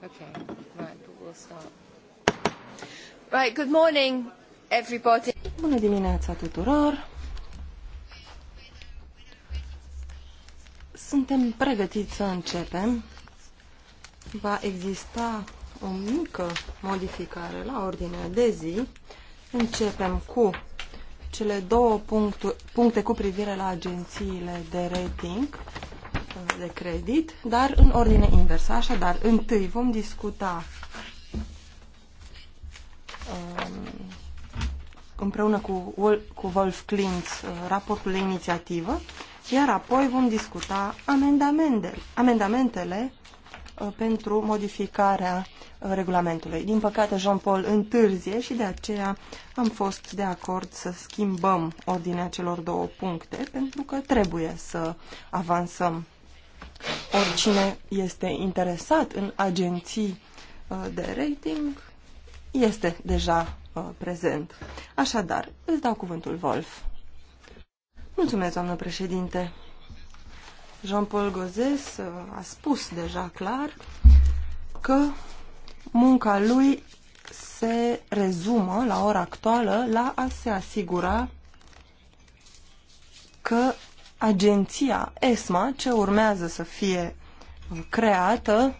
Okay, right, but we'll start. Right, good morning, everybody. Bună dimineața tuturor. Suntem pregătiți să începem. Va exista o mică modificare la ordinea de zi. Începem cu cele două puncte cu privire la agențiile de rating de credit, dar în ordine inversă. Așadar, întâi vom discuta um, împreună cu, cu Wolf Klintz uh, raportul de inițiativă, iar apoi vom discuta amendamentele, amendamentele uh, pentru modificarea uh, regulamentului. Din păcate, Jean-Paul întârzie și de aceea am fost de acord să schimbăm ordinea celor două puncte, pentru că trebuie să avansăm oricine este interesat în agenții uh, de rating este deja uh, prezent. Așadar, îți dau cuvântul, Wolf. Mulțumesc, doamnă președinte. Jean-Paul Gozes uh, a spus deja clar că munca lui se rezumă la ora actuală la a se asigura că agenția ESMA, ce urmează să fie creată,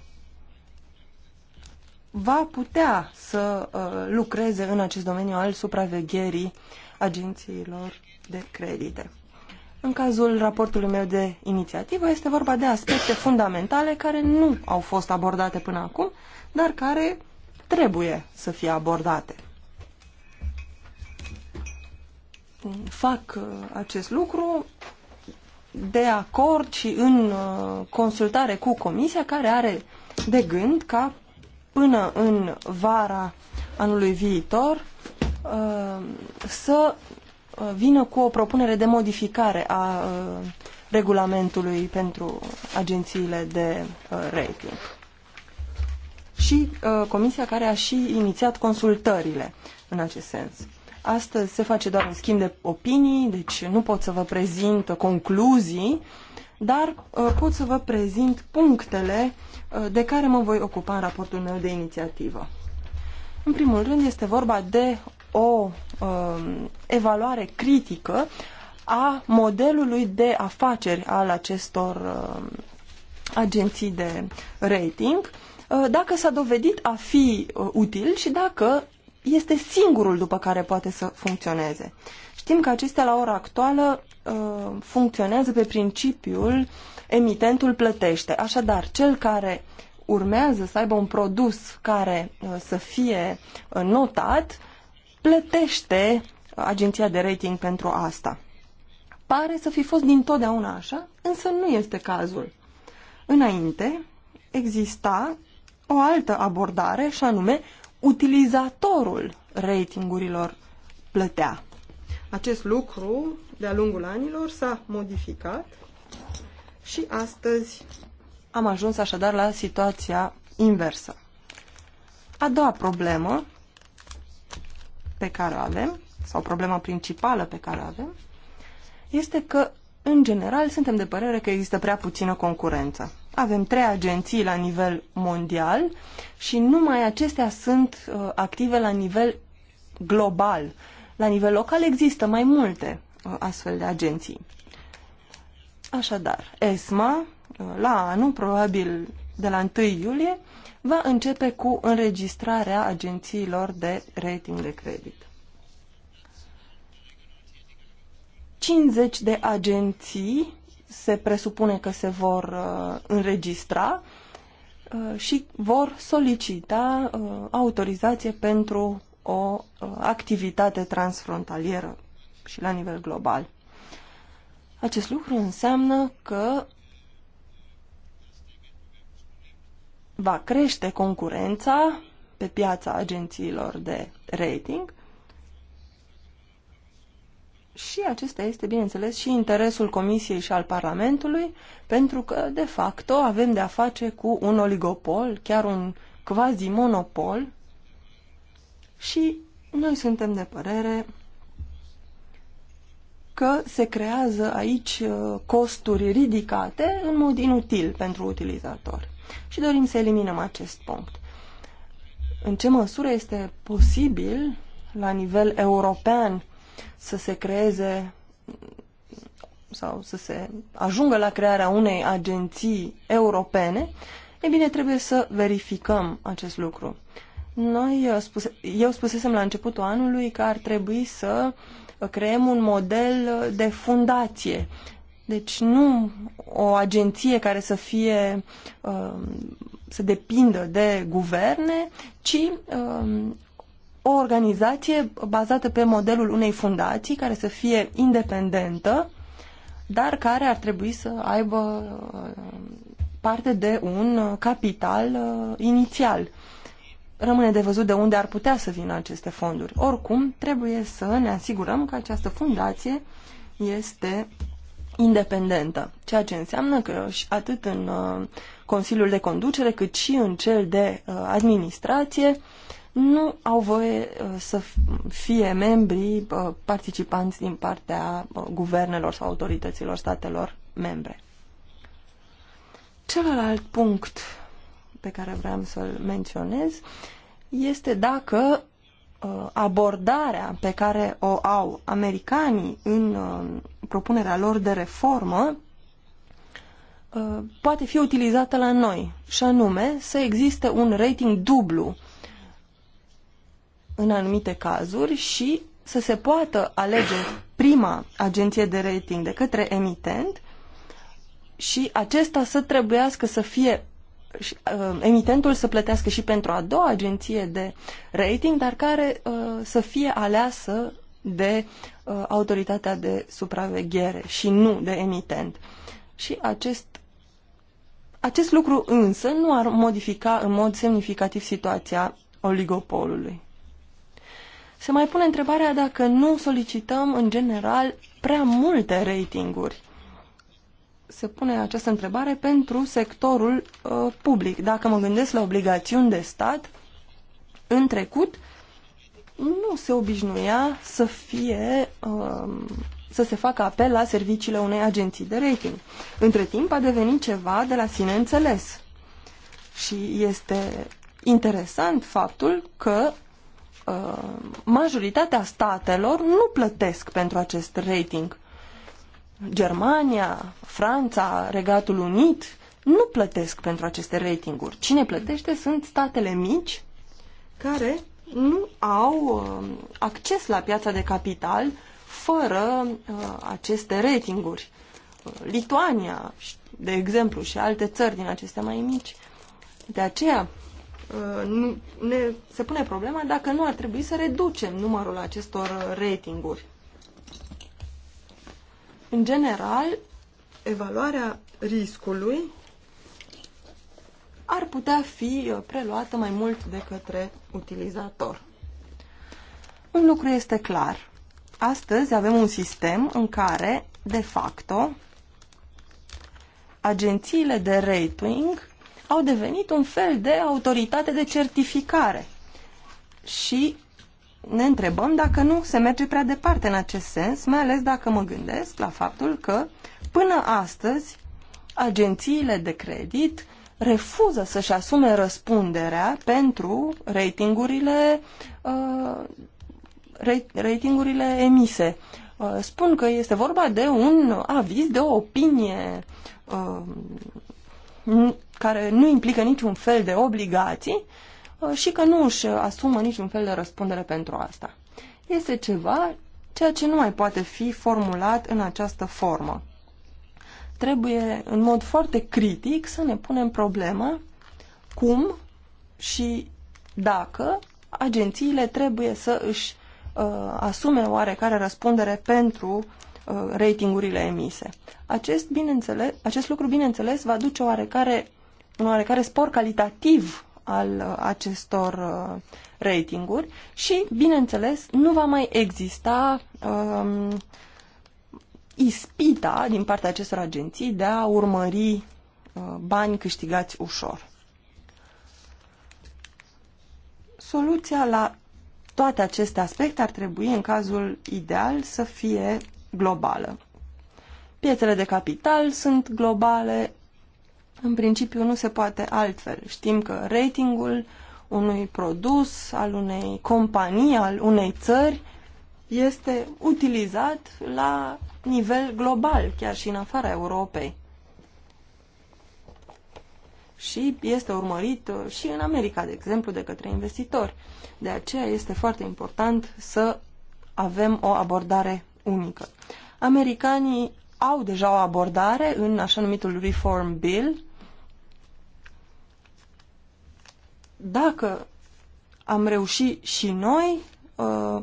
va putea să uh, lucreze în acest domeniu al supravegherii agențiilor de credite. În cazul raportului meu de inițiativă este vorba de aspecte fundamentale care nu au fost abordate până acum, dar care trebuie să fie abordate. Fac uh, acest lucru de acord și în uh, consultare cu Comisia, care are de gând ca până în vara anului viitor uh, să uh, vină cu o propunere de modificare a regulamentului pentru agențiile de rating. Și comisia care a și inițiat consultările în acest sens. Astăzi se face doar un schimb de opinii, deci nu pot să vă prezint concluzii, dar uh, pot să vă prezint punctele uh, de care mă voi ocupa în raportul meu de inițiativă. În primul rând este vorba de o um, evaluare critică a modelului de afaceri al acestor um, agenții de rating, uh, dacă s-a dovedit a fi util și dacă este singurul după care poate să funcționeze. Știm că acestea la ora actuală uh, funcționează pe principiul emitentul plătește. Așadar, cel care urmează să aibă un produs care uh, să fie uh, notat, plătește agenția de rating pentru asta. Pare să fi fost dintotdeauna așa, însă nu este cazul. Înainte exista o altă abordare și anume utilizatorul ratingurilor plătea. Acest lucru, de-a lungul anilor, s-a modificat și astăzi am ajuns așadar la situația inversă. A doua problemă pe care o avem, sau problema principală pe care o avem, este că, în general, suntem de părere că există prea puțină concurență avem trei agenții la nivel mondial și numai acestea sunt uh, active la nivel global. La nivel local există mai multe uh, astfel de agenții. Așadar, ESMA, uh, la anul, probabil de la 1 iulie, va începe cu înregistrarea agențiilor de rating de credit. 50 de agenții se presupune că se vor uh, înregistra uh, și vor solicita uh, autorizație pentru o uh, activitate transfrontalieră și la nivel global. Acest lucru înseamnă că va crește concurența pe piața agențiilor de rating și acesta este, bineînțeles, și interesul Comisiei și al Parlamentului, pentru că, de facto, avem de-a face cu un oligopol, chiar un quasi-monopol, și noi suntem de părere că se creează aici uh, costuri ridicate în mod inutil pentru utilizator. Și dorim să eliminăm acest punct. În ce măsură este posibil, la nivel european, să se creeze sau să se ajungă la crearea unei agenții europene, e bine, trebuie să verificăm acest lucru. Noi, uh, eu spusesem la începutul anului că ar trebui să creăm un model uh, de fundație. Deci nu o agenție care să fie, uh, să depindă de guverne, ci o organizație bazată pe modelul unei fundații care să fie independentă, dar care ar trebui să aibă uh, parte de un uh, capital uh, inițial. Rămâne de văzut de unde ar putea să vină aceste fonduri. Oricum, trebuie să ne asigurăm că această fundație este independentă, ceea ce înseamnă că atât în Consiliul de Conducere cât și în cel de administrație nu au voie uh, să fie membri uh, participanți din partea uh, guvernelor sau autorităților statelor membre. Celălalt punct pe care vreau să-l menționez este dacă abordarea pe care o au americanii în propunerea lor de reformă poate fi utilizată la noi, și anume să existe un rating dublu în anumite cazuri și să se poată alege prima agenție de rating de către emitent și acesta să trebuiască să fie uh, emitentul să plătească și pentru a doua agenție de rating, dar care uh, să fie aleasă de uh, autoritatea de supraveghere și nu de emitent. Și acest, acest lucru însă nu ar modifica în mod semnificativ situația oligopolului se mai pune întrebarea dacă nu solicităm, în general, prea multe ratinguri. Se pune această întrebare pentru sectorul uh, public. Dacă mă gândesc la obligațiuni de stat, în trecut nu se obișnuia să fie uh, să se facă apel la serviciile unei agenții de rating. Între timp a devenit ceva de la sine înțeles. Și este interesant faptul că Uh, majoritatea statelor nu plătesc pentru acest rating. Germania, Franța, Regatul Unit nu plătesc pentru aceste ratinguri. Cine plătește sunt statele mici care nu au uh, acces la piața de capital fără uh, aceste ratinguri. Lituania, de exemplu, și alte țări din acestea mai mici. De aceea, Uh, nu, ne, se pune problema dacă nu ar trebui să reducem numărul acestor uh, ratinguri. În general, evaluarea riscului ar putea fi uh, preluată mai mult de către utilizator. Un lucru este clar. Astăzi avem un sistem în care, de facto, agențiile de rating au devenit un fel de autoritate de certificare. Și ne întrebăm dacă nu se merge prea departe în acest sens, mai ales dacă mă gândesc la faptul că până astăzi agențiile de credit refuză să-și asume răspunderea pentru ratingurile, uh, ratingurile emise. Uh, spun că este vorba de un aviz, de o opinie uh, care nu implică niciun fel de obligații uh, și că nu își asumă niciun fel de răspundere pentru asta. Este ceva ceea ce nu mai poate fi formulat în această formă. Trebuie în mod foarte critic să ne punem problema cum și dacă agențiile trebuie să își uh, asume oarecare răspundere pentru Uh, ratingurile emise. Acest, bineînțeles, acest lucru, bineînțeles, va duce oarecare, un oarecare spor calitativ al uh, acestor uh, ratinguri și, bineînțeles, nu va mai exista um, ispita din partea acestor agenții de a urmări uh, bani câștigați ușor. Soluția la toate aceste aspecte ar trebui, în cazul ideal, să fie globală. Piețele de capital sunt globale, în principiu nu se poate altfel. Știm că ratingul unui produs, al unei companii, al unei țări, este utilizat la nivel global, chiar și în afara Europei. Și este urmărit uh, și în America, de exemplu, de către investitori. De aceea este foarte important să avem o abordare unică. Americanii au deja o abordare în așa numitul Reform Bill. Dacă am reușit și noi uh,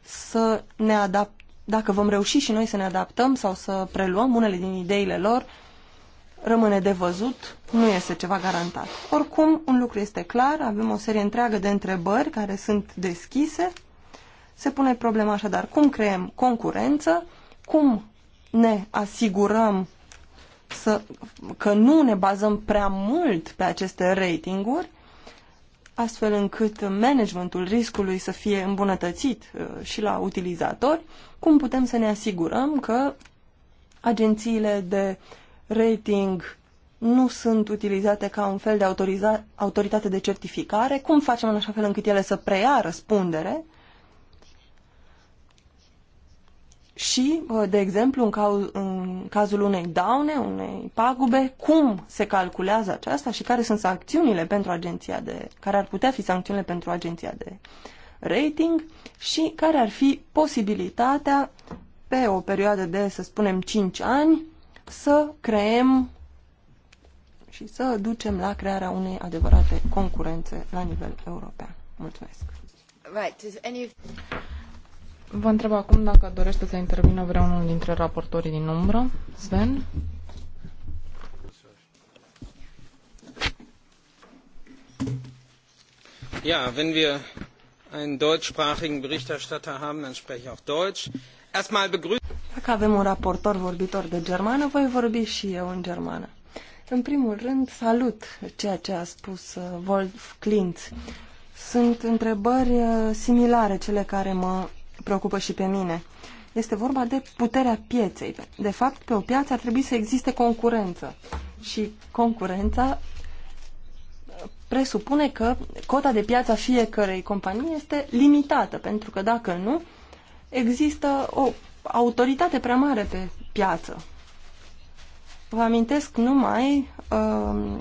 să ne adaptăm, dacă vom reuși și noi să ne adaptăm sau să preluăm unele din ideile lor, rămâne de văzut, nu este ceva garantat. Oricum, un lucru este clar, avem o serie întreagă de întrebări care sunt deschise se pune problema așadar cum creăm concurență, cum ne asigurăm să, că nu ne bazăm prea mult pe aceste ratinguri, astfel încât managementul riscului să fie îmbunătățit uh, și la utilizatori, cum putem să ne asigurăm că agențiile de rating nu sunt utilizate ca un fel de autoritate de certificare, cum facem în așa fel încât ele să preia răspundere și, uh, de exemplu, în, cau- în cazul unei daune, unei pagube, cum se calculează aceasta și care sunt sancțiunile pentru agenția de, care ar putea fi sancțiunile pentru agenția de rating și care ar fi posibilitatea pe o perioadă de, să spunem, 5 ani să creăm și să ducem la crearea unei adevărate concurențe la nivel european. Mulțumesc! Right. Vă întreb acum dacă dorește să intervină vreunul dintre raportorii din umbră. Sven? Ja, wenn wir einen deutschsprachigen Berichterstatter haben, dann spreche ich auch Deutsch. Erstmal begrüßen. Dacă avem un raportor vorbitor de germană, voi vorbi și eu în germană. În primul rând, salut ceea ce a spus uh, Wolf Klintz. Sunt întrebări uh, similare cele care mă preocupă și pe mine. Este vorba de puterea pieței. De fapt, pe o piață ar trebui să existe concurență. Și concurența presupune că cota de piață a fiecărei companii este limitată, pentru că dacă nu, există o autoritate prea mare pe piață. Vă amintesc numai uh,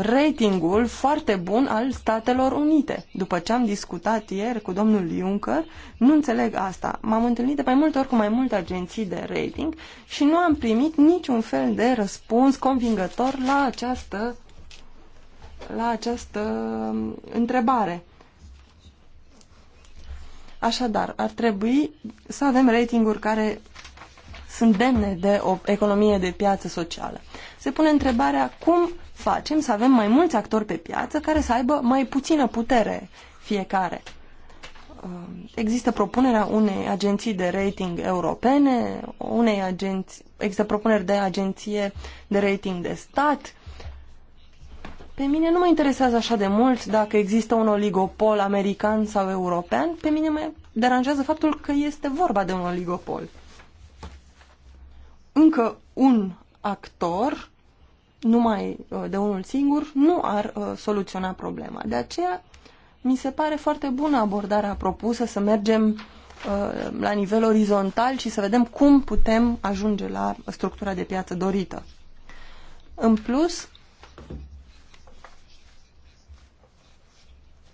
ratingul foarte bun al Statelor Unite. După ce am discutat ieri cu domnul Juncker, nu înțeleg asta. M-am întâlnit de mai multe ori cu mai multe agenții de rating și nu am primit niciun fel de răspuns convingător la această, la această um, întrebare. Așadar, ar trebui să avem ratinguri care sunt demne de o economie de piață socială. Se pune întrebarea cum facem să avem mai mulți actori pe piață care să aibă mai puțină putere fiecare. Um, există propunerea unei agenții de rating europene, unei agenți, există propuneri de agenție de rating de stat. Pe mine nu mă interesează așa de mult dacă există un oligopol american sau european. Pe mine mă deranjează faptul că este vorba de un oligopol. Încă un actor numai uh, de unul singur nu ar uh, soluționa problema. De aceea, mi se pare foarte bună abordarea propusă să mergem uh, la nivel orizontal și să vedem cum putem ajunge la structura de piață dorită. În plus,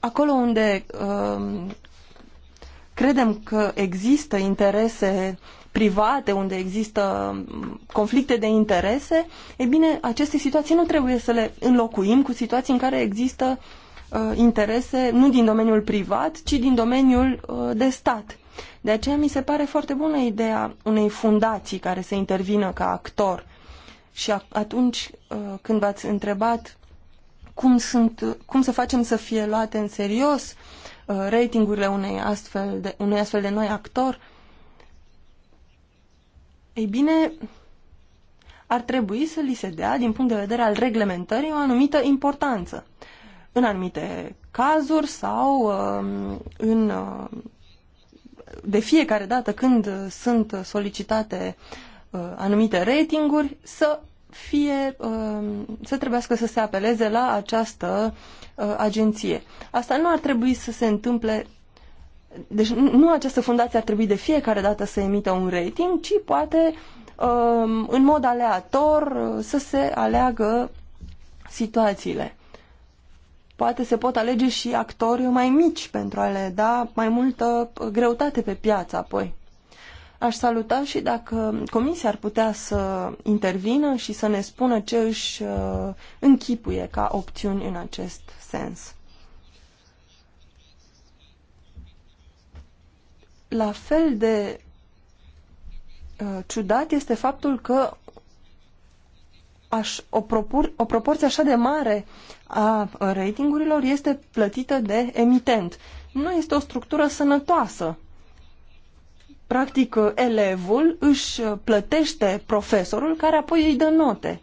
acolo unde uh, credem că există interese private, unde există mm, conflicte de interese, e bine, aceste situații nu trebuie să le înlocuim cu situații în care există uh, interese nu din domeniul privat, ci din domeniul uh, de stat. De aceea mi se pare foarte bună ideea unei fundații care să intervină ca actor. Și atunci uh, când v-ați întrebat cum, sunt, cum să facem să fie luate în serios uh, ratingurile unei astfel de, unui astfel de noi actor, ei bine, ar trebui să li se dea, din punct de vedere al reglementării, o anumită importanță. În anumite cazuri sau uh, în, uh, de fiecare dată când sunt solicitate uh, anumite ratinguri, să fie, um, să trebuiască să se apeleze la această uh, agenție. Asta nu ar trebui să se întâmple deci nu această fundație ar trebui de fiecare dată să emită un rating, ci poate um, în mod aleator să se aleagă situațiile. Poate se pot alege și actori mai mici pentru a le da mai multă greutate pe piață apoi. Aș saluta și dacă comisia ar putea să intervină și să ne spună ce își uh, închipuie ca opțiuni în acest sens. la fel de uh, ciudat este faptul că aș, o, propor, o proporție așa de mare a ratingurilor este plătită de emitent. Nu este o structură sănătoasă. Practic, uh, elevul își uh, plătește profesorul care apoi îi dă note.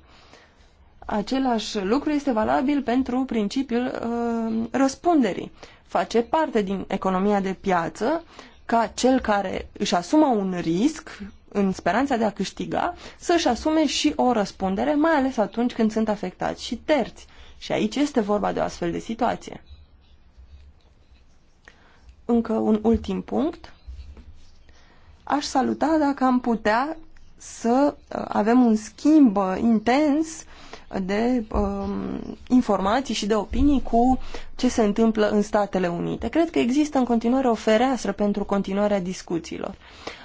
Același lucru este valabil pentru principiul uh, răspunderii. Face parte din economia de piață, ca cel care își asumă un risc în speranța de a câștiga, să-și asume și o răspundere, mai ales atunci când sunt afectați și terți. Și aici este vorba de o astfel de situație. Încă un ultim punct. Aș saluta dacă am putea să uh, avem un schimb uh, intens de um, informații și de opinii cu ce se întâmplă în Statele Unite. Cred că există în continuare o fereastră pentru continuarea discuțiilor.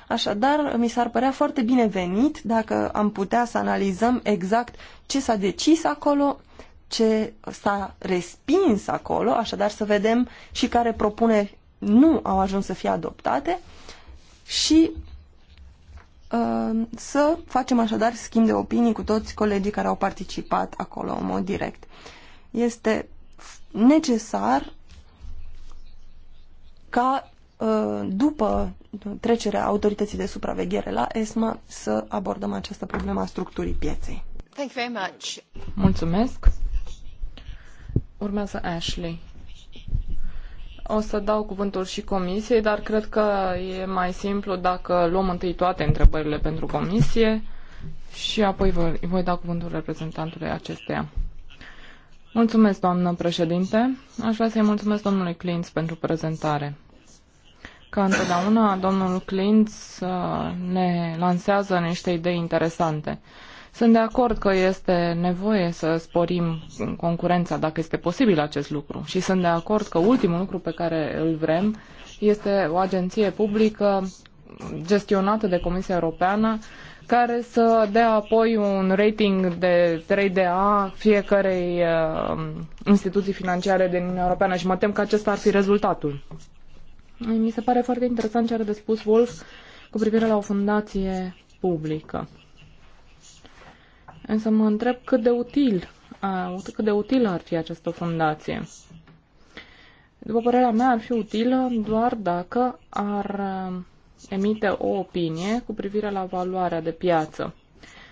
Așadar, mi s-ar părea foarte binevenit dacă am putea să analizăm exact ce s-a decis acolo, ce s-a respins acolo, așadar să vedem și care propuneri nu au ajuns să fie adoptate și Uh, să facem așadar schimb de opinii cu toți colegii care au participat acolo în mod direct. Este necesar ca uh, după trecerea autorității de supraveghere la ESMA să abordăm această problemă a structurii pieței. Thank you very much. Mulțumesc. Urmează Ashley. O să dau cuvântul și comisiei, dar cred că e mai simplu dacă luăm întâi toate întrebările pentru comisie și apoi voi, voi da cuvântul reprezentantului acesteia. Mulțumesc, doamnă președinte. Aș vrea să-i mulțumesc domnului Clintz pentru prezentare. Ca întotdeauna, domnul Clintz uh, ne lansează niște idei interesante. Sunt de acord că este nevoie să sporim concurența dacă este posibil acest lucru și sunt de acord că ultimul lucru pe care îl vrem este o agenție publică gestionată de Comisia Europeană care să dea apoi un rating de 3DA fiecarei uh, instituții financiare din Uniunea Europeană și mă tem că acesta ar fi rezultatul. Mi se pare foarte interesant ce are de spus Wolf cu privire la o fundație publică. Însă mă întreb cât de util, cât de utilă ar fi această fundație. După părerea mea, ar fi utilă doar dacă ar emite o opinie cu privire la valoarea de piață.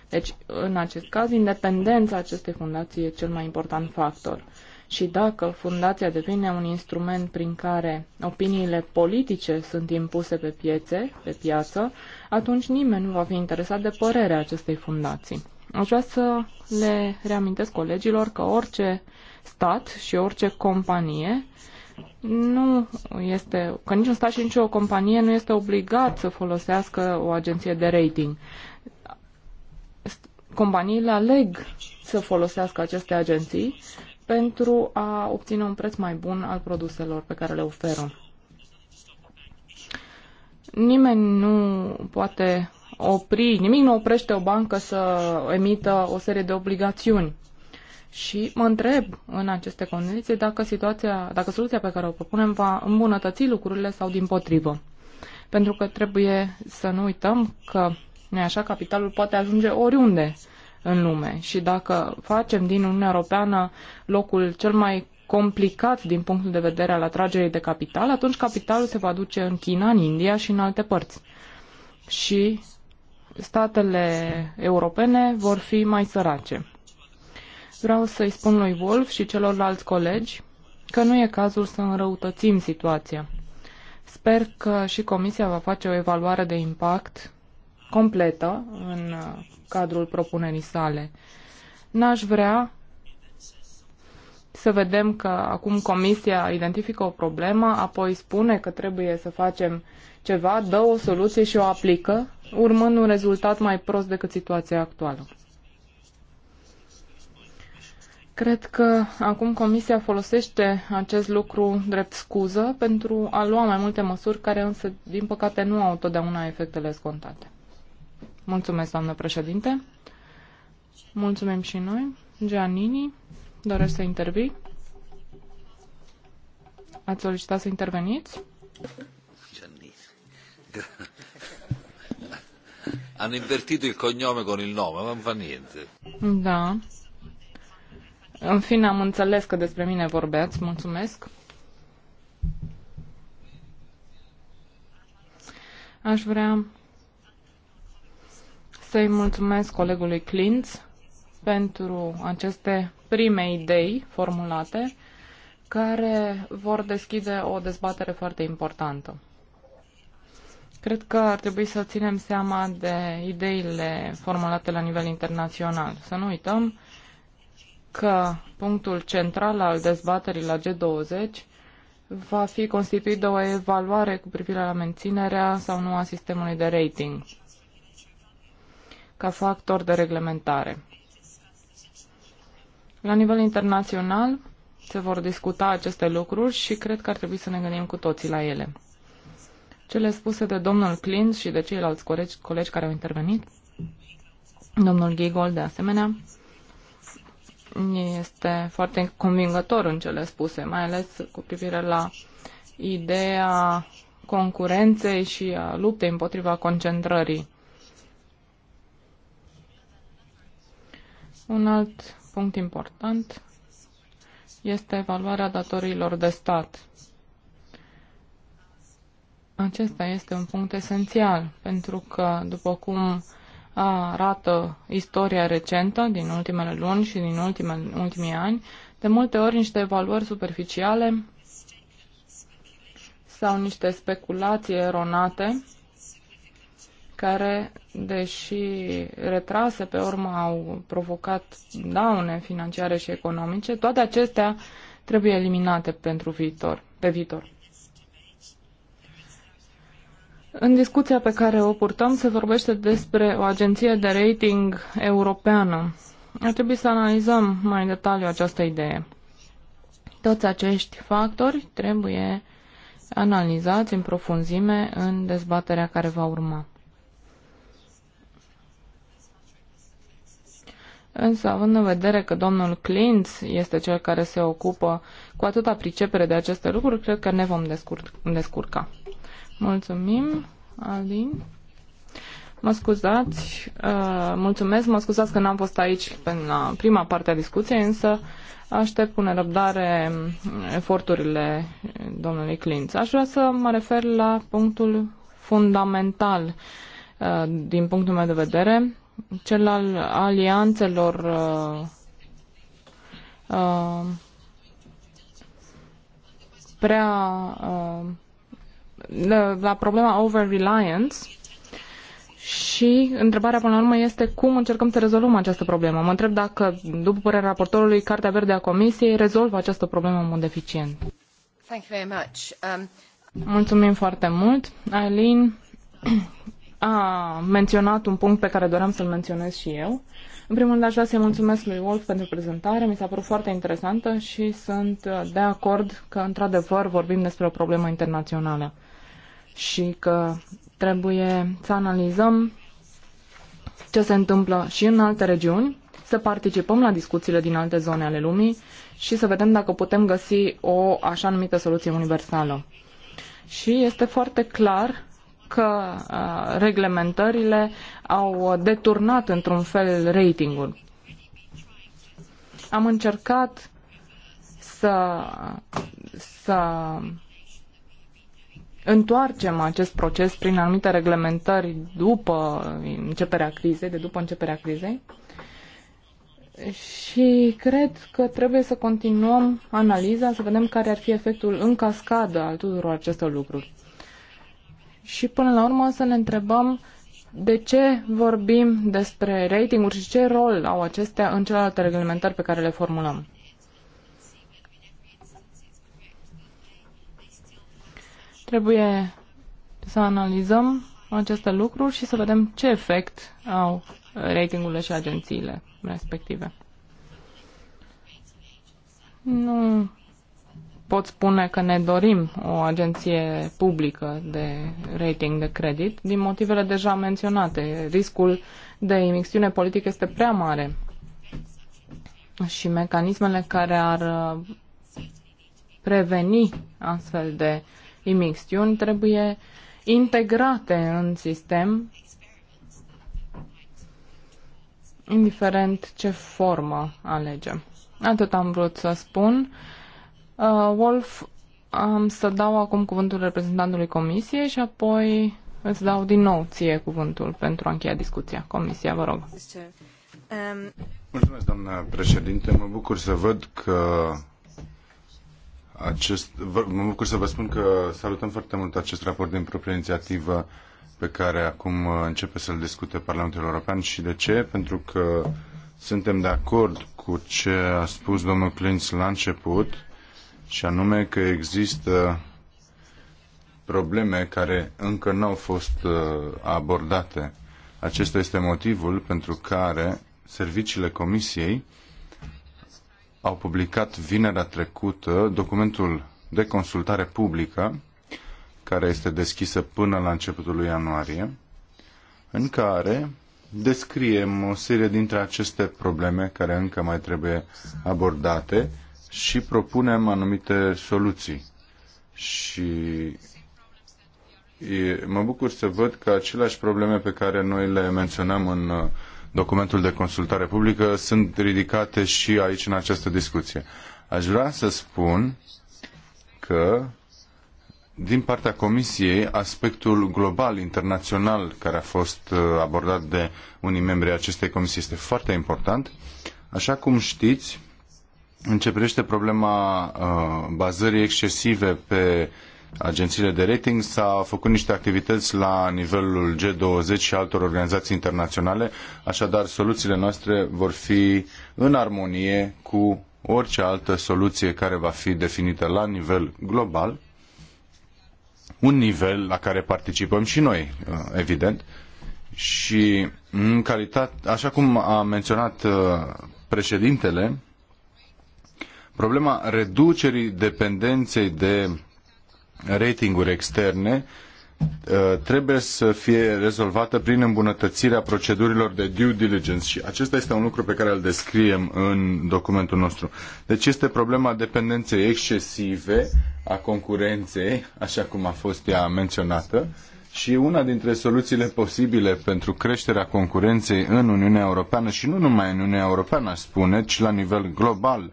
Deci, în acest caz, independența acestei fundații e cel mai important factor. Și dacă fundația devine un instrument prin care opiniile politice sunt impuse pe piețe, pe piață, atunci nimeni nu va fi interesat de părerea acestei fundații. Aș vrea să le reamintesc colegilor că orice stat și orice companie nu este, că niciun stat și nicio companie nu este obligat să folosească o agenție de rating. Companiile aleg să folosească aceste agenții pentru a obține un preț mai bun al produselor pe care le oferă. Nimeni nu poate opri, nimic nu oprește o bancă să emită o serie de obligațiuni. Și mă întreb în aceste condiții dacă, situația, dacă soluția pe care o propunem va îmbunătăți lucrurile sau din potrivă. Pentru că trebuie să nu uităm că, nu așa, capitalul poate ajunge oriunde în lume. Și dacă facem din Uniunea Europeană locul cel mai complicat din punctul de vedere al atragerii de capital, atunci capitalul se va duce în China, în India și în alte părți. Și statele europene vor fi mai sărace. Vreau să-i spun lui Wolf și celorlalți colegi că nu e cazul să înrăutățim situația. Sper că și Comisia va face o evaluare de impact completă în uh, cadrul propunerii sale. N-aș vrea să vedem că acum Comisia identifică o problemă, apoi spune că trebuie să facem ceva, dă o soluție și o aplică, urmând un rezultat mai prost decât situația actuală. Cred că acum Comisia folosește acest lucru drept scuză pentru a lua mai multe măsuri care însă, din păcate, nu au totdeauna efectele scontate. Mulțumesc, doamnă președinte. Mulțumim și noi. Giannini. Doresc să intervii? Ați solicitat să interveniți? Hanno invertito il cognome con il nome, non fa niente. Da. În fine, am înțeles că despre mine vorbeați. Mulțumesc. Aș vrea să-i mulțumesc colegului Clintz pentru aceste prime idei formulate care vor deschide o dezbatere foarte importantă. Cred că ar trebui să ținem seama de ideile formulate la nivel internațional. Să nu uităm că punctul central al dezbaterii la G20 va fi constituit de o evaluare cu privire la menținerea sau nu a sistemului de rating ca factor de reglementare. La nivel internațional se vor discuta aceste lucruri și cred că ar trebui să ne gândim cu toții la ele. Cele spuse de domnul Clint și de ceilalți colegi, colegi care au intervenit, domnul Gigol de asemenea, este foarte convingător în cele spuse, mai ales cu privire la ideea concurenței și a luptei împotriva concentrării. Un alt punct important este evaluarea datoriilor de stat. Acesta este un punct esențial, pentru că, după cum arată istoria recentă din ultimele luni și din ultimele, ultimii ani, de multe ori niște evaluări superficiale sau niște speculații eronate care, deși retrase pe urmă, au provocat daune financiare și economice, toate acestea trebuie eliminate pentru viitor, pe viitor. În discuția pe care o purtăm se vorbește despre o agenție de rating europeană. Ar trebui să analizăm mai în detaliu această idee. Toți acești factori trebuie analizați în profunzime în dezbaterea care va urma. Însă, având în vedere că domnul Clint este cel care se ocupă cu atâta pricepere de aceste lucruri, cred că ne vom descurca. Mulțumim, Alin. Mă scuzați, uh, mulțumesc, mă scuzați că n-am fost aici în uh, prima parte a discuției, însă aștept cu nerăbdare um, eforturile domnului Clint. Aș vrea să mă refer la punctul fundamental uh, din punctul meu de vedere, cel al alianțelor uh, uh prea uh, la, problema over-reliance și întrebarea până la urmă este cum încercăm să rezolvăm această problemă. Mă întreb dacă, după părerea raportorului, Cartea Verde a Comisiei rezolvă această problemă în mod eficient. Thank you very much. Um... Mulțumim foarte mult. Aileen, a menționat un punct pe care doream să-l menționez și eu. În primul rând, aș vrea să-i mulțumesc lui Wolf pentru prezentare. Mi s-a părut foarte interesantă și sunt de acord că, într-adevăr, vorbim despre o problemă internațională și că trebuie să analizăm ce se întâmplă și în alte regiuni, să participăm la discuțiile din alte zone ale lumii și să vedem dacă putem găsi o așa numită soluție universală. Și este foarte clar că reglementările au deturnat într-un fel ratingul. Am încercat să, să întoarcem acest proces prin anumite reglementări după începerea crizei, de după începerea crizei. Și cred că trebuie să continuăm analiza, să vedem care ar fi efectul în cascadă al tuturor acestor lucruri și până la urmă să ne întrebăm de ce vorbim despre ratinguri și ce rol au acestea în celelalte reglementări pe care le formulăm. Trebuie să analizăm aceste lucruri și să vedem ce efect au ratingurile și agențiile respective. Nu pot spune că ne dorim o agenție publică de rating de credit din motivele deja menționate. Riscul de imixtiune politică este prea mare și mecanismele care ar uh, preveni astfel de imixtiuni trebuie integrate în sistem, indiferent ce formă alegem. Atât am vrut să spun. Uh, Wolf, am să dau acum cuvântul reprezentantului comisiei și apoi îți dau din nou ție cuvântul pentru a încheia discuția. Comisia, vă rog. Mulțumesc, doamna președinte. Mă bucur să văd că acest, mă bucur să vă spun că salutăm foarte mult acest raport din proprie inițiativă pe care acum uh, începe să-l discute Parlamentul European și de ce? Pentru că suntem de acord cu ce a spus domnul Clintz la început și anume că există probleme care încă nu au fost uh, abordate. Acesta este motivul pentru care serviciile Comisiei au publicat vinerea trecută documentul de consultare publică care este deschisă până la începutul lui ianuarie, în care descriem o serie dintre aceste probleme care încă mai trebuie abordate și propunem anumite soluții. Și e, mă bucur să văd că aceleași probleme pe care noi le menționăm în uh, documentul de consultare publică sunt ridicate și aici în această discuție. Aș vrea să spun că din partea Comisiei, aspectul global, internațional, care a fost uh, abordat de unii membri ai acestei comisii este foarte important. Așa cum știți, în ce problema uh, bazării excesive pe agențiile de rating, s-a făcut niște activități la nivelul G20 și altor organizații internaționale, așadar soluțiile noastre vor fi în armonie cu orice altă soluție care va fi definită la nivel global, un nivel la care participăm și noi, uh, evident, și în calitate, așa cum a menționat uh, președintele, problema reducerii dependenței de ratinguri externe uh, trebuie să fie rezolvată prin îmbunătățirea procedurilor de due diligence și acesta este un lucru pe care îl descriem în documentul nostru. Deci este problema dependenței excesive a concurenței, așa cum a fost ea menționată, și una dintre soluțiile posibile pentru creșterea concurenței în Uniunea Europeană și nu numai în Uniunea Europeană, aș spune, ci la nivel global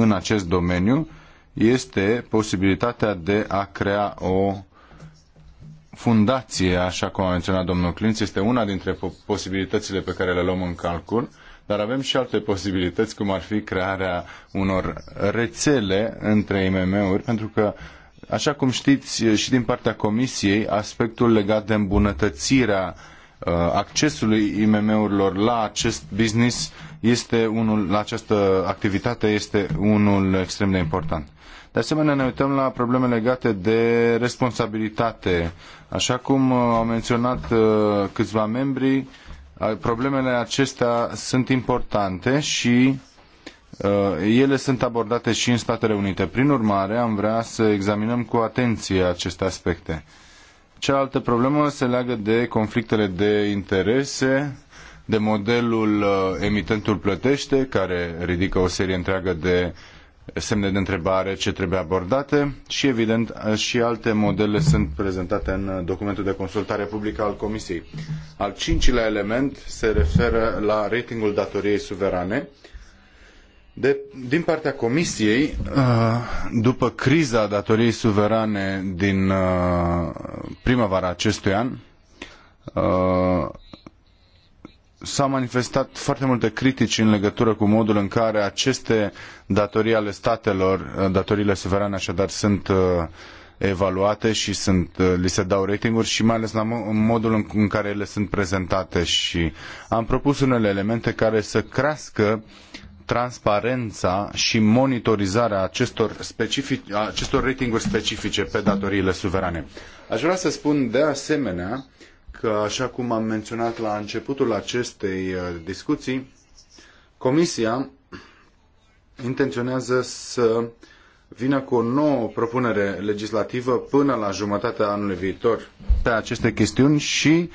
în acest domeniu este posibilitatea de a crea o fundație, așa cum a menționat domnul Clinț, este una dintre posibilitățile pe care le luăm în calcul, dar avem și alte posibilități, cum ar fi crearea unor rețele între IMM-uri, pentru că Așa cum știți și din partea Comisiei, aspectul legat de îmbunătățirea uh, Uh, accesului IMM-urilor la acest business este unul, la această activitate este unul extrem de important. De asemenea, ne uităm la probleme legate de responsabilitate. Așa cum uh, au menționat uh, câțiva membri, problemele acestea sunt importante și ele sunt abordate și în Statele Unite. Prin urmare, am vrea să examinăm cu atenție aceste aspecte. Cealaltă problemă se leagă de conflictele de interese, de modelul uh, emitentul plătește, care ridică o serie întreagă de semne de întrebare ce trebuie abordate și, evident, și alte modele sunt prezentate în documentul de consultare publică al Comisiei. Al cincilea element se referă la ratingul datoriei suverane, de, din partea Comisiei, uh, după criza datoriei suverane din uh, primăvara acestui an, uh, s-au manifestat foarte multe critici în legătură cu modul în care aceste datorii ale statelor, datoriile suverane așadar, sunt evaluate și sunt, li se dau ratinguri și mai ales la modul în care ele sunt prezentate și am propus unele elemente care să crească transparența și monitorizarea acestor, specific, acestor ratinguri specifice pe datoriile suverane. Aș vrea să spun de asemenea că, așa cum am menționat la începutul acestei uh, discuții, Comisia intenționează să vină cu o nouă propunere legislativă până la jumătatea anului viitor pe aceste chestiuni și,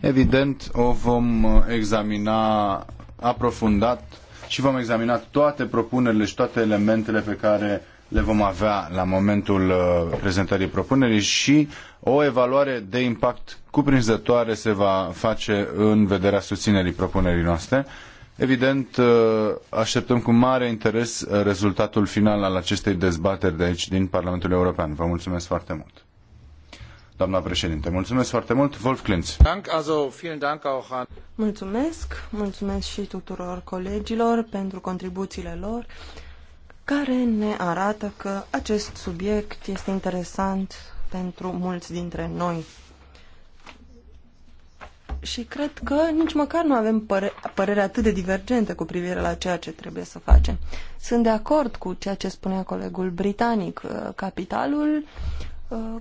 evident, o vom uh, examina aprofundat și vom examina toate propunerile și toate elementele pe care le vom avea la momentul uh, prezentării propunerii și o evaluare de impact cuprinzătoare se va face în vederea susținerii propunerii noastre. Evident, uh, așteptăm cu mare interes uh, rezultatul final al acestei dezbateri de aici din Parlamentul European. Vă mulțumesc foarte mult! doamna președinte. Mulțumesc foarte mult, Wolf Klintz. Mulțumesc, mulțumesc și tuturor colegilor pentru contribuțiile lor, care ne arată că acest subiect este interesant pentru mulți dintre noi. Și cred că nici măcar nu avem păre părere atât de divergente cu privire la ceea ce trebuie să facem. Sunt de acord cu ceea ce spunea colegul britanic. Uh, capitalul Uh,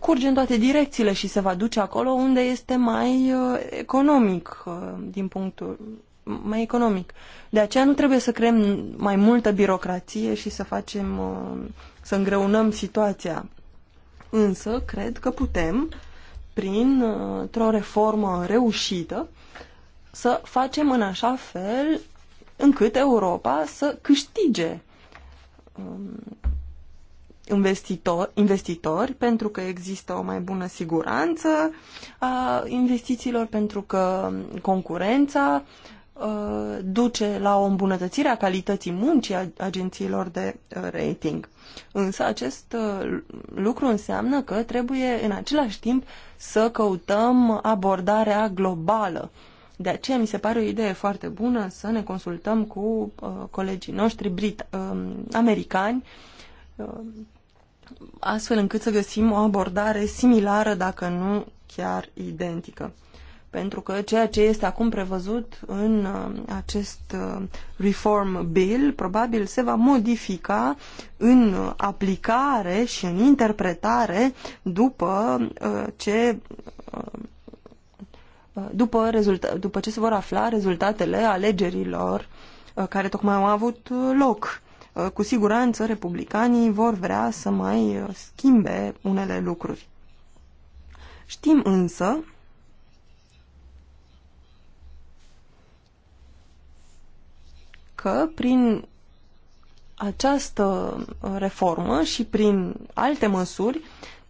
curge în toate direcțiile și se va duce acolo unde este mai uh, economic uh, din punctul mai economic. De aceea nu trebuie să creăm mai multă birocrație și să facem să îngreunăm situația. Însă cred că putem prin o reformă reușită să facem în așa fel încât Europa să câștige um, investitori, investitori pentru că există o mai bună siguranță a investițiilor, pentru că concurența duce la o îmbunătățire a calității muncii agențiilor de rating. Însă acest lucru înseamnă că trebuie în același timp să căutăm abordarea globală. De aceea mi se pare o idee foarte bună să ne consultăm cu colegii noștri brit- americani astfel încât să găsim o abordare similară, dacă nu chiar identică. Pentru că ceea ce este acum prevăzut în uh, acest uh, Reform Bill probabil se va modifica în aplicare și în interpretare după uh, ce după, rezulta- după ce se vor afla rezultatele alegerilor care tocmai au avut loc Uh, cu siguranță republicanii vor vrea să mai uh, schimbe unele lucruri. Știm însă că prin această uh, reformă și prin alte măsuri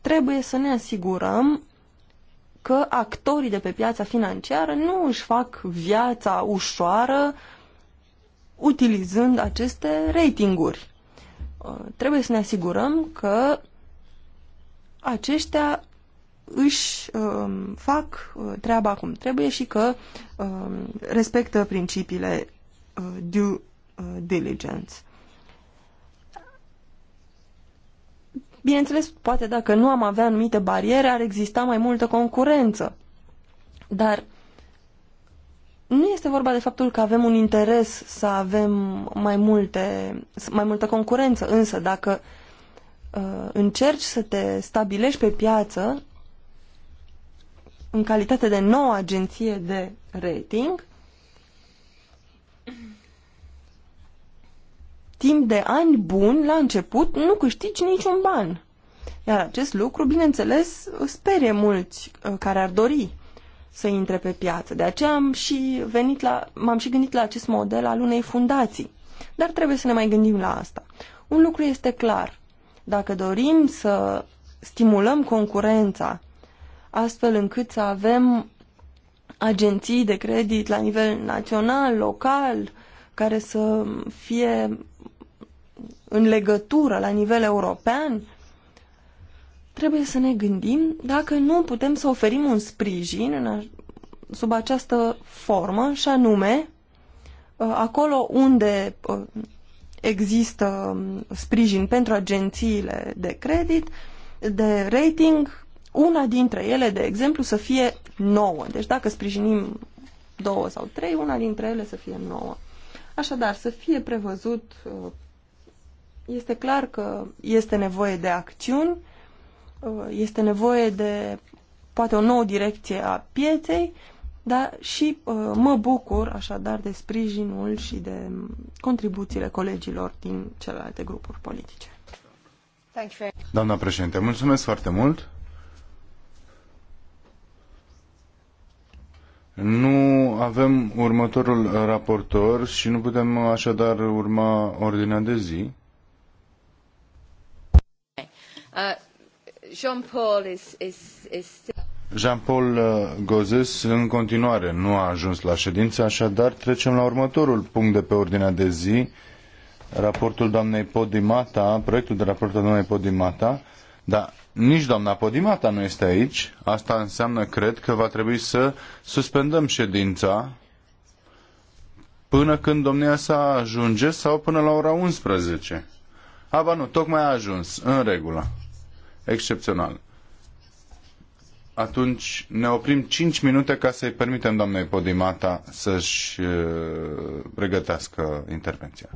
trebuie să ne asigurăm că actorii de pe piața financiară nu își fac viața ușoară utilizând aceste ratinguri. Uh, trebuie să ne asigurăm că aceștia își um, fac uh, treaba cum trebuie și că um, respectă principiile uh, due uh, diligence. Bineînțeles, poate dacă nu am avea anumite bariere, ar exista mai multă concurență. Dar uh, nu este vorba de faptul că avem un interes să avem mai, multe, mai multă concurență, însă dacă uh, încerci să te stabilești pe piață în calitate de nouă agenție de rating, timp de ani buni, la început, nu câștigi niciun ban. Iar acest lucru, bineînțeles, sperie mulți uh, care ar dori să intre pe piață. De aceea am și venit la, m-am și gândit la acest model al unei fundații. Dar trebuie să ne mai gândim la asta. Un lucru este clar. Dacă dorim să stimulăm concurența astfel încât să avem agenții de credit la nivel național, local, care să fie în legătură la nivel european, trebuie să ne gândim dacă nu putem să oferim un sprijin în a, sub această formă și anume ă, acolo unde ă, există ă, sprijin pentru agențiile de credit, de rating, una dintre ele, de exemplu, să fie nouă. Deci dacă sprijinim două sau trei, una dintre ele să fie nouă. Așadar, să fie prevăzut, este clar că este nevoie de acțiuni Uh, este nevoie de poate o nouă direcție a pieței, dar și uh, mă bucur așadar de sprijinul și de contribuțiile colegilor din celelalte grupuri politice. Doamna președinte, mulțumesc foarte mult. Nu avem următorul raportor și nu putem așadar urma ordinea de zi. Uh. Jean-Paul uh, gauzs în continuare nu a ajuns la ședință, așadar trecem la următorul punct de pe ordinea de zi, raportul doamnei Podimata, proiectul de raport al doamnei Podimata, dar nici doamna Podimata nu este aici. Asta înseamnă, cred, că va trebui să suspendăm ședința până când domnia sa ajunge sau până la ora 11. Aba nu, tocmai a ajuns, în regulă excepțional. Atunci ne oprim 5 minute ca să-i permitem doamnei Podimata să-și eh, pregătească intervenția.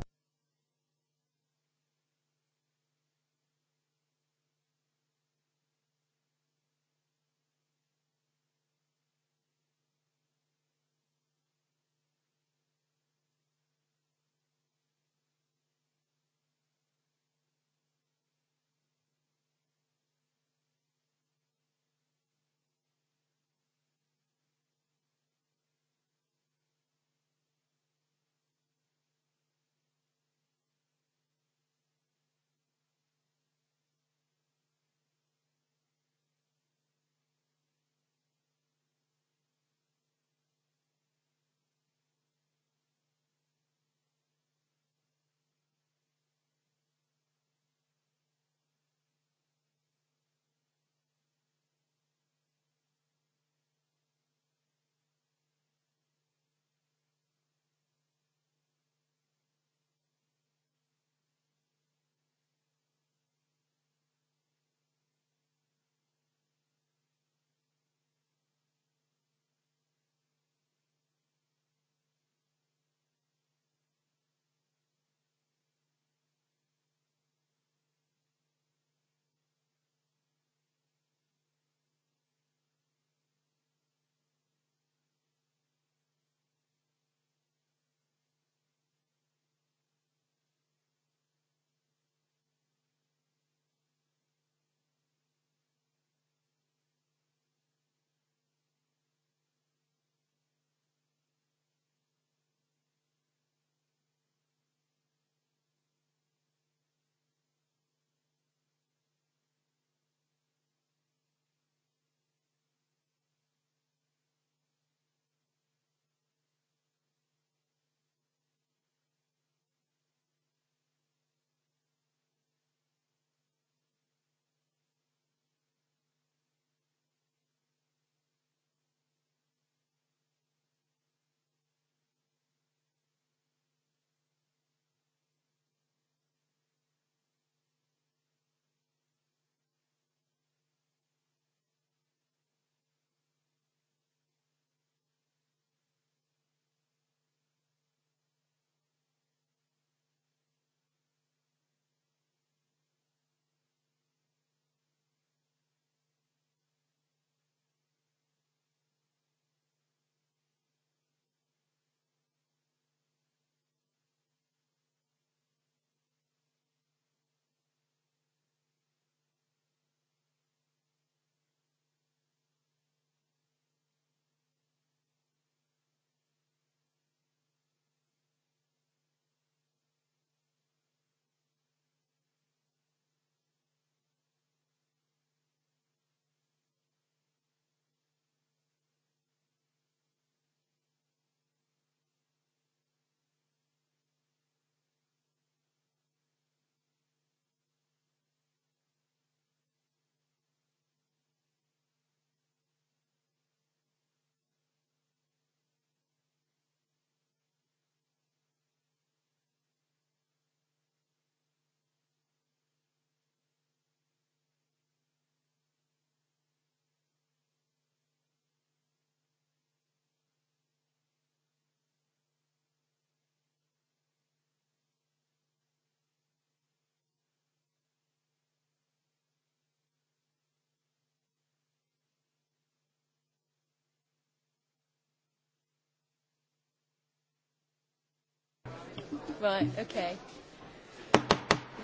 Right, okay.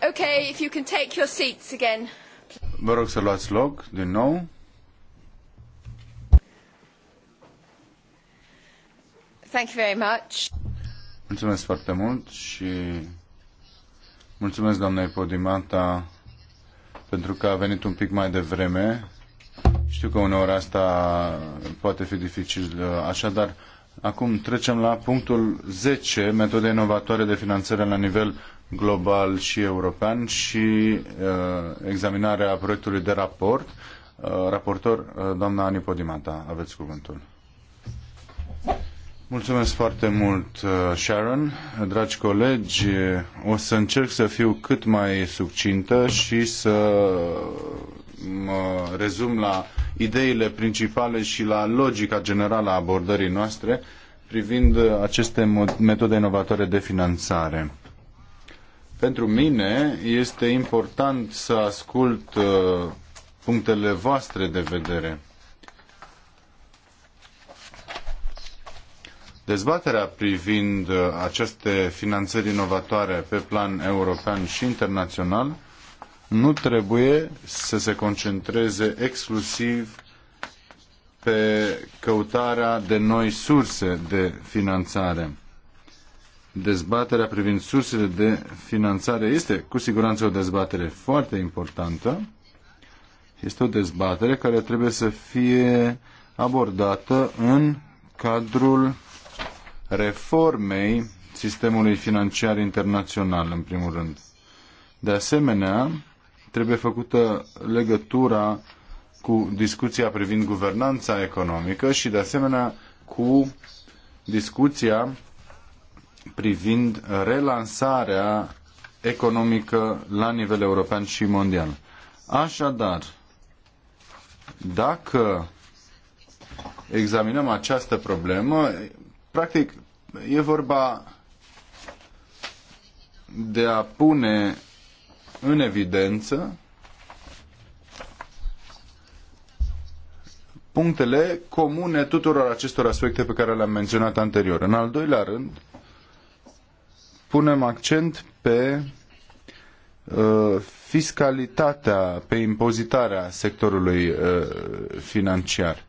Okay, if you can take your seats again. Vă rog să luați loc din nou. Thank you very much. Mulțumesc foarte mult și mulțumesc doamnei Podimata pentru că a venit un pic mai devreme. Știu că uneori asta poate fi dificil, așadar Acum trecem la punctul 10, metode inovatoare de finanțare la nivel global și european și uh, examinarea proiectului de raport. Uh, raportor, uh, doamna Ani aveți cuvântul. Mulțumesc foarte mult, uh, Sharon. Dragi colegi, o să încerc să fiu cât mai succintă și să mă rezum la ideile principale și la logica generală a abordării noastre privind aceste metode inovatoare de finanțare. Pentru mine este important să ascult uh, punctele voastre de vedere. Dezbaterea privind uh, aceste finanțări inovatoare pe plan european și internațional nu trebuie să se concentreze exclusiv pe căutarea de noi surse de finanțare. Dezbaterea privind sursele de finanțare este cu siguranță o dezbatere foarte importantă. Este o dezbatere care trebuie să fie abordată în cadrul reformei sistemului financiar internațional, în primul rând. De asemenea, trebuie făcută legătura cu discuția privind guvernanța economică și, de asemenea, cu discuția privind relansarea economică la nivel european și mondial. Așadar, dacă examinăm această problemă, practic e vorba de a pune în evidență punctele comune tuturor acestor aspecte pe care le-am menționat anterior. În al doilea rând, punem accent pe uh, fiscalitatea, pe impozitarea sectorului uh, financiar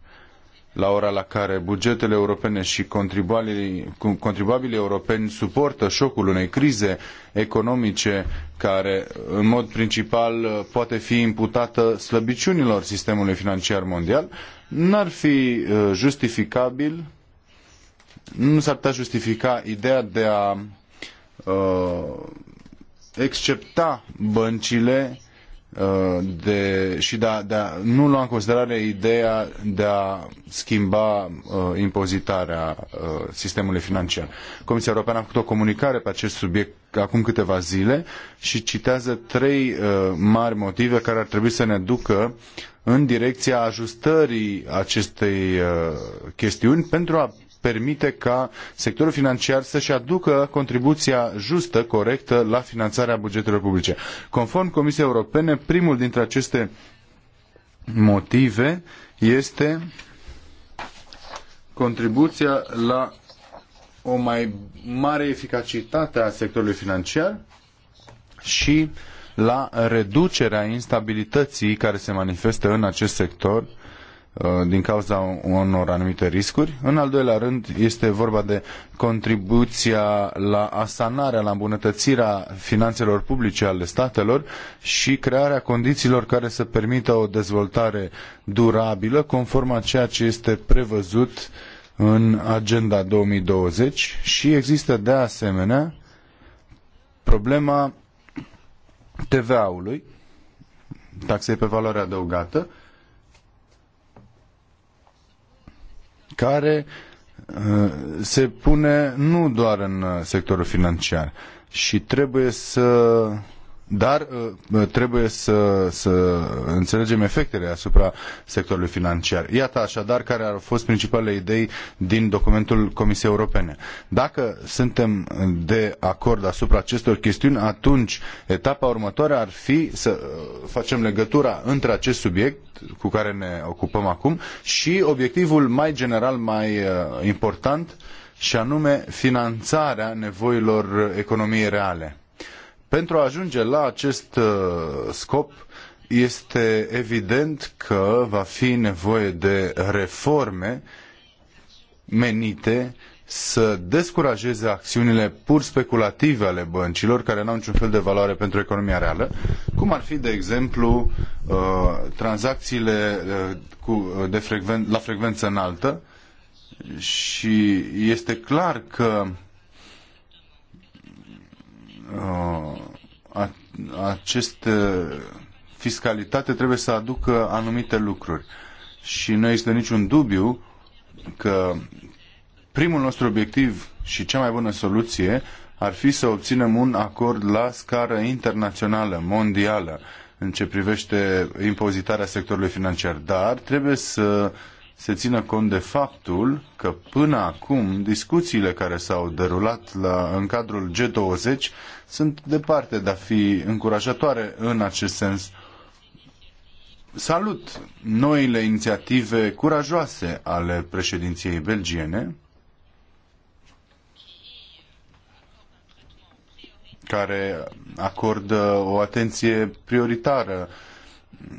la ora la care bugetele europene și contribuabilii, contribuabilii europeni suportă șocul unei crize economice care în mod principal poate fi imputată slăbiciunilor sistemului financiar mondial, n-ar fi uh, justificabil, nu s-ar putea justifica ideea de a uh, excepta băncile Uh, de, și de a, de a nu lua în considerare ideea de a schimba uh, impozitarea uh, sistemului financiar. Comisia Europeană a făcut o comunicare pe acest subiect acum câteva zile și citează trei uh, mari motive care ar trebui să ne ducă în direcția ajustării acestei uh, chestiuni pentru a permite ca sectorul financiar să-și aducă contribuția justă, corectă la finanțarea bugetelor publice. Conform Comisiei Europene, primul dintre aceste motive este contribuția la o mai mare eficacitate a sectorului financiar și la reducerea instabilității care se manifestă în acest sector Uh, din cauza unor anumite riscuri. În al doilea rând, este vorba de contribuția la asanarea, la îmbunătățirea finanțelor publice ale statelor și crearea condițiilor care să permită o dezvoltare durabilă, conform a ceea ce este prevăzut în Agenda 2020 și există de asemenea problema TVA-ului, taxei pe valoare adăugată, care uh, se pune nu doar în uh, sectorul financiar și trebuie să dar uh, uh, trebuie să, să înțelegem efectele asupra sectorului financiar. Iată așadar care au fost principalele idei din documentul Comisiei Europene. Dacă suntem de acord asupra acestor chestiuni, atunci etapa următoare ar fi să uh, facem legătura între acest subiect cu care ne ocupăm acum și obiectivul mai general, mai important, și anume finanțarea nevoilor economiei reale. Pentru a ajunge la acest uh, scop, este evident că va fi nevoie de reforme menite să descurajeze acțiunile pur speculative ale băncilor care nu au niciun fel de valoare pentru economia reală, cum ar fi, de exemplu, uh, tranzacțiile uh, de frecven la frecvență înaltă și este clar că Uh, acest uh, fiscalitate trebuie să aducă anumite lucruri. Și nu există niciun dubiu că primul nostru obiectiv și cea mai bună soluție ar fi să obținem un acord la scară internațională, mondială, în ce privește impozitarea sectorului financiar. Dar trebuie să se țină cont de faptul că până acum discuțiile care s-au derulat la, în cadrul G20 sunt departe de a fi încurajatoare în acest sens. Salut noile inițiative curajoase ale președinției belgiene, care acordă o atenție prioritară uh,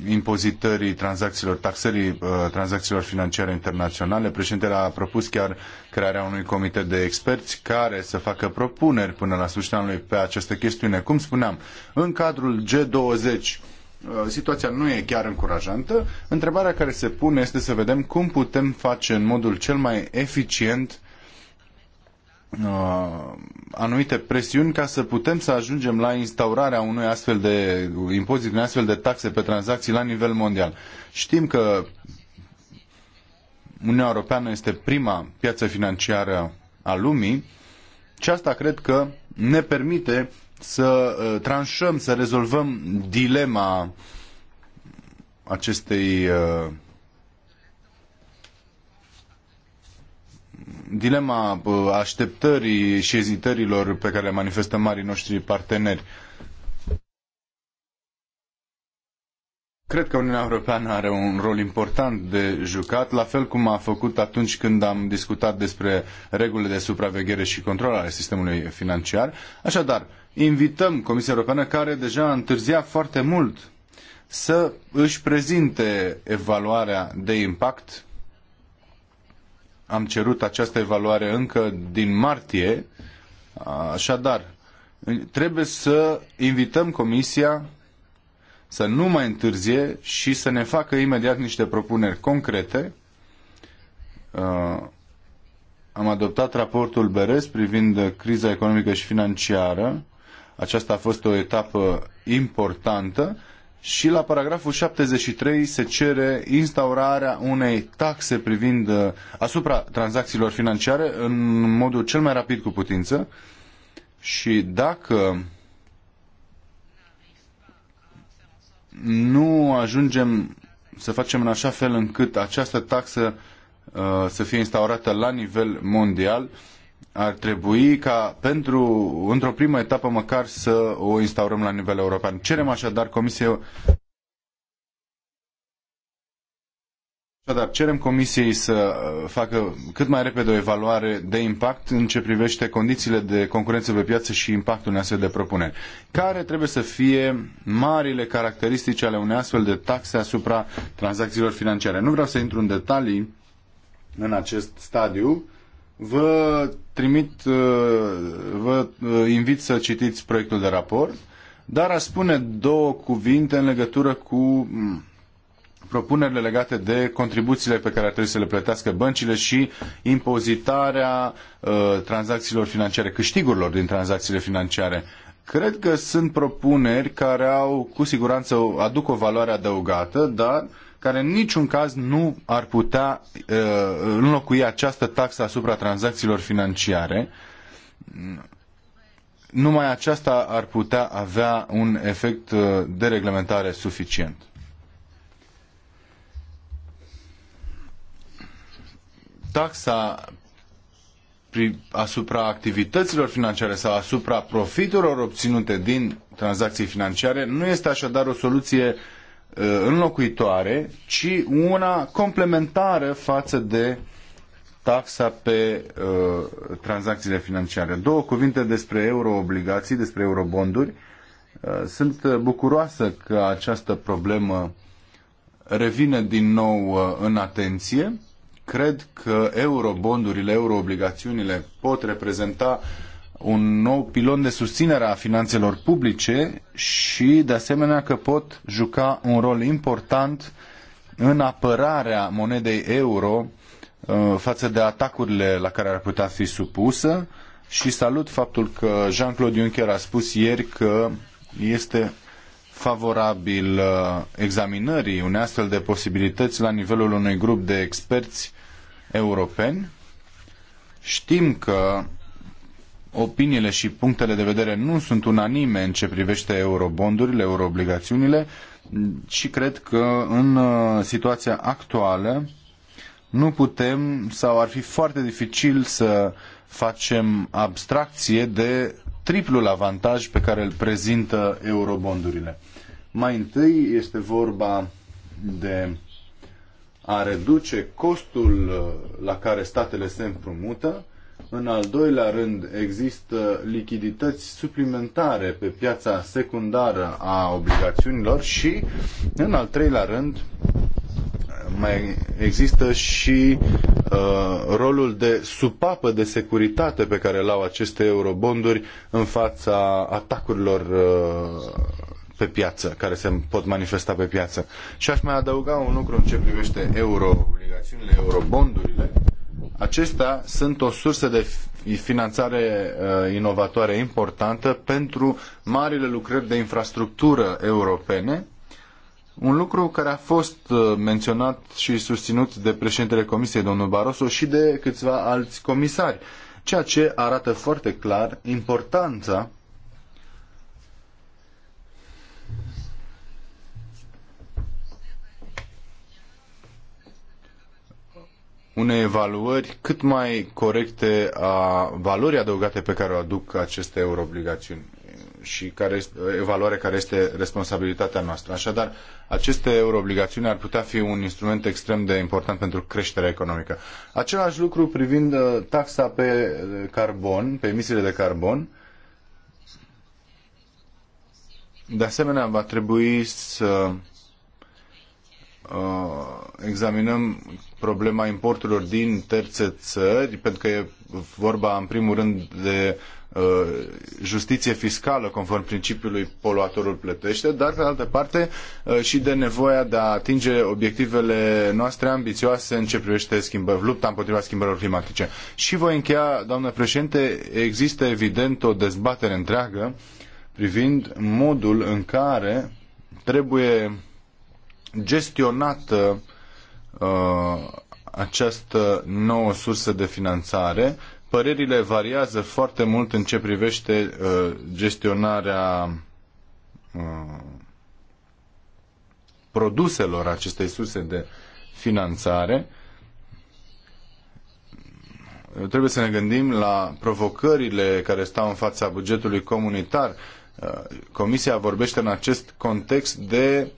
impozitării tranzacțiilor, taxării uh, tranzacțiilor financiare internaționale. Președintele a propus chiar crearea unui comitet de experți care să facă propuneri până la sfârșitul anului pe această chestiune. Cum spuneam, în cadrul G20 uh, situația nu e chiar încurajantă. Întrebarea care se pune este să vedem cum putem face în modul cel mai eficient Uh, anumite presiuni ca să putem să ajungem la instaurarea unui astfel de impozit, unei astfel de taxe pe tranzacții la nivel mondial. Știm că Uniunea Europeană este prima piață financiară a lumii și asta cred că ne permite să uh, tranșăm, să rezolvăm dilema acestei uh, dilema așteptării și ezitărilor pe care le manifestă marii noștri parteneri. Cred că Uniunea Europeană are un rol important de jucat, la fel cum a făcut atunci când am discutat despre regulile de supraveghere și control ale sistemului financiar. Așadar, invităm Comisia Europeană, care deja a întârziat foarte mult, să își prezinte evaluarea de impact am cerut această evaluare încă din martie, așadar, trebuie să invităm Comisia să nu mai întârzie și să ne facă imediat niște propuneri concrete. Uh, am adoptat raportul Beres privind criza economică și financiară. Aceasta a fost o etapă importantă și la paragraful 73 se cere instaurarea unei taxe privind uh, asupra tranzacțiilor financiare în modul cel mai rapid cu putință și dacă nu ajungem să facem în așa fel încât această taxă uh, să fie instaurată la nivel mondial, ar trebui ca pentru, într-o primă etapă măcar să o instaurăm la nivel european. Cerem așadar Comisiei Așadar, cerem Comisiei să uh, facă cât mai repede o evaluare de impact în ce privește condițiile de concurență pe piață și impactul unei astfel de propuneri. Care trebuie să fie marile caracteristici ale unei astfel de taxe asupra tranzacțiilor financiare? Nu vreau să intru în detalii în acest stadiu, Vă trimit, uh, vă uh, invit să citiți proiectul de raport, dar a spune două cuvinte în legătură cu mm, propunerile legate de contribuțiile pe care ar trebui să le plătească băncile și impozitarea uh, tranzacțiilor financiare, câștigurilor din tranzacțiile financiare. Cred că sunt propuneri care au, cu siguranță, aduc o valoare adăugată, dar care în niciun caz nu ar putea uh, înlocui această taxă asupra tranzacțiilor financiare. Numai aceasta ar putea avea un efect uh, de reglementare suficient. Taxa asupra activităților financiare sau asupra profiturilor obținute din tranzacții financiare nu este așadar o soluție uh, Uh, înlocuitoare, ci una complementară față de taxa pe uh, tranzacțiile financiare. Două cuvinte despre euroobligații, despre eurobonduri. Uh, sunt uh, bucuroasă că această problemă revine din nou uh, în atenție. Cred că eurobondurile, euroobligațiunile pot reprezenta uh, un nou pilon de susținere a finanțelor publice și, de asemenea, că pot juca un rol important în apărarea monedei euro uh, față de atacurile la care ar putea fi supusă și salut faptul că Jean-Claude Juncker a spus ieri că este favorabil uh, examinării unei astfel de posibilități la nivelul unui grup de experți europeni. Știm că opiniile și punctele de vedere nu sunt unanime în ce privește eurobondurile, euroobligațiunile și cred că în uh, situația actuală nu putem sau ar fi foarte dificil să facem abstracție de triplul avantaj pe care îl prezintă eurobondurile. Mai întâi este vorba de a reduce costul uh, la care statele se împrumută, în al doilea rând, există lichidități suplimentare pe piața secundară a obligațiunilor și, în al treilea rând, mai există și uh, rolul de supapă de securitate pe care îl au aceste eurobonduri în fața atacurilor uh, pe piață, care se pot manifesta pe piață. Și aș mai adăuga un lucru în ce privește euro-obligațiunile, Acestea sunt o sursă de finanțare uh, inovatoare importantă pentru marile lucrări de infrastructură europene. Un lucru care a fost uh, menționat și susținut de președintele Comisiei, domnul Barroso, și de câțiva alți comisari, ceea ce arată foarte clar importanța unei evaluări cât mai corecte a valorii adăugate pe care o aduc aceste euroobligațiuni și care este, evaluare care este responsabilitatea noastră. Așadar, aceste euroobligațiuni ar putea fi un instrument extrem de important pentru creșterea economică. Același lucru privind uh, taxa pe uh, carbon, pe emisiile de carbon. De asemenea, va trebui să Uh, examinăm problema importurilor din terțe țări, pentru că e vorba în primul rând de uh, justiție fiscală conform principiului poluatorul plătește, dar pe de altă parte uh, și de nevoia de a atinge obiectivele noastre ambițioase în ce privește schimbă, lupta împotriva schimbărilor climatice. Și voi încheia, doamnă președinte, există evident o dezbatere întreagă privind modul în care trebuie gestionată uh, această nouă sursă de finanțare. Părerile variază foarte mult în ce privește uh, gestionarea uh, produselor acestei surse de finanțare. Trebuie să ne gândim la provocările care stau în fața bugetului comunitar. Uh, Comisia vorbește în acest context de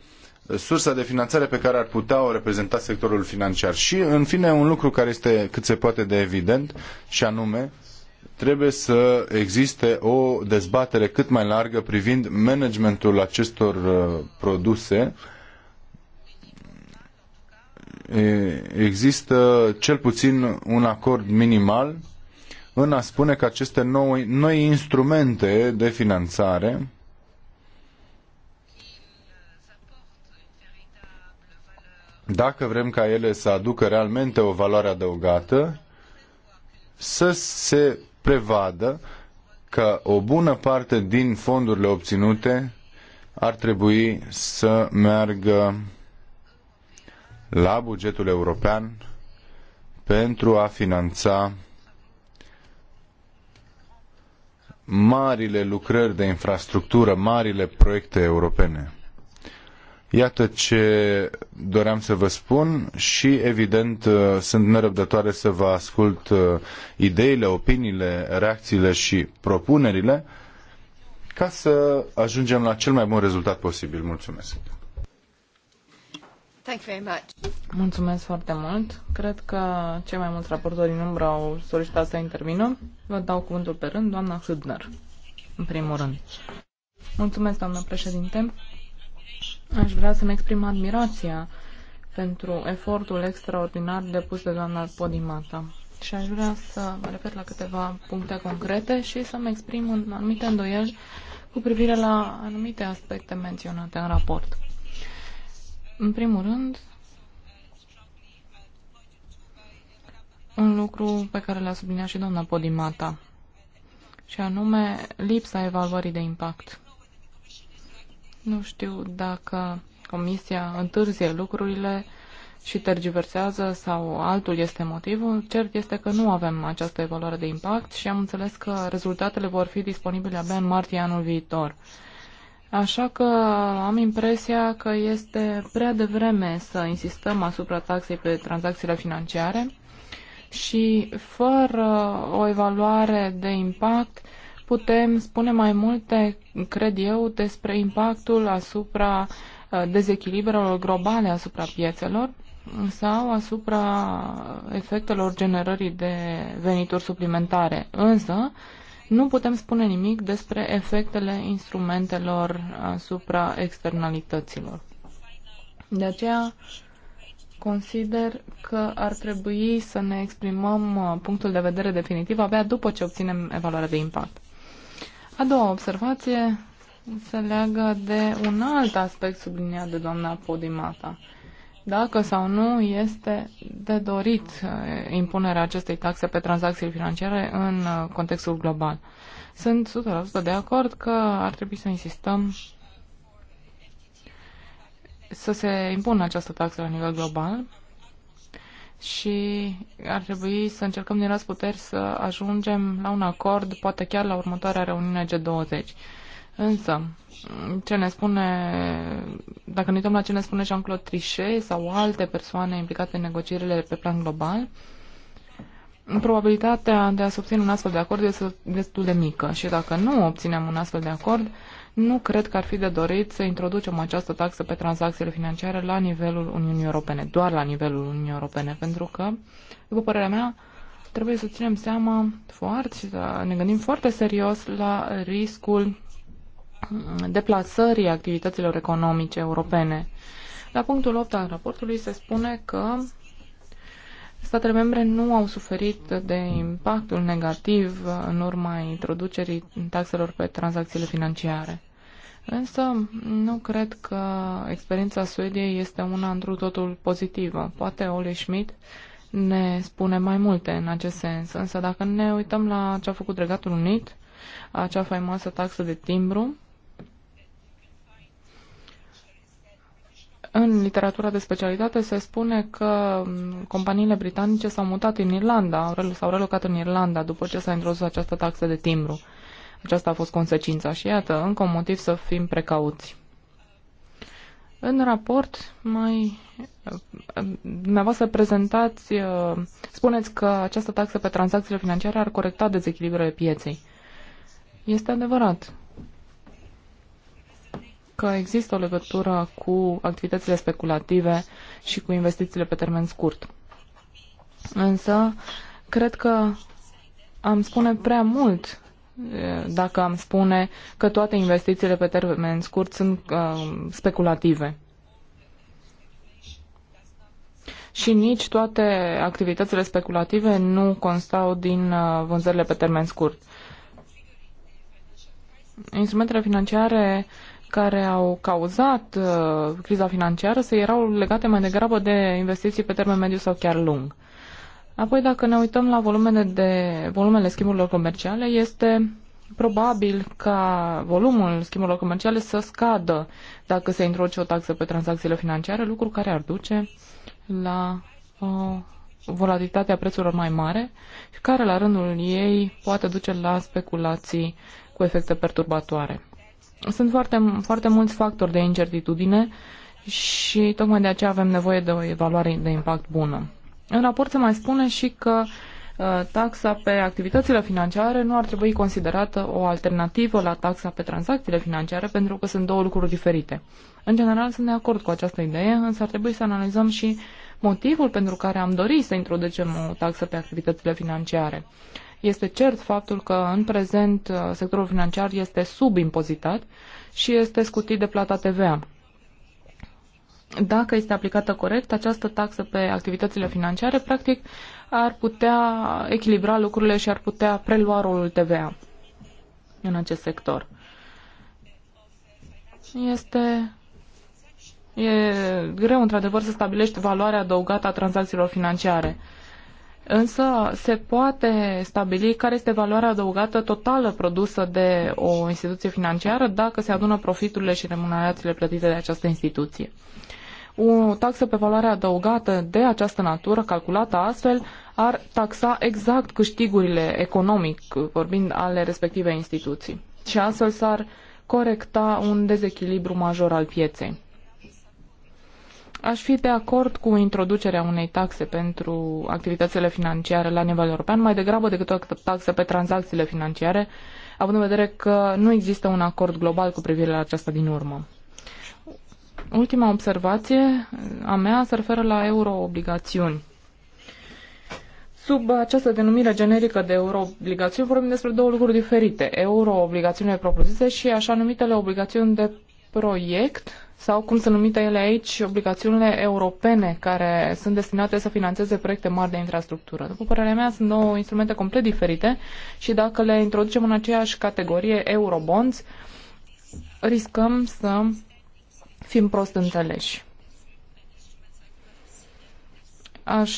sursa de finanțare pe care ar putea o reprezenta sectorul financiar. Și, în fine, un lucru care este cât se poate de evident, și anume, trebuie să existe o dezbatere cât mai largă privind managementul acestor uh, produse. Există cel puțin un acord minimal în a spune că aceste noi, noi instrumente de finanțare dacă vrem ca ele să aducă realmente o valoare adăugată, să se prevadă că o bună parte din fondurile obținute ar trebui să meargă la bugetul european pentru a finanța marile lucrări de infrastructură, marile proiecte europene. Iată ce doream să vă spun și, evident, uh, sunt nerăbdătoare să vă ascult uh, ideile, opiniile, reacțiile și propunerile ca să ajungem la cel mai bun rezultat posibil. Mulțumesc! Mulțumesc foarte mult. Cred că cei mai mulți raportori din umbră au solicitat să intervină. Vă dau cuvântul pe rând, doamna Hübner, în primul rând. Mulțumesc, doamnă președinte. Aș vrea să-mi exprim admirația pentru efortul extraordinar depus de doamna Podimata. Și aș vrea să mă refer la câteva puncte concrete și să-mi exprim în anumite îndoieli cu privire la anumite aspecte menționate în raport. În primul rând, un lucru pe care l-a subliniat și doamna Podimata, și anume lipsa evaluării de impact. Nu știu dacă Comisia întârzie lucrurile și tergiversează sau altul este motivul. Cert este că nu avem această evaluare de impact și am înțeles că rezultatele vor fi disponibile abia în martie anul viitor. Așa că am impresia că este prea devreme să insistăm asupra taxei pe tranzacțiile financiare și fără o evaluare de impact putem spune mai multe, cred eu, despre impactul asupra uh, dezechilibrelor globale asupra piețelor sau asupra efectelor generării de venituri suplimentare. Însă, nu putem spune nimic despre efectele instrumentelor asupra externalităților. De aceea, consider că ar trebui să ne exprimăm uh, punctul de vedere definitiv abia după ce obținem evaluarea de impact. A doua observație se leagă de un alt aspect subliniat de doamna Podimata. Dacă sau nu este de dorit uh, impunerea acestei taxe pe tranzacțiile financiare în uh, contextul global. Sunt 100% de acord că ar trebui să insistăm să se impună această taxă la nivel global, și ar trebui să încercăm din răsputeri să ajungem la un acord, poate chiar la următoarea reuniune G20. Însă, ce ne spune, dacă ne uităm la ce ne spune Jean-Claude Trichet sau alte persoane implicate în negocierile pe plan global, probabilitatea de a se obține un astfel de acord este destul de mică și dacă nu obținem un astfel de acord, nu cred că ar fi de dorit să introducem această taxă pe tranzacțiile financiare la nivelul Uniunii Europene, doar la nivelul Uniunii Europene, pentru că, după părerea mea, trebuie să ținem seama foarte și să ne gândim foarte serios la riscul deplasării activităților economice europene. La punctul 8 al raportului se spune că statele membre nu au suferit de impactul negativ în urma introducerii taxelor pe tranzacțiile financiare. Însă nu cred că experiența Suediei este una întru totul pozitivă. Poate Ole Schmidt ne spune mai multe în acest sens, însă dacă ne uităm la ce a făcut Regatul Unit, acea faimoasă taxă de timbru, în literatura de specialitate se spune că companiile britanice s-au mutat în Irlanda, s-au relocat în Irlanda după ce s-a introdus această taxă de timbru. Aceasta a fost consecința și iată, încă un motiv să fim precauți. În raport, mai dumneavoastră prezentați, uh, spuneți că această taxă pe tranzacțiile financiare ar corecta dezechilibrele pieței. Este adevărat că există o legătură cu activitățile speculative și cu investițiile pe termen scurt. Însă, cred că am spune prea mult dacă am spune că toate investițiile pe termen scurt sunt uh, speculative. Și nici toate activitățile speculative nu constau din uh, vânzările pe termen scurt. Instrumentele financiare care au cauzat uh, criza financiară se erau legate mai degrabă de investiții pe termen mediu sau chiar lung. Apoi, dacă ne uităm la volumele, de, volumele schimburilor comerciale, este probabil ca volumul schimburilor comerciale să scadă dacă se introduce o taxă pe tranzacțiile financiare, lucru care ar duce la o volatilitate a prețurilor mai mare și care la rândul ei poate duce la speculații cu efecte perturbatoare. Sunt foarte, foarte mulți factori de incertitudine și tocmai de aceea avem nevoie de o evaluare de impact bună. În raport se mai spune și că uh, taxa pe activitățile financiare nu ar trebui considerată o alternativă la taxa pe tranzacțiile financiare pentru că sunt două lucruri diferite. În general sunt de acord cu această idee, însă ar trebui să analizăm și motivul pentru care am dorit să introducem o taxă pe activitățile financiare. Este cert faptul că în prezent uh, sectorul financiar este subimpozitat și este scutit de plata TVA dacă este aplicată corect, această taxă pe activitățile financiare, practic, ar putea echilibra lucrurile și ar putea prelua rolul TVA în acest sector. Este e greu, într-adevăr, să stabilești valoarea adăugată a tranzacțiilor financiare. Însă se poate stabili care este valoarea adăugată totală produsă de o instituție financiară dacă se adună profiturile și remunerațiile plătite de această instituție o taxă pe valoare adăugată de această natură, calculată astfel, ar taxa exact câștigurile economic, vorbind ale respective instituții. Și astfel s-ar corecta un dezechilibru major al pieței. Aș fi de acord cu introducerea unei taxe pentru activitățile financiare la nivel european, mai degrabă decât o taxă pe tranzacțiile financiare, având în vedere că nu există un acord global cu privire la aceasta din urmă. Ultima observație a mea se referă la euroobligațiuni. Sub această denumire generică de euroobligațiuni vorbim despre două lucruri diferite. Euroobligațiunile propriu-zise și așa numitele obligațiuni de proiect sau cum sunt numite ele aici, obligațiunile europene care sunt destinate să financeze proiecte mari de infrastructură. După părerea mea, sunt două instrumente complet diferite și dacă le introducem în aceeași categorie eurobonds, riscăm să fim prost înțeleși. Aș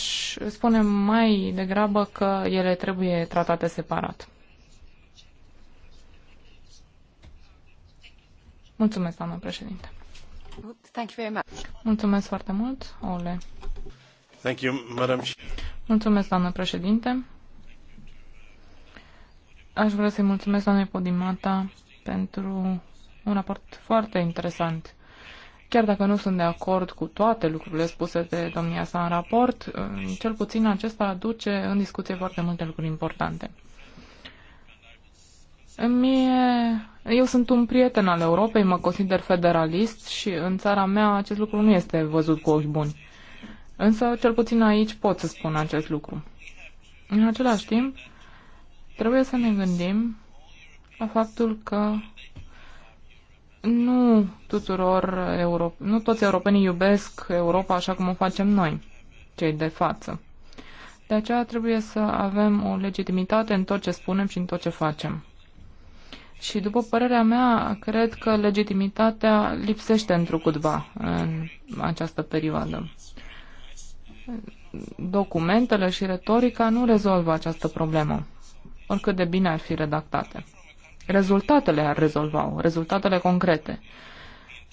spune mai degrabă că ele trebuie tratate separat. Mulțumesc, doamnă președinte. Thank you very much. Mulțumesc foarte mult, Ole. Thank you, madam. Mulțumesc, doamnă președinte. Aș vrea să-i mulțumesc doamnei Podimata pentru un raport foarte interesant. Chiar dacă nu sunt de acord cu toate lucrurile spuse de domnia sa în raport, cel puțin acesta aduce în discuție foarte multe lucruri importante. Mie, eu sunt un prieten al Europei, mă consider federalist și în țara mea acest lucru nu este văzut cu ochi buni. Însă, cel puțin aici pot să spun acest lucru. În același timp, trebuie să ne gândim la faptul că nu tuturor euro... nu toți europenii iubesc Europa așa cum o facem noi, cei de față. De aceea trebuie să avem o legitimitate în tot ce spunem și în tot ce facem. Și după părerea mea, cred că legitimitatea lipsește întrucutva în această perioadă. Documentele și retorica nu rezolvă această problemă, oricât de bine ar fi redactate rezultatele ar rezolva, rezultatele concrete.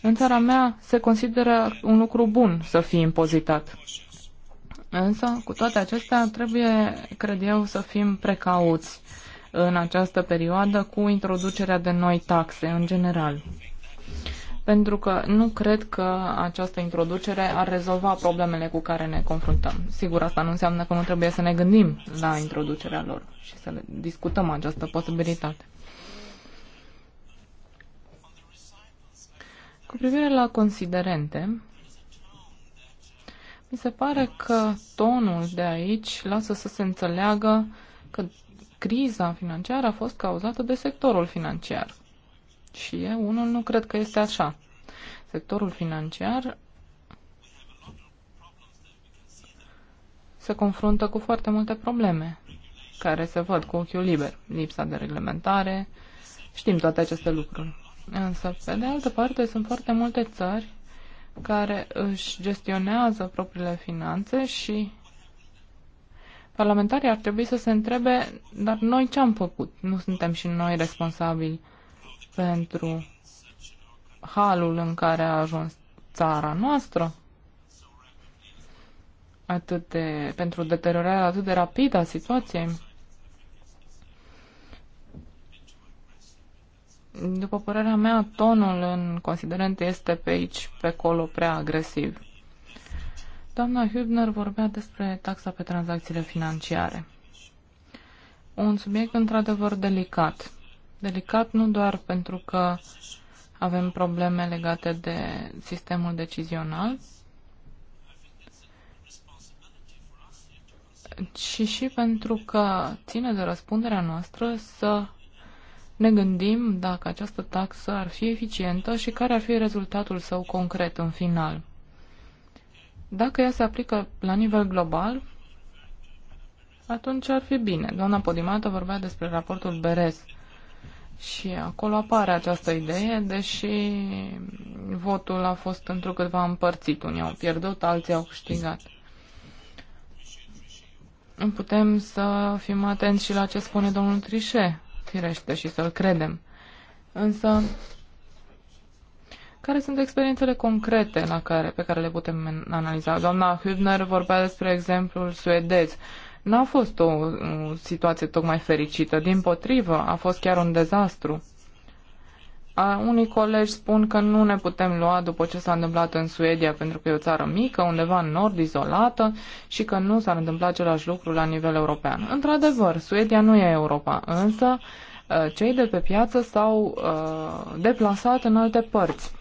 În țara mea se consideră un lucru bun să fii impozitat. Însă, cu toate acestea, trebuie, cred eu, să fim precauți în această perioadă cu introducerea de noi taxe în general. Pentru că nu cred că această introducere ar rezolva problemele cu care ne confruntăm. Sigur, asta nu înseamnă că nu trebuie să ne gândim la introducerea lor și să discutăm această posibilitate. Cu privire la considerente, mi se pare că tonul de aici lasă să se înțeleagă că criza financiară a fost cauzată de sectorul financiar. Și eu unul nu cred că este așa. Sectorul financiar se confruntă cu foarte multe probleme care se văd cu ochiul liber. Lipsa de reglementare, știm toate aceste lucruri. Însă, pe de altă parte, sunt foarte multe țări care își gestionează propriile finanțe și parlamentarii ar trebui să se întrebe, dar noi ce am făcut? Nu suntem și noi responsabili pentru halul în care a ajuns țara noastră? Atât de, pentru deteriorarea atât de rapidă a situației? După părerea mea, tonul în considerent este pe aici, pe acolo, prea agresiv. Doamna Hübner vorbea despre taxa pe tranzacțiile financiare. Un subiect într-adevăr delicat. Delicat nu doar pentru că avem probleme legate de sistemul decizional, ci și pentru că ține de răspunderea noastră să ne gândim dacă această taxă ar fi eficientă și care ar fi rezultatul său concret în final. Dacă ea se aplică la nivel global, atunci ar fi bine. Doamna Podimata vorbea despre raportul Beres și acolo apare această idee, deși votul a fost întrucâtva împărțit. Unii au pierdut, alții au câștigat. Putem să fim atenți și la ce spune domnul Trișe firește, și să-l credem. Însă, care sunt experiențele concrete la care, pe care le putem analiza? Doamna Hübner vorbea despre exemplul suedez. N-a fost o, o situație tocmai fericită, din potrivă, a fost chiar un dezastru unii colegi spun că nu ne putem lua după ce s-a întâmplat în Suedia, pentru că e o țară mică, undeva în nord, izolată, și că nu s-ar întâmpla același lucru la nivel european. Într-adevăr, Suedia nu e Europa, însă cei de pe piață s-au deplasat în alte părți.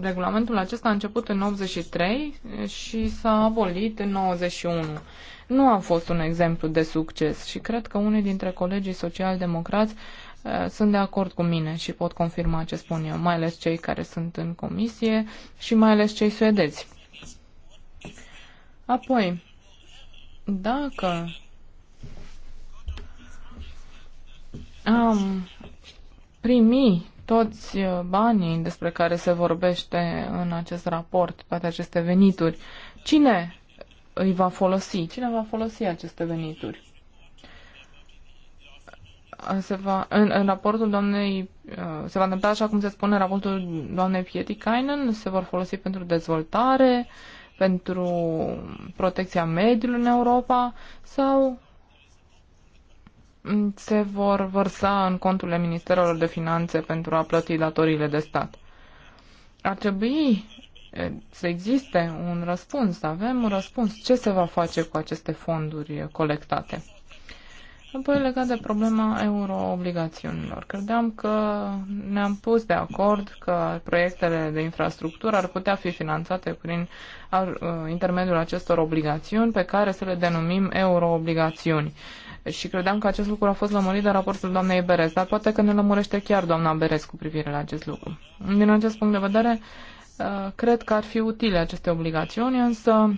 Regulamentul acesta a început în 83 și s-a abolit în 91. Nu a fost un exemplu de succes și cred că unii dintre colegii socialdemocrați democrați uh, Eh, sunt de acord cu mine și pot confirma ce spun eu, mai ales cei care sunt în comisie și mai ales cei suedezi. Apoi, dacă am primi toți eh, banii despre care se vorbește în acest raport, toate aceste venituri, cine îi va folosi? Cine va folosi aceste venituri? se va, în, în raportul doamnei, uh, se va întâmpla așa cum se spune în raportul doamnei Pietikainen, se vor folosi pentru dezvoltare, pentru protecția mediului în Europa sau se vor vărsa în conturile Ministerelor de Finanțe pentru a plăti datoriile de stat. Ar trebui să existe un răspuns, să avem un răspuns. Ce se va face cu aceste fonduri colectate? Apoi, legat de problema euroobligațiunilor, credeam că ne-am pus de acord că proiectele de infrastructură ar putea fi finanțate prin ar, uh, intermediul acestor obligațiuni pe care să le denumim euroobligațiuni. Și credeam că acest lucru a fost lămurit de raportul doamnei Berez, dar poate că ne lămurește chiar doamna Berez cu privire la acest lucru. Din acest punct de vedere, uh, cred că ar fi utile aceste obligațiuni, însă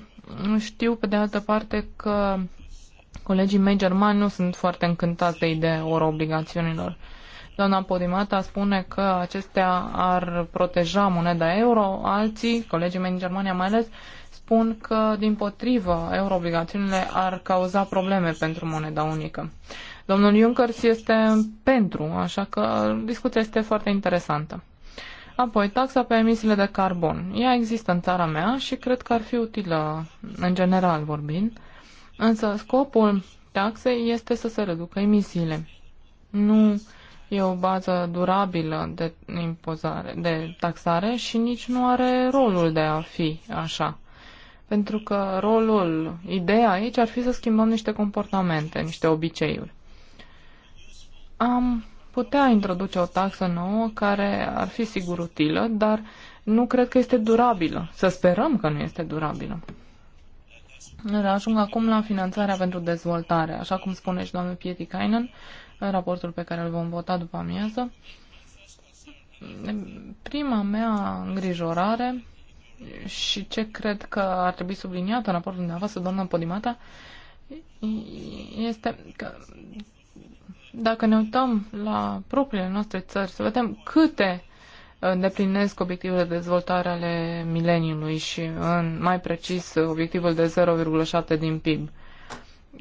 știu pe de altă parte că Colegii mei germani nu sunt foarte încântați de ideea obligațiunilor. Doamna Podimata spune că acestea ar proteja moneda euro, alții, colegii mei din Germania mai ales, spun că, din potrivă, euroobligațiunile ar cauza probleme pentru moneda unică. Domnul Junkers este pentru, așa că discuția este foarte interesantă. Apoi, taxa pe emisiile de carbon. Ea există în țara mea și cred că ar fi utilă, în general vorbind, Însă scopul taxei este să se reducă emisiile. Nu e o bază durabilă de, impozare, de taxare și nici nu are rolul de a fi așa. Pentru că rolul, ideea aici ar fi să schimbăm niște comportamente, niște obiceiuri. Am putea introduce o taxă nouă care ar fi sigur utilă, dar nu cred că este durabilă. Să sperăm că nu este durabilă. Ajung acum la finanțarea pentru dezvoltare. Așa cum spune și doamnul Pietikainen, în raportul pe care îl vom vota după amiază, prima mea îngrijorare și ce cred că ar trebui subliniat în raportul dumneavoastră, doamna Podimata, este că dacă ne uităm la propriile noastre țări, să vedem câte îndeplinesc obiectivele de dezvoltare ale mileniului și, în mai precis, obiectivul de 0,7 din PIB.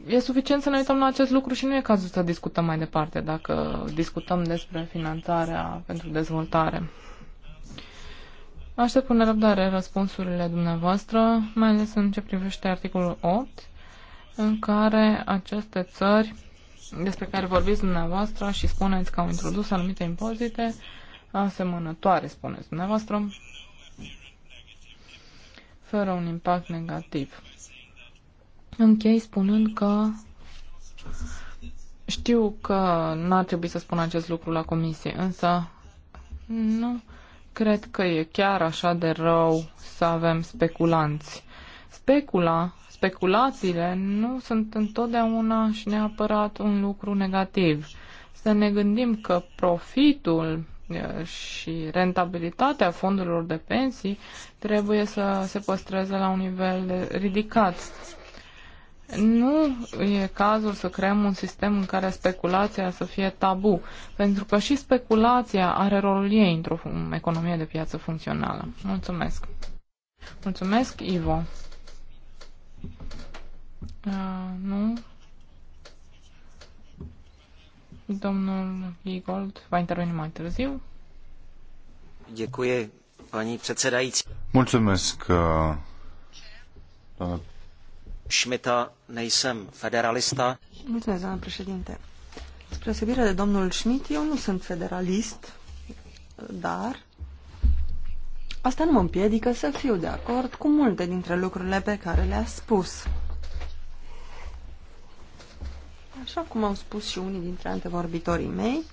E suficient să ne uităm la acest lucru și nu e cazul să discutăm mai departe dacă discutăm despre finanțarea pentru dezvoltare. Aștept cu nerăbdare răspunsurile dumneavoastră, mai ales în ce privește articolul 8, în care aceste țări despre care vorbiți dumneavoastră și spuneți că au introdus anumite impozite, asemănătoare, spuneți dumneavoastră, fără un impact negativ. Închei spunând că știu că n-ar trebui să spun acest lucru la comisie, însă nu cred că e chiar așa de rău să avem speculanți. Specula, speculațiile nu sunt întotdeauna și neapărat un lucru negativ. Să ne gândim că profitul și rentabilitatea fondurilor de pensii trebuie să se păstreze la un nivel ridicat. Nu e cazul să creăm un sistem în care speculația să fie tabu, pentru că și speculația are rolul ei într-o economie de piață funcțională. Mulțumesc. Mulțumesc, Ivo. Uh, nu, Domnul Giegold va interveni mai târziu. Děkuji, paní předsedající. Mulțumesc, uh, doamnă. Schmita, nejsem federalista. Mulțumesc, doamnă președinte. Spre osebire de domnul Schmidt, eu nu sunt federalist, dar asta nu mă împiedică să fiu de acord cu multe dintre lucrurile pe care le-a spus. Așa cum au spus și unii dintre antevorbitorii mei,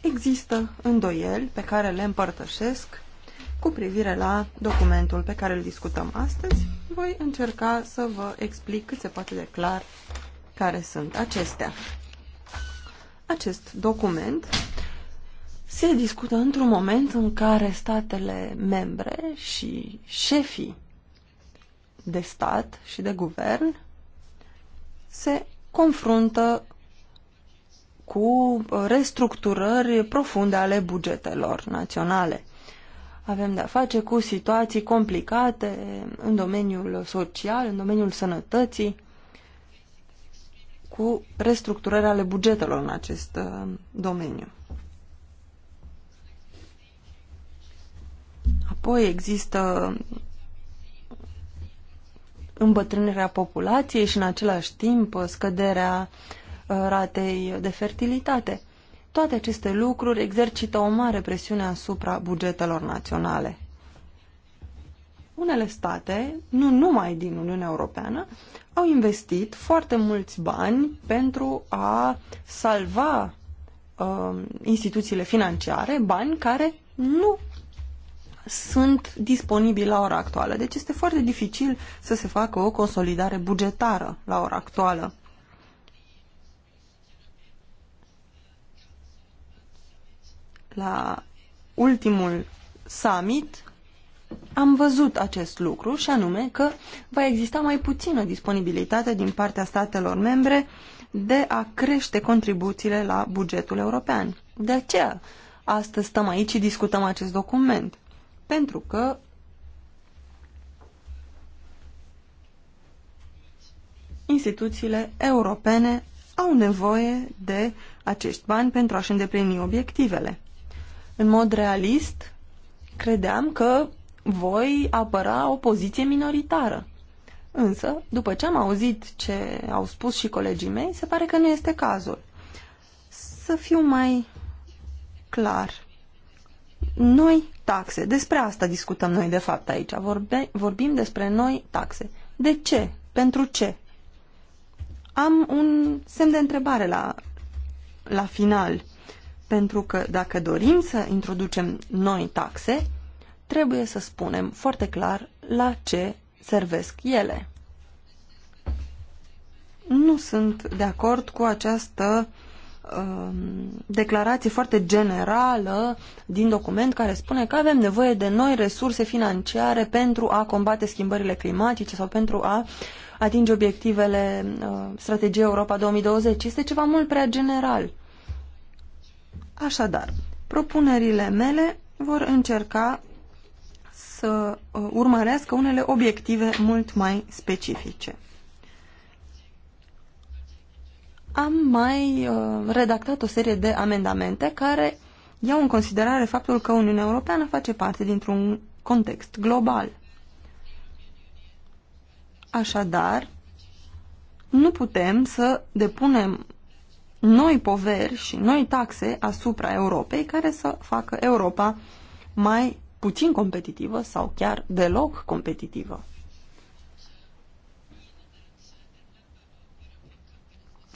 există îndoieli pe care le împărtășesc cu privire la documentul pe care îl discutăm astăzi. Voi încerca să vă explic cât se poate de clar care sunt acestea. Acest document se discută într-un moment în care statele membre și șefii de stat și de guvern se confruntă cu restructurări profunde ale bugetelor naționale. Avem de-a face cu situații complicate în domeniul social, în domeniul sănătății, cu restructurări ale bugetelor în acest uh, domeniu. Apoi există îmbătrânirea populației și în același timp scăderea uh, ratei de fertilitate. Toate aceste lucruri exercită o mare presiune asupra bugetelor naționale. Unele state, nu numai din Uniunea Europeană, au investit foarte mulți bani pentru a salva uh, instituțiile financiare, bani care nu sunt disponibili la ora actuală. Deci este foarte dificil să se facă o consolidare bugetară la ora actuală. La ultimul summit am văzut acest lucru și anume că va exista mai puțină disponibilitate din partea statelor membre de a crește contribuțiile la bugetul european. De aceea, astăzi stăm aici și discutăm acest document pentru că instituțiile europene au nevoie de acești bani pentru a-și îndeplini obiectivele. În mod realist, credeam că voi apăra o poziție minoritară. Însă, după ce am auzit ce au spus și colegii mei, se pare că nu este cazul. Să fiu mai clar noi taxe. Despre asta discutăm noi, de fapt, aici. Vorbe, vorbim despre noi taxe. De ce? Pentru ce? Am un semn de întrebare la, la final. Pentru că dacă dorim să introducem noi taxe, trebuie să spunem foarte clar la ce servesc ele. Nu sunt de acord cu această uh, Um, declarație foarte generală din document care spune că avem nevoie de noi resurse financiare pentru a combate schimbările climatice sau pentru a atinge obiectivele uh, strategiei Europa 2020. Este ceva mult prea general. Așadar, propunerile mele vor încerca să uh, urmărească unele obiective mult mai specifice. am mai uh, redactat o serie de amendamente care iau în considerare faptul că Uniunea Europeană face parte dintr-un context global. Așadar, nu putem să depunem noi poveri și noi taxe asupra Europei care să facă Europa mai puțin competitivă sau chiar deloc competitivă.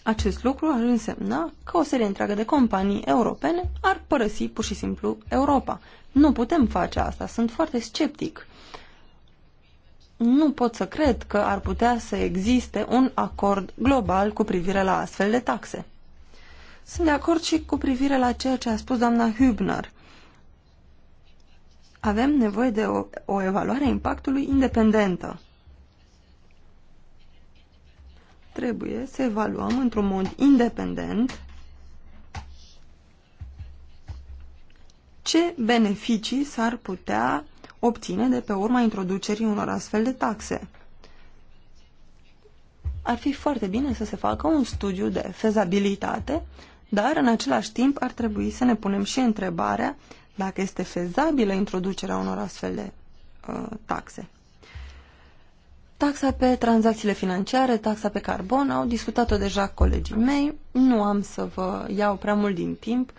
Acest lucru ar însemna că o serie întreagă de companii europene ar părăsi pur și simplu Europa. Nu putem face asta, sunt foarte sceptic. Nu pot să cred că ar putea să existe un acord global cu privire la astfel de taxe. Sunt de acord și cu privire la ceea ce a spus doamna Hübner. Avem nevoie de o, o evaluare a impactului independentă. trebuie să evaluăm într-un mod independent ce beneficii s-ar putea obține de pe urma introducerii unor astfel de taxe. Ar fi foarte bine să se facă un studiu de fezabilitate, dar în același timp ar trebui să ne punem și întrebarea dacă este fezabilă introducerea unor astfel de uh, taxe. Taxa pe tranzacțiile financiare, taxa pe carbon, au discutat-o deja colegii mei. Nu am să vă iau prea mult din timp.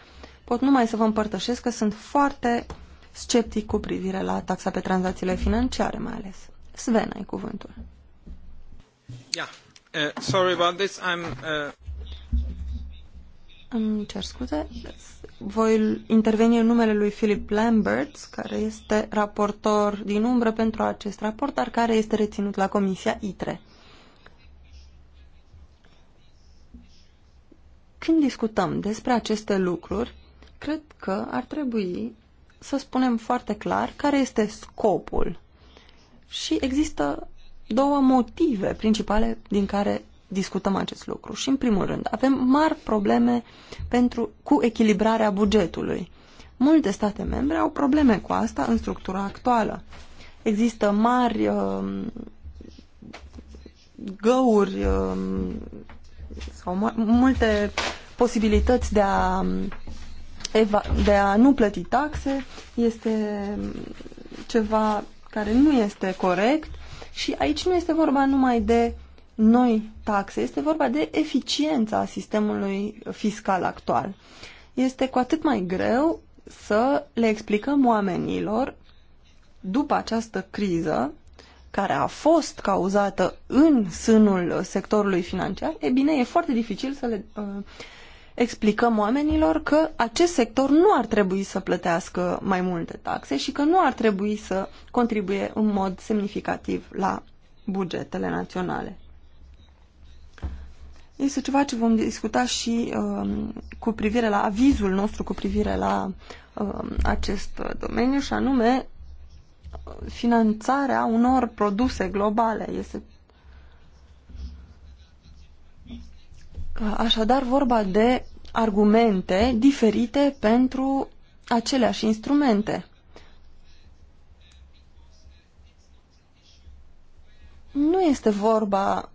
Pot numai să vă împărtășesc că sunt foarte sceptic cu privire la taxa pe tranzacțiile financiare, mai ales. Sven, ai cuvântul. Yeah. Uh, sorry about this. I'm, uh... Îmi cer scuze voi interveni în numele lui Philip Lambert, care este raportor din umbră pentru acest raport, dar care este reținut la Comisia ITRE. Când discutăm despre aceste lucruri, cred că ar trebui să spunem foarte clar care este scopul. Și există două motive principale din care discutăm acest lucru. Și, în primul rând, avem mari probleme pentru, cu echilibrarea bugetului. Multe state membre au probleme cu asta în structura actuală. Există mari uh, găuri uh, sau multe posibilități de a, um, de a nu plăti taxe. Este ceva care nu este corect și aici nu este vorba numai de noi taxe. Este vorba de eficiența sistemului fiscal actual. Este cu atât mai greu să le explicăm oamenilor după această criză care a fost cauzată în sânul sectorului financiar, e bine, e foarte dificil să le uh, explicăm oamenilor că acest sector nu ar trebui să plătească mai multe taxe și că nu ar trebui să contribuie în mod semnificativ la bugetele naționale este ceva ce vom discuta și uh, cu privire la avizul nostru cu privire la uh, acest domeniu și anume finanțarea unor produse globale. Este așadar vorba de argumente diferite pentru aceleași instrumente. Nu este vorba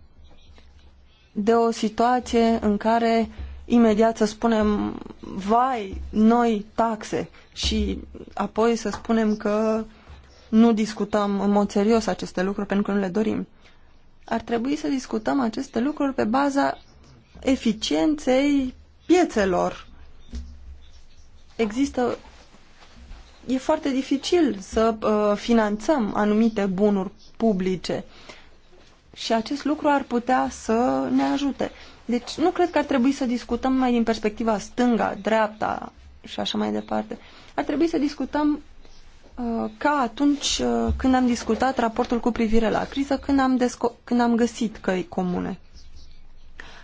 de o situație în care imediat să spunem vai, noi taxe și apoi să spunem că nu discutăm în mod serios aceste lucruri pentru că nu le dorim. Ar trebui să discutăm aceste lucruri pe baza eficienței piețelor. Există e foarte dificil să uh, finanțăm anumite bunuri publice. Uh, și acest lucru ar putea să ne ajute. Deci nu cred că ar trebui să discutăm mai din perspectiva stânga, dreapta și așa mai departe. Ar trebui să discutăm uh, ca atunci uh, când am discutat raportul cu privire la criză, când am, când am găsit căi comune.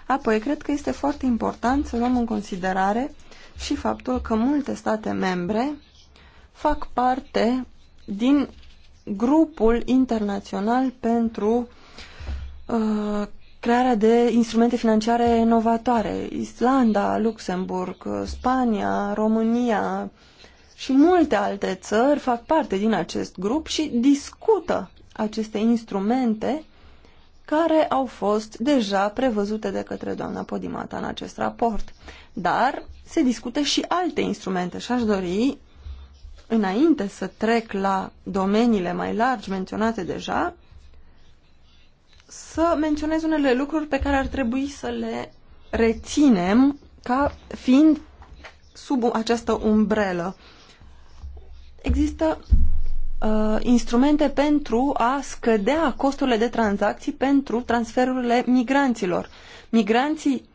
Apoi, cred că este foarte important să luăm în considerare și faptul că multe state membre fac parte din grupul internațional pentru Uh, crearea de instrumente financiare inovatoare. Islanda, Luxemburg, uh, Spania, România și multe alte țări fac parte din acest grup și discută aceste instrumente care au fost deja prevăzute de către doamna Podimata în acest raport. Dar se discută și alte instrumente și aș dori, înainte să trec la domeniile mai largi menționate deja, să menționez unele lucruri pe care ar trebui să le reținem ca fiind sub această umbrelă. Există uh, instrumente pentru a scădea costurile de tranzacții pentru transferurile migranților. Migranții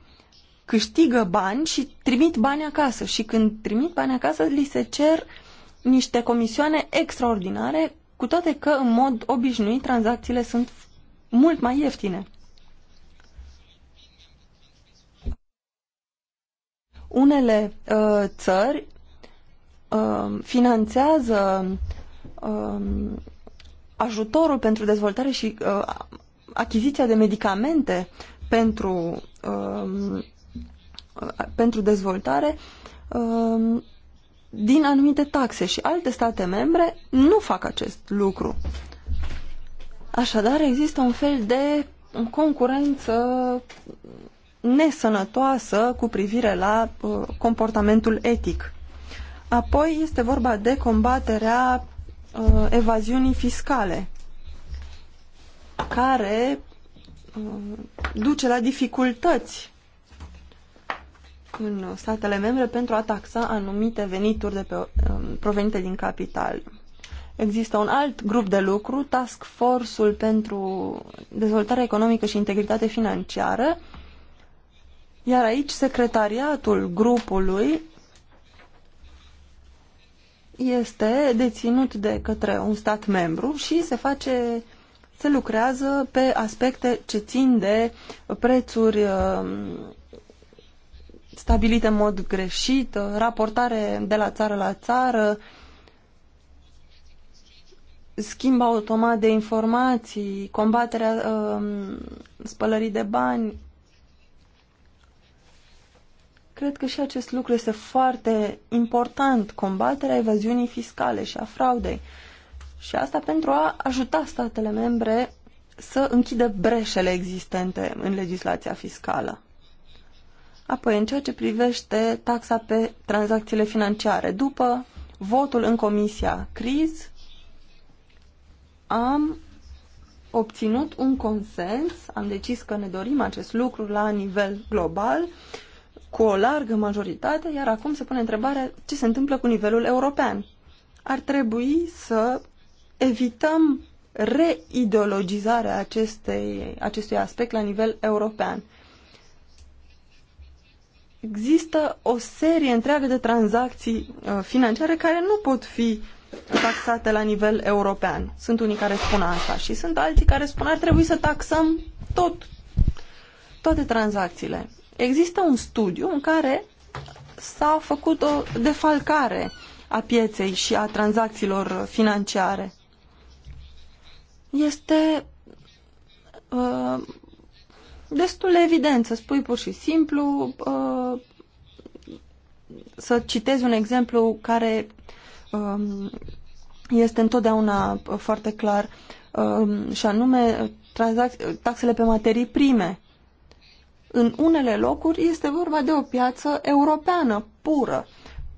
câștigă bani și trimit bani acasă și când trimit bani acasă li se cer niște comisioane extraordinare, cu toate că în mod obișnuit tranzacțiile sunt mult mai ieftine. Unele uh, țări uh, finanțează uh, ajutorul pentru dezvoltare și uh, achiziția de medicamente pentru, uh, pentru dezvoltare uh, din anumite taxe și alte state membre nu fac acest lucru. Așadar, există un fel de concurență nesănătoasă cu privire la uh, comportamentul etic. Apoi este vorba de combaterea uh, evaziunii fiscale, care uh, duce la dificultăți în statele membre pentru a taxa anumite venituri de pe, um, provenite din capital. Există un alt grup de lucru, Task Force-ul pentru dezvoltare economică și integritate financiară, iar aici secretariatul grupului este deținut de către un stat membru și se face se lucrează pe aspecte ce țin de prețuri um, stabilite în mod greșit, raportare de la țară la țară, schimb automat de informații, combaterea uh, spălării de bani. Cred că și acest lucru este foarte important, combaterea evaziunii fiscale și a fraudei. Și asta pentru a ajuta statele membre să închidă breșele existente în legislația fiscală. Apoi, în ceea ce privește taxa pe tranzacțiile financiare, după votul în comisia CRIZ, am obținut un consens, am decis că ne dorim acest lucru la nivel global, cu o largă majoritate, iar acum se pune întrebarea ce se întâmplă cu nivelul european. Ar trebui să evităm reideologizarea acestei, acestui aspect la nivel european. Există o serie întreagă de tranzacții uh, financiare care nu pot fi uh, taxate la nivel european. Sunt unii care spun asta și sunt alții care spun ar trebui să taxăm tot, toate tranzacțiile. Există un studiu în care s-a făcut o defalcare a pieței și a tranzacțiilor financiare. Este uh, destul de evident să spui pur și simplu uh, să citezi un exemplu care Um, este întotdeauna foarte clar um, și anume taxele pe materii prime. În unele locuri este vorba de o piață europeană pură.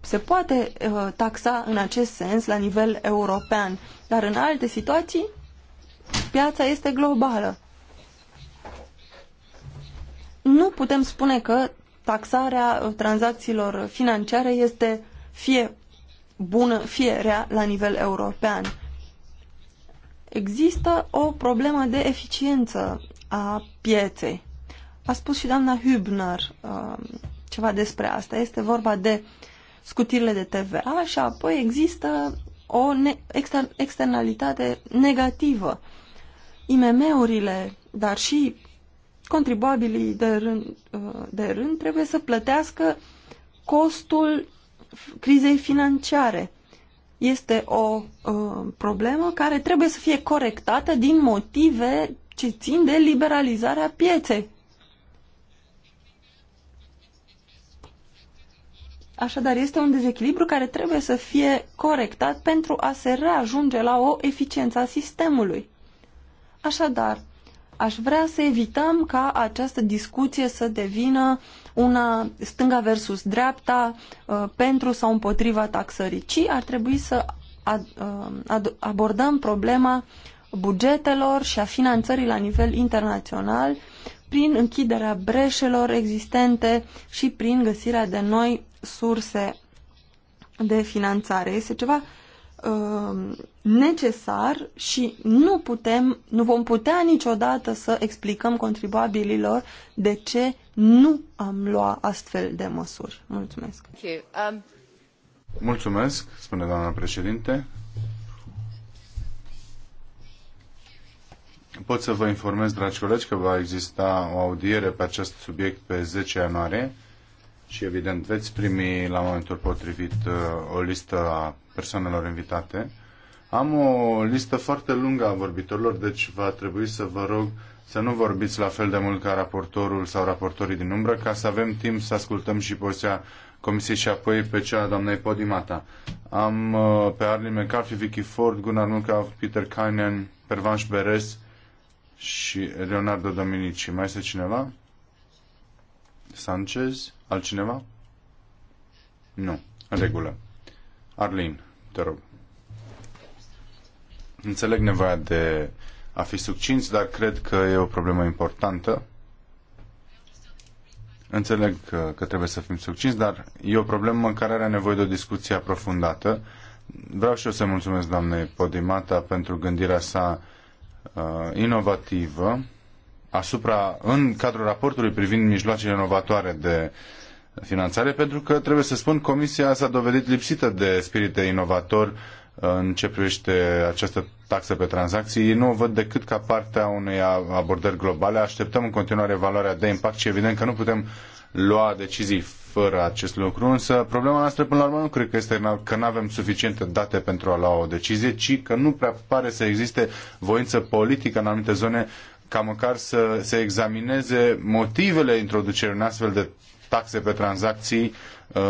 Se poate uh, taxa în acest sens la nivel european, dar în alte situații piața este globală. Nu putem spune că taxarea uh, tranzacțiilor financiare este fie bună fie rea la nivel european. Există o problemă de eficiență a pieței. A spus și doamna Hübner uh, ceva despre asta. Este vorba de scutirile de TVA și apoi există o ne exter externalitate negativă. IMM-urile, dar și contribuabilii de rând, uh, de rând trebuie să plătească costul crizei financiare. Este o uh, problemă care trebuie să fie corectată din motive ce țin de liberalizarea pieței. Așadar, este un dezechilibru care trebuie să fie corectat pentru a se reajunge la o eficiență a sistemului. Așadar, aș vrea să evităm ca această discuție să devină una stânga versus dreapta, uh, pentru sau împotriva taxării, ci ar trebui să uh, abordăm problema bugetelor și a finanțării la nivel internațional prin închiderea breșelor existente și prin găsirea de noi surse de finanțare. Este ceva uh, necesar și nu putem, nu vom putea niciodată să explicăm contribuabililor de ce nu am lua astfel de măsuri. Mulțumesc. Um, Mulțumesc, spune doamna președinte. Pot să vă informez, dragi colegi, că va exista o audiere pe acest subiect pe 10 ianuarie și, evident, veți primi la momentul potrivit uh, o listă a persoanelor invitate. Am o listă foarte lungă a vorbitorilor, deci va trebui să vă rog să nu vorbiți la fel de mult ca raportorul sau raportorii din umbră, ca să avem timp să ascultăm și poziția Comisiei și apoi pe cea a doamnei Podimata. Am uh, pe Arlene McCarthy, Vicky Ford, Gunnar Munca, Peter Kainen, Pervanș Beres și Leonardo Dominici. Mai este cineva? Sanchez? Altcineva? Nu. În regulă. Arlin, te rog. Înțeleg nevoia de a fi succinți, dar cred că e o problemă importantă. Înțeleg că, că trebuie să fim succinți, dar e o problemă care are nevoie de o discuție aprofundată. Vreau și eu să mulțumesc doamnei Podimata pentru gândirea sa uh, inovativă asupra, în cadrul raportului privind mijloacele inovatoare de finanțare, pentru că, trebuie să spun, Comisia s-a dovedit lipsită de spirit inovator în ce privește această taxă pe tranzacții. nu o văd decât ca partea unei abordări globale. Așteptăm în continuare valoarea de impact și evident că nu putem lua decizii fără acest lucru, însă problema noastră până la urmă nu cred că este că nu avem suficiente date pentru a lua o decizie, ci că nu prea pare să existe voință politică în anumite zone ca măcar să se examineze motivele introducerii în astfel de taxe pe tranzacții Uh,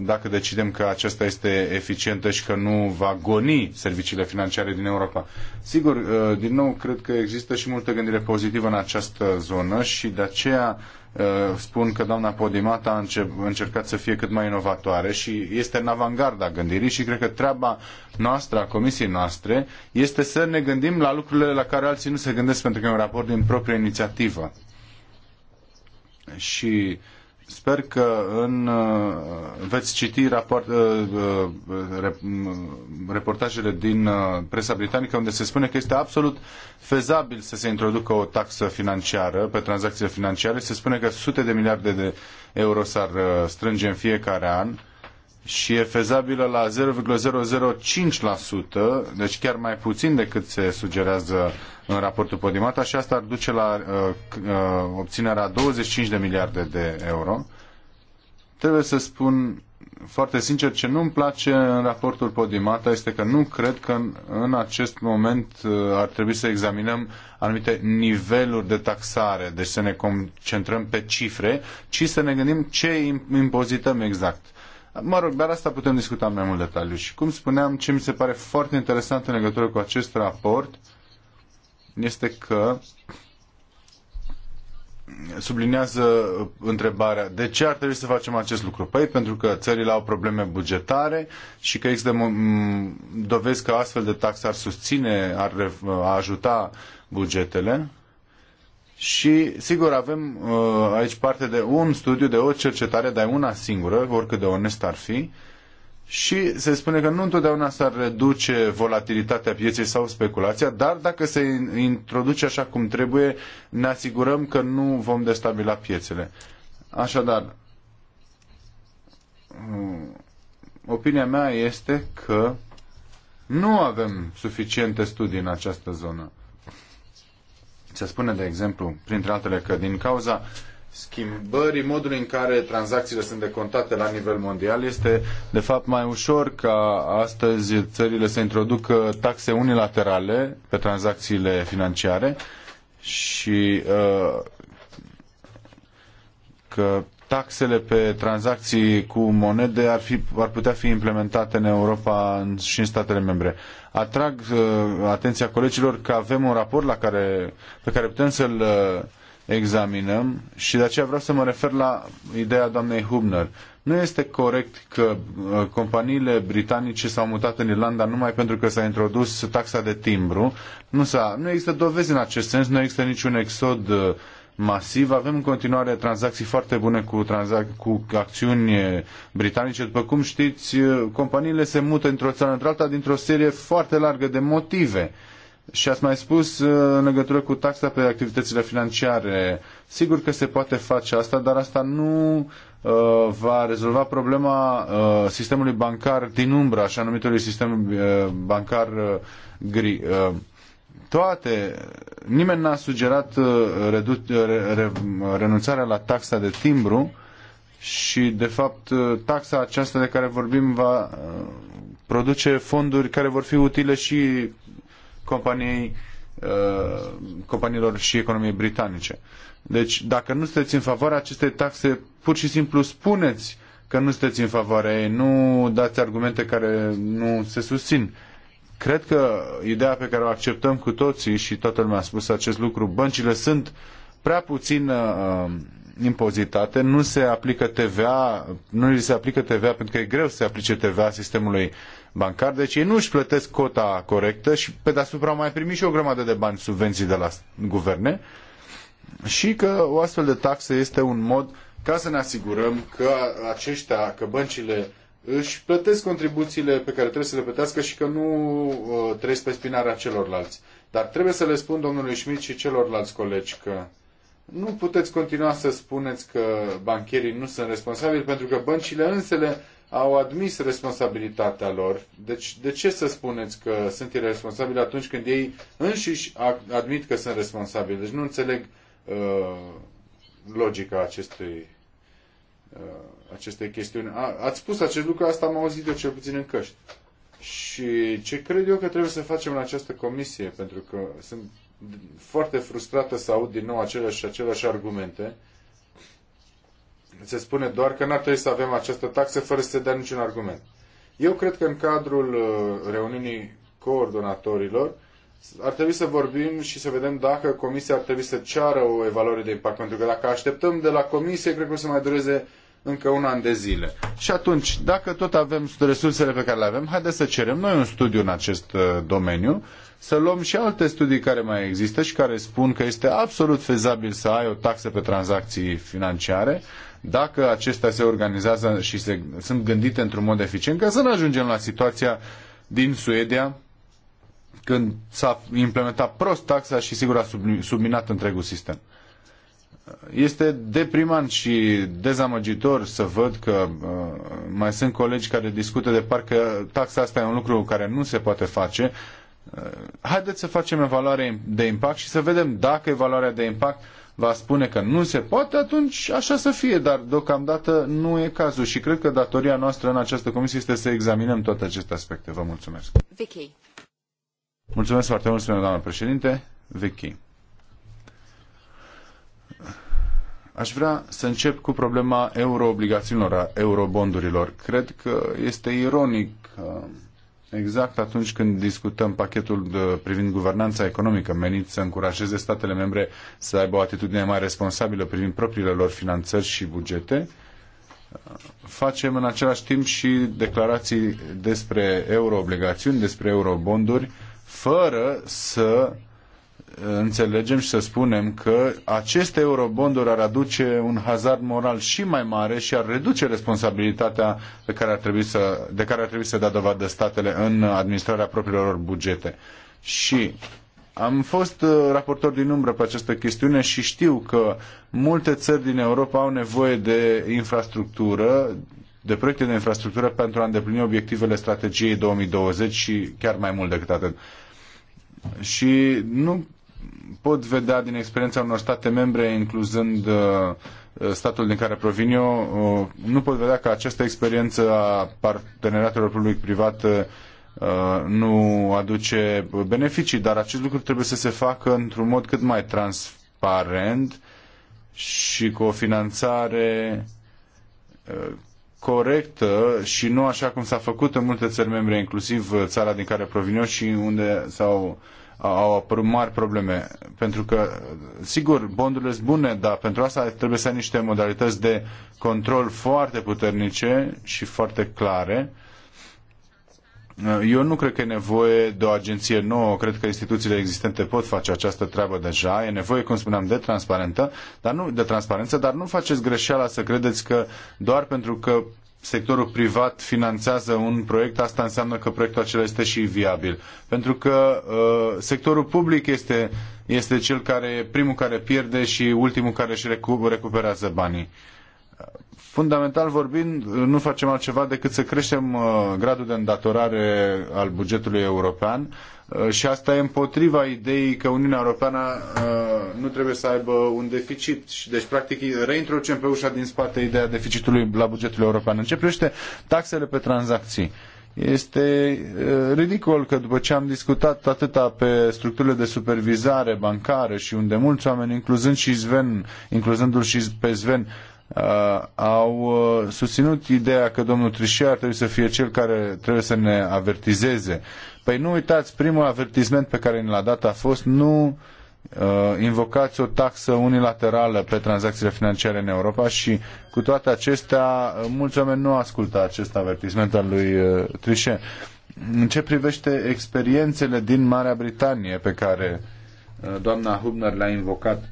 dacă decidem că aceasta este eficientă și că nu va goni serviciile financiare din Europa. Sigur, uh, din nou, cred că există și multă gândire pozitivă în această zonă și de aceea uh, spun că doamna Podimata a încercat să fie cât mai inovatoare și este în avangarda gândirii și cred că treaba noastră, a comisiei noastre, este să ne gândim la lucrurile la care alții nu se gândesc pentru că e un raport din proprie inițiativă. Și uh, Sper că în, uh, veți citi raport, uh, uh, reportajele din presa britanică unde se spune că este absolut fezabil să se introducă o taxă financiară pe tranzacțiile financiare. Se spune că sute de miliarde de euro s-ar strânge în fiecare an și e fezabilă la 0,005%, deci chiar mai puțin decât se sugerează în raportul Podimata și asta ar duce la uh, uh, obținerea 25 de miliarde de euro. Trebuie să spun foarte sincer ce nu-mi place în raportul Podimata este că nu cred că în, în acest moment uh, ar trebui să examinăm anumite niveluri de taxare, deci să ne concentrăm pe cifre, ci să ne gândim ce impozităm exact. Uh, Mă rog, dar asta putem discuta mai mult detaliu. Și cum spuneam, ce mi se pare foarte interesant în legătură cu acest raport este că sublinează întrebarea de ce ar trebui să facem acest lucru? Păi pentru că țările au probleme bugetare și că există dovezi că astfel de taxe ar susține, ar ajuta bugetele și, sigur, avem uh, aici parte de un studiu, de o cercetare, dar una singură, oricât de onest ar fi. Și se spune că nu întotdeauna s-ar reduce volatilitatea pieței sau speculația, dar dacă se introduce așa cum trebuie, ne asigurăm că nu vom destabila piețele. Așadar, uh, opinia mea este că nu avem suficiente studii în această zonă. Se spune, de exemplu, printre altele, că din cauza schimbării modului în care tranzacțiile sunt decontate la nivel mondial este de fapt mai ușor ca astăzi țările să introducă taxe unilaterale pe tranzacțiile financiare și uh, că taxele pe tranzacții cu monede ar, fi, ar putea fi implementate în Europa și în statele membre. Atrag uh, atenția colegilor că avem un raport la care, pe care putem să-l uh, examinăm și de aceea vreau să mă refer la ideea doamnei Hubner. Nu este corect că uh, companiile britanice s-au mutat în Irlanda numai pentru că s-a introdus taxa de timbru. Nu, s-a, nu există dovezi în acest sens, nu există niciun exod uh, masiv. Avem în continuare tranzacții foarte bune cu, tranzac- cu acțiuni britanice. După cum știți, companiile se mută într-o țară într-alta dintr-o serie foarte largă de motive. Și ați mai spus uh, în legătură cu taxa pe activitățile financiare. Sigur că se poate face asta, dar asta nu uh, va rezolva problema uh, sistemului bancar din umbră, așa numitului sistem bancar gri toate, nimeni n-a sugerat uh, redu- uh, re, re, renunțarea la taxa de timbru și, de fapt, uh, taxa aceasta de care vorbim va produce fonduri care vor fi utile și companiei, companiilor și economiei britanice. Deci, dacă nu sunteți în favoarea acestei taxe, pur și simplu spuneți că nu sunteți în favoarea ei, nu dați argumente care nu se susțin. Cred că ideea pe care o acceptăm cu toții și toată lumea a spus acest lucru, băncile sunt prea puțin uh, impozitate, nu se aplică TVA, nu li se aplică TVA pentru că e greu să se aplice TVA sistemului bancar, deci ei nu își plătesc cota corectă și pe deasupra au mai primit și o grămadă de bani subvenții de la guverne și că o astfel de taxă este un mod ca să ne asigurăm că aceștia, că băncile își plătesc contribuțiile pe care trebuie să le plătească și că nu uh, trăiesc pe spinarea celorlalți. Dar trebuie să le spun domnului Schmidt și celorlalți colegi că nu puteți continua să spuneți că bancherii nu sunt responsabili pentru că băncile însele au admis responsabilitatea lor. Deci de ce să spuneți că sunt irresponsabili atunci când ei înșiși admit că sunt responsabili? Deci nu înțeleg uh, logica acestui Uh, aceste chestiuni. A, ați spus acest lucru, asta am auzit eu cel puțin în căști. Și ce cred eu că trebuie să facem în această comisie, pentru că sunt foarte frustrată să aud din nou aceleași și aceleași argumente. Se spune doar că n-ar trebui să avem această taxă fără să se dea niciun argument. Eu cred că în cadrul uh, reuniunii coordonatorilor ar trebui să vorbim și să vedem dacă Comisia ar trebui să ceară o evaluare de impact, pentru că dacă așteptăm de la Comisie, cred că o să mai dureze încă un an de zile. Și atunci, dacă tot avem resursele pe care le avem, haideți să cerem noi un studiu în acest uh, domeniu, să luăm și alte studii care mai există și care spun că este absolut fezabil să ai o taxă pe tranzacții financiare, dacă acestea se organizează și se, sunt gândite într-un mod eficient, ca să nu ajungem la situația din Suedia, când s-a implementat prost taxa și sigur a subminat întregul sistem. Este deprimant și dezamăgitor să văd că uh, mai sunt colegi care discută de parcă taxa asta e un lucru care nu se poate face. Uh, haideți să facem evaluare de impact și să vedem dacă evaluarea de impact va spune că nu se poate, atunci așa să fie, dar deocamdată nu e cazul și cred că datoria noastră în această comisie este să examinăm toate aceste aspecte. Vă mulțumesc. Vicky. Mulțumesc foarte mult, spune doamna președinte. Vicky. Aș vrea să încep cu problema euroobligațiunilor, a eurobondurilor. Cred că este ironic uh, exact atunci când discutăm pachetul de, privind guvernanța economică menit să încurajeze statele membre să aibă o atitudine mai responsabilă privind propriile lor finanțări și bugete, uh, facem în același timp și declarații despre euroobligațiuni, despre eurobonduri, fără să înțelegem și să spunem că aceste eurobonduri ar aduce un hazard moral și mai mare și ar reduce responsabilitatea de care ar trebui să, de care ar trebui să dea dovadă statele în administrarea propriilor lor bugete. Și am fost uh, raportor din umbră pe această chestiune și știu că multe țări din Europa au nevoie de infrastructură de proiecte de infrastructură pentru a îndeplini obiectivele strategiei 2020 și chiar mai mult decât atât. Și nu pot vedea din experiența unor state membre, incluzând uh, statul din care provin eu, uh, nu pot vedea că această experiență a parteneriatelor public-privat uh, nu aduce beneficii, dar acest lucru trebuie să se facă într-un mod cât mai transparent și cu o finanțare corectă și nu așa cum s-a făcut în multe țări membre, inclusiv țara din care provin eu și unde s-au au apărut mari probleme. Pentru că, sigur, bondurile sunt bune, dar pentru asta trebuie să ai niște modalități de control foarte puternice și foarte clare Uh, eu nu cred că e nevoie de o agenție nouă, cred că instituțiile existente pot face această treabă deja. E nevoie, cum spuneam, de transparentă, dar nu de transparență, dar nu faceți greșeala să credeți că doar pentru că sectorul privat finanțează un proiect, asta înseamnă că proiectul acela este și viabil. Pentru că uh, sectorul public este, este cel care primul care pierde și ultimul care își recuperează banii fundamental vorbind, nu facem altceva decât să creștem uh, gradul de îndatorare al bugetului european uh, și asta e împotriva ideii că Uniunea Europeană uh, nu trebuie să aibă un deficit. Și deci, practic, reintroducem pe ușa din spate ideea deficitului la bugetul european. În ce privește taxele pe tranzacții? Este ridicol că după ce am discutat atâta pe structurile de supervizare bancară și unde mulți oameni, incluzând și Sven, incluzându-l și pe Sven, uh, au uh, susținut ideea că domnul Trichet ar trebui să fie cel care trebuie să ne avertizeze. Păi nu uitați, primul avertizment pe care ne l-a dat a fost nu uh, invocați o taxă unilaterală pe tranzacțiile financiare în Europa și cu toate acestea, uh, mulți oameni nu ascultă acest avertisment al lui uh, Trichet. În ce privește experiențele din Marea Britanie pe care uh, doamna Hubner le-a invocat,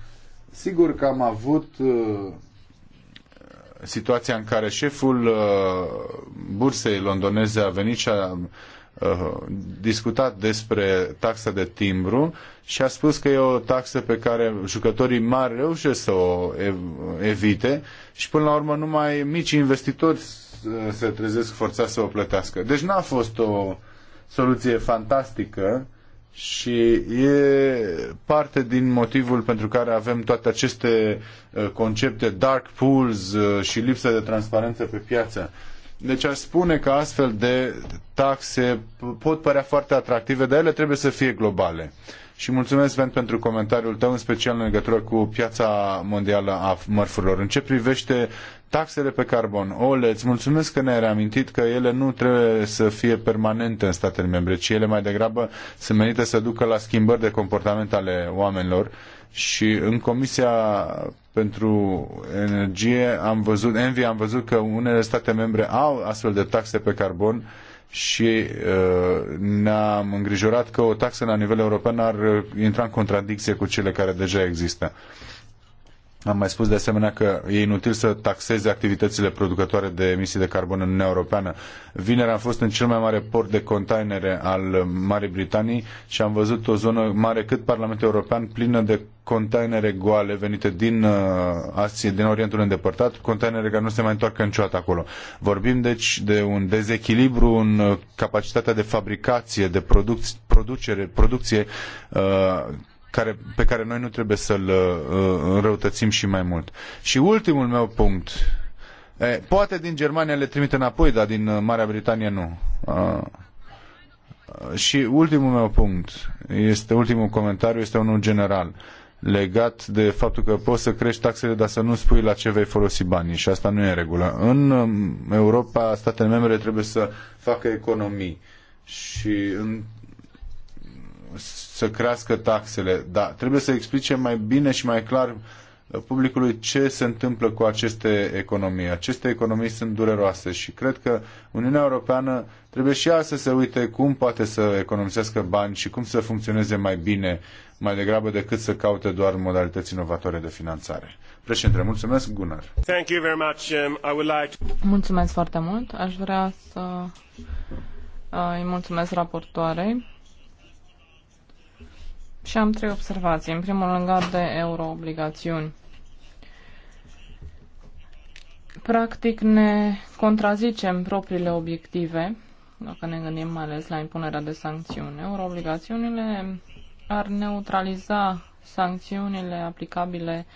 sigur că am avut uh, situația în care șeful uh, bursei londoneze a venit și a uh, discutat despre taxa de timbru și a spus că e o taxă pe care jucătorii mari reușesc să o evite și până la urmă numai mici investitori se trezesc forțați să o plătească. Deci n-a fost o soluție fantastică și e parte din motivul pentru care avem toate aceste uh, concepte dark pools uh, și lipsă de transparență pe piață. Deci aș spune că astfel de taxe pot părea foarte atractive, dar ele trebuie să fie globale. Și mulțumesc, Ben, pentru comentariul tău, în special în legătură cu piața mondială a mărfurilor. În ce privește Taxele pe carbon. Ole, îți mulțumesc că ne-ai reamintit că ele nu trebuie să fie permanente în statele membre, ci ele mai degrabă sunt menite să ducă la schimbări de comportament ale oamenilor. Și în Comisia pentru Energie am văzut, Envi, am văzut că unele state membre au astfel de taxe pe carbon și uh, ne-am îngrijorat că o taxă la nivel european ar uh, intra în contradicție cu cele care deja există. Uh, am mai spus de asemenea că e inutil să taxeze activitățile producătoare de emisii de carbon în Uniunea Europeană. Vineri am fost în cel mai mare port de containere al Marii Britanii și am văzut o zonă mare cât Parlamentul European plină de containere goale venite din uh, Asia, din Orientul îndepărtat, containere care nu se mai întoarcă niciodată acolo. Vorbim deci de un dezechilibru în uh, capacitatea de fabricație, de produc- producere, producție uh, care, pe care noi nu trebuie să-l uh, uh, înrăutățim și mai mult. Și ultimul meu punct. Poate din Germania le trimite înapoi, dar din uh, Marea Britanie nu. Și ultimul meu punct, este ultimul comentariu, este unul general legat de faptul că poți să crești taxele, dar să nu spui la ce vei folosi banii și asta nu e în regulă. În um, Europa, statele membre trebuie să facă economii și în să crească taxele, dar trebuie să explice mai bine și mai clar uh, publicului ce se întâmplă cu aceste economii. Aceste economii sunt dureroase și cred că Uniunea Europeană trebuie și ea să se uite cum poate să economisească bani și cum să funcționeze mai bine, mai degrabă decât să caute doar modalități inovatoare de finanțare. Președinte, mulțumesc, Gunnar. Thank you very much. Um, I would like Mulțumesc foarte mult. Aș vrea să uh, îi mulțumesc raportoarei și am trei observații. În primul rând, legat de euroobligațiuni. Practic ne contrazicem propriile obiective, dacă ne gândim mai ales la impunerea de sancțiuni. Euroobligațiunile ar neutraliza sancțiunile aplicabile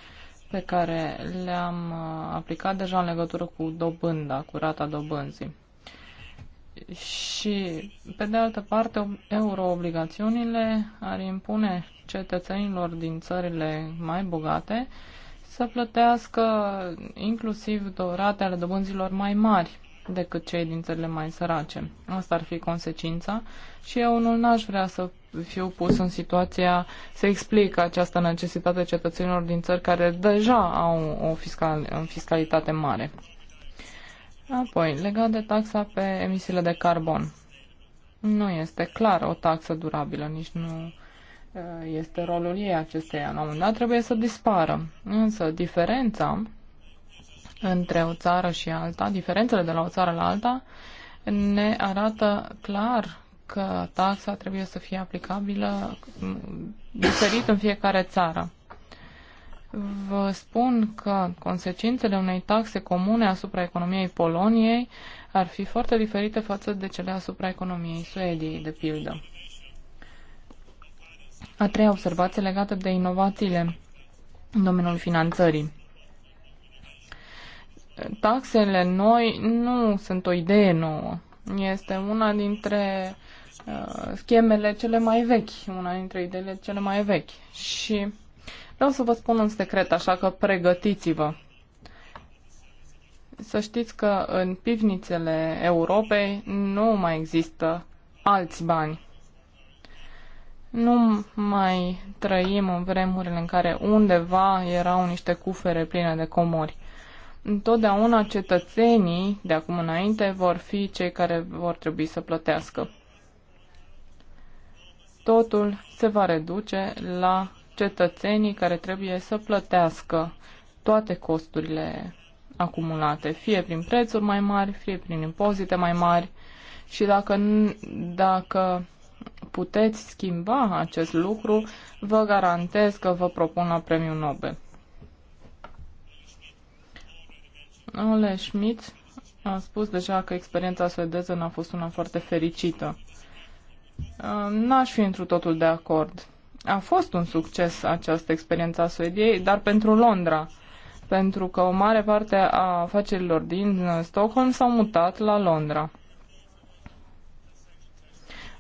pe care le-am uh, aplicat deja în legătură cu dobânda, cu rata dobânzii și, pe de altă parte, euroobligațiunile ar impune cetățenilor din țările mai bogate să plătească inclusiv rate ale dobânzilor mai mari decât cei din țările mai sărace. Asta ar fi consecința și eu unul n-aș vrea să fiu pus în situația să explic această necesitate cetățenilor din țări care deja au o fiscal, o fiscalitate mare. Apoi, legat de taxa pe emisiile de carbon. Nu este clar o taxă durabilă, nici nu uh, este rolul ei acesteia. La un moment dat trebuie să dispară. Însă diferența între o țară și alta, diferențele de la o țară la alta, ne arată clar că taxa trebuie să fie aplicabilă mm, diferit în fiecare țară. Vă spun că consecințele unei taxe comune asupra economiei Poloniei ar fi foarte diferite față de cele asupra economiei Suediei, de pildă. A treia observație legată de inovațiile în domeniul finanțării. Taxele noi nu sunt o idee nouă. Este una dintre uh, schemele cele mai vechi, una dintre ideile cele mai vechi. Și Vreau să vă spun un secret, așa că pregătiți-vă. Să știți că în pivnițele Europei nu mai există alți bani. Nu mai trăim în vremurile în care undeva erau niște cufere pline de comori. Întotdeauna cetățenii, de acum înainte, vor fi cei care vor trebui să plătească. Totul se va reduce la cetățenii care trebuie să plătească toate costurile acumulate, fie prin prețuri mai mari, fie prin impozite mai mari. Și dacă, dacă puteți schimba acest lucru, vă garantez că vă propun la premiul Nobel. Ole Schmidt a spus deja că experiența suedeză n-a fost una foarte fericită. N-aș fi întru totul de acord a fost un succes această experiență a Suediei, dar pentru Londra, pentru că o mare parte a afacerilor din uh, Stockholm s-au mutat la Londra.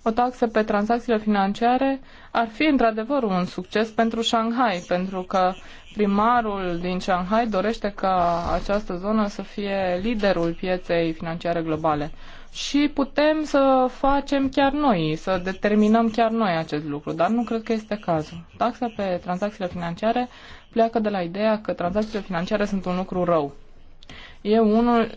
O taxă pe tranzacțiile financiare ar fi într-adevăr un succes pentru Shanghai, pentru că primarul din Shanghai dorește ca această zonă să fie liderul pieței financiare globale și putem să facem chiar noi, să determinăm chiar noi acest lucru, dar nu cred că este cazul. Taxa pe tranzacțiile financiare pleacă de la ideea că tranzacțiile financiare sunt un lucru rău. Eu unul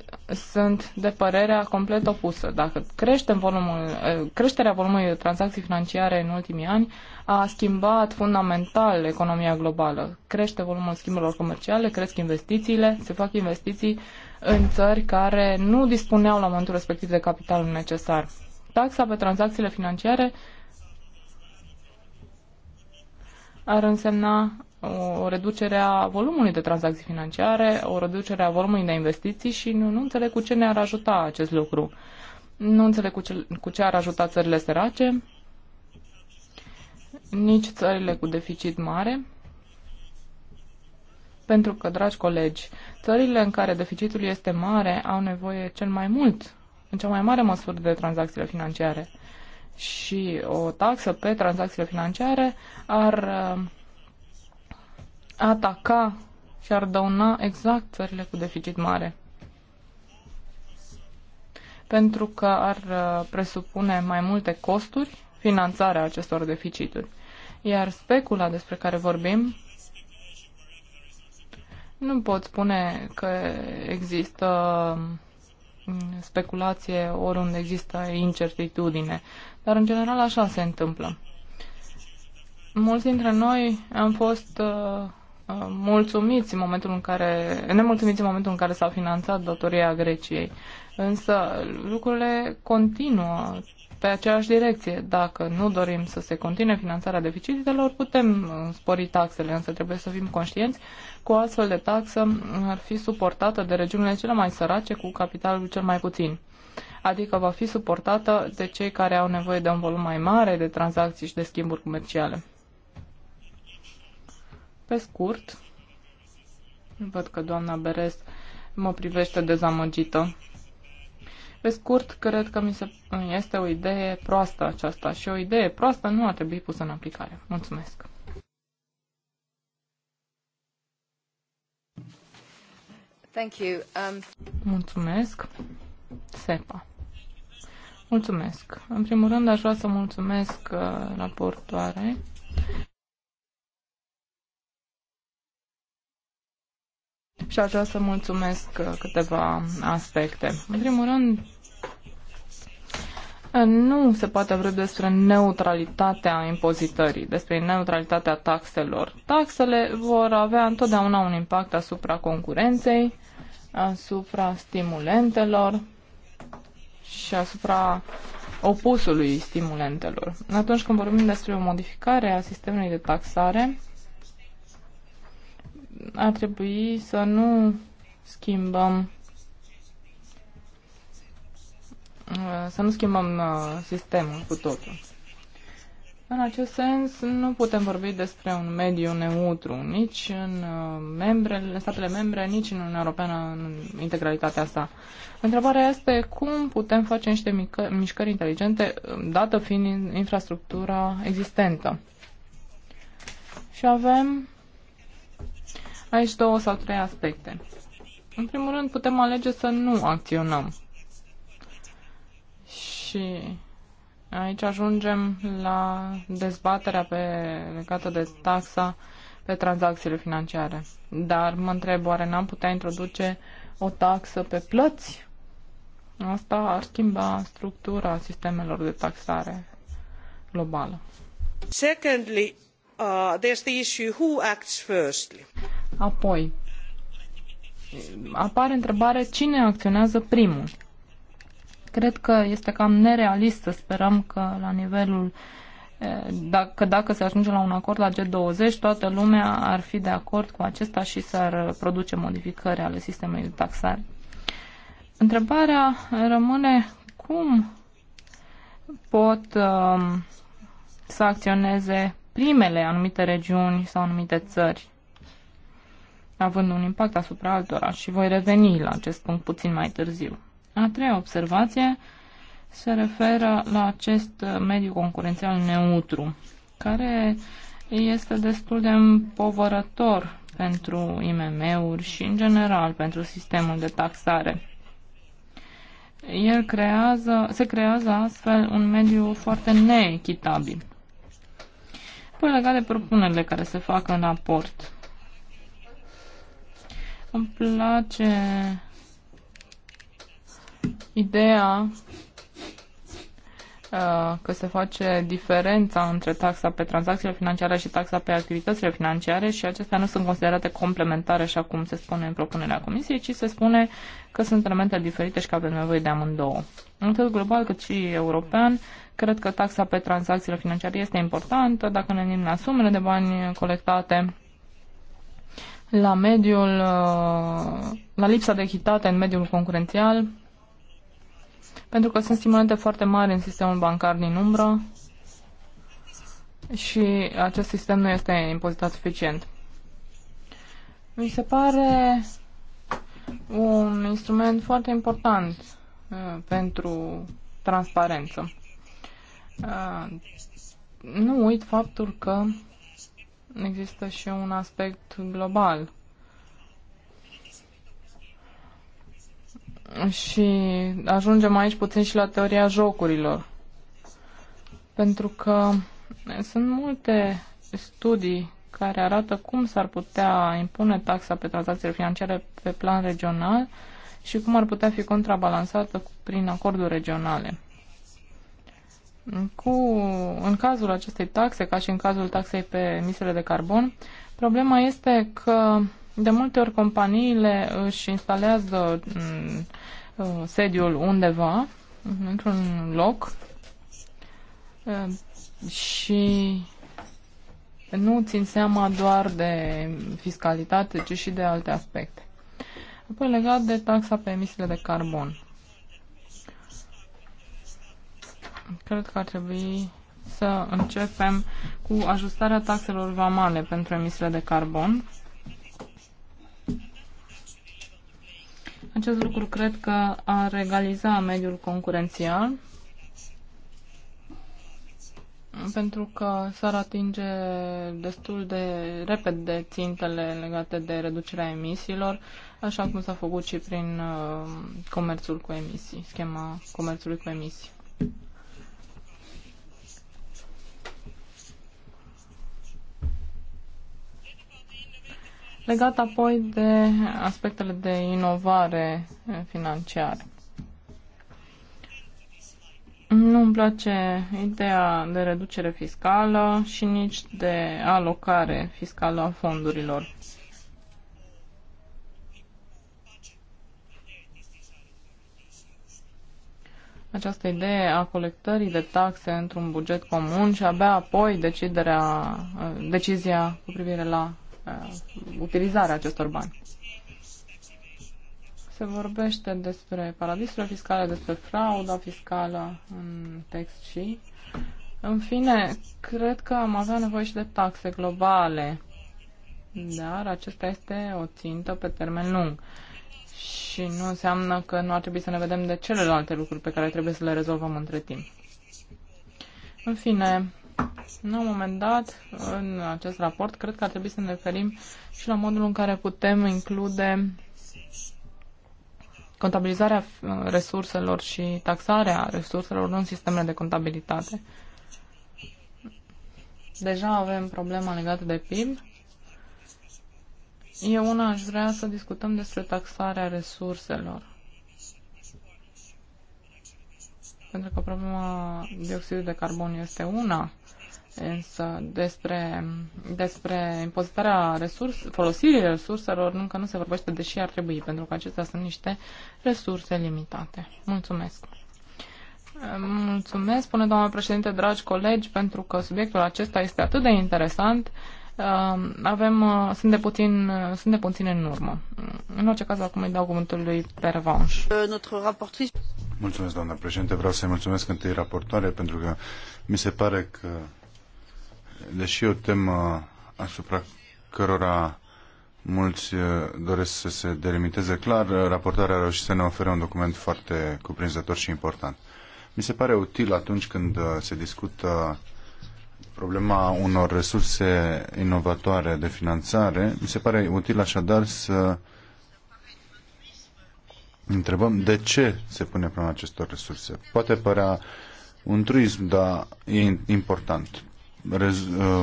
sunt de părerea complet opusă. Dacă creștem volumul, eh, creșterea volumului de tranzacții financiare în ultimii ani a schimbat fundamental economia globală. Crește volumul schimburilor comerciale, cresc investițiile, se fac investiții în țări care nu dispuneau la momentul respectiv de capitalul necesar. Taxa pe tranzacțiile financiare ar însemna o reducere a volumului de tranzacții financiare, o reducere a volumului de investiții și nu, nu înțeleg cu ce ne-ar ajuta acest lucru. Nu înțeleg cu ce, cu ce ar ajuta țările sărace, nici țările cu deficit mare. Pentru că, dragi colegi, țările în care deficitul este mare au nevoie cel mai mult, în cea mai mare măsură, de tranzacțiile financiare. Și o taxă pe tranzacțiile financiare ar uh, ataca și ar dăuna exact țările cu deficit mare. Pentru că ar uh, presupune mai multe costuri finanțarea acestor deficituri. Iar specula despre care vorbim nu pot spune că există mm, speculație oriunde există incertitudine, dar în general așa se întâmplă. Mulți dintre noi am fost uh, uh, mulțumiți în momentul în care, nemulțumiți în momentul în care s-a finanțat datoria Greciei. Însă lucrurile continuă pe aceeași direcție. Dacă nu dorim să se continue finanțarea deficitelor, putem uh, spori taxele, însă trebuie să fim conștienți că o astfel de taxă uh, ar fi suportată de regiunile cele mai sărace cu capitalul cel mai puțin. Adică va fi suportată de cei care au nevoie de un volum mai mare de tranzacții și de schimburi comerciale. Pe scurt, văd că doamna Beres mă privește dezamăgită. Pe scurt, cred că mi se, este o idee proastă aceasta și o idee proastă nu ar trebui pusă în aplicare. Mulțumesc! Thank you. Um... Mulțumesc. SEPA. Mulțumesc. În primul rând aș vrea să mulțumesc uh, raportoare și aș vrea să mulțumesc uh, câteva aspecte. În primul rând, uh, nu se poate vorbi despre neutralitatea impozitării, despre neutralitatea taxelor. Taxele vor avea întotdeauna un impact asupra concurenței, asupra stimulentelor și asupra opusului stimulentelor. Atunci când vorbim despre o modificare a sistemului de taxare, ar trebui să nu schimbăm uh, să nu schimbăm uh, sistemul cu totul. În acest sens, nu putem vorbi despre un mediu neutru, nici în, uh, membre, în statele membre, nici în Uniunea Europeană în integralitatea sa. Întrebarea este cum putem face niște mică, mișcări inteligente, dată fiind infrastructura existentă. Și avem aici două sau trei aspecte. În primul rând, putem alege să nu acționăm. Și aici ajungem la dezbaterea pe, legată de taxa pe tranzacțiile financiare. Dar mă întreb, oare n-am putea introduce o taxă pe plăți? Asta ar schimba structura sistemelor de taxare globală. Secondly, Uh, there is the issue who acts firstly. Apoi, apare întrebarea cine acționează primul. Cred că este cam nerealist să sperăm că la nivelul eh, dacă, dacă se ajunge la un acord la G20, toată lumea ar fi de acord cu acesta și s-ar produce modificări ale sistemului de taxare. Întrebarea rămâne cum pot uh, să acționeze primele anumite regiuni sau anumite țări, având un impact asupra altora și voi reveni la acest punct puțin mai târziu. A treia observație se referă la acest mediu concurențial neutru, care este destul de împovărător pentru IMM-uri și, în general, pentru sistemul de taxare. El creează, se creează astfel un mediu foarte neechitabil. Lucru legat de propunerile care se fac în aport. Îmi place ideea uh, că se face diferența între taxa pe tranzacțiile financiare și taxa pe activitățile financiare și acestea nu sunt considerate complementare, așa cum se spune în propunerea Comisiei, ci se spune că sunt elemente diferite și că avem nevoie de amândouă. Atât global cât și european, Cred că taxa pe tranzacțiile financiare este importantă dacă ne gândim la sumele de bani colectate, la mediul, uh, la lipsa de echitate în mediul concurențial, pentru că sunt stimulente foarte mari în sistemul bancar din umbră și acest sistem nu este impozitat suficient. Mi se pare un instrument foarte important uh, pentru transparență. Uh, nu uit faptul că există și un aspect global. Și ajungem aici puțin și la teoria jocurilor. Pentru că sunt multe studii care arată cum s-ar putea impune taxa pe tranzacțiile financiare pe plan regional și cum ar putea fi contrabalansată prin acorduri regionale. Cu, în cazul acestei taxe, ca și în cazul taxei pe emisiile de carbon, problema este că de multe ori companiile își instalează mm, uh, sediul undeva, într-un loc, uh, și nu țin seama doar de fiscalitate, ci și de alte aspecte. Apoi legat de taxa pe emisiile de carbon. Cred că ar trebui să începem cu ajustarea taxelor vamale pentru emisiile de carbon. Acest lucru cred că ar egaliza mediul concurențial pentru că s-ar atinge destul de repede țintele legate de reducerea emisiilor, așa cum s-a făcut și prin uh, comerțul cu emisii, schema comerțului cu emisii. Legat apoi de aspectele de inovare financiară. Nu îmi place ideea de reducere fiscală și nici de alocare fiscală a fondurilor. Această idee a colectării de taxe într-un buget comun și abia apoi deciderea, decizia cu privire la Uh, utilizarea acestor bani. Se vorbește despre paradisurile fiscale, despre frauda fiscală în text și, în fine, cred că am avea nevoie și de taxe globale, dar acesta este o țintă pe termen lung. Și nu înseamnă că nu ar trebui să ne vedem de celelalte lucruri pe care trebuie să le rezolvăm între timp. În fine, la un moment dat, în acest raport, cred că ar trebui să ne referim și la modul în care putem include contabilizarea uh, resurselor și taxarea resurselor în sistemele de contabilitate. Deja avem problema legată de PIB. Eu una aș vrea să discutăm despre taxarea resurselor. Pentru că problema dioxidului de carbon este una, Însă despre, despre impozitarea resurs, folosirii resurselor încă nu se vorbește, deși ar trebui, pentru că acestea sunt niște resurse limitate. Mulțumesc! Mulțumesc, spune doamna președinte, dragi colegi, pentru că subiectul acesta este atât de interesant. Um, avem, uh, sunt, de puțin, uh, sunt de puțin în urmă. În orice caz, acum îi dau cuvântul lui Pervanș. Uh, mulțumesc, doamna președinte. Vreau să-i mulțumesc întâi raportoare, pentru că mi se pare că deși e o temă uh, asupra cărora mulți uh, doresc să se delimiteze clar, uh, raportarea a reușit să ne ofere un document foarte cuprinzător și important. Mi se pare util atunci când se discută problema unor resurse inovatoare de finanțare, mi se pare util așadar să întrebăm de ce se pune problema acestor resurse. Poate părea un truism, dar e important. Uh,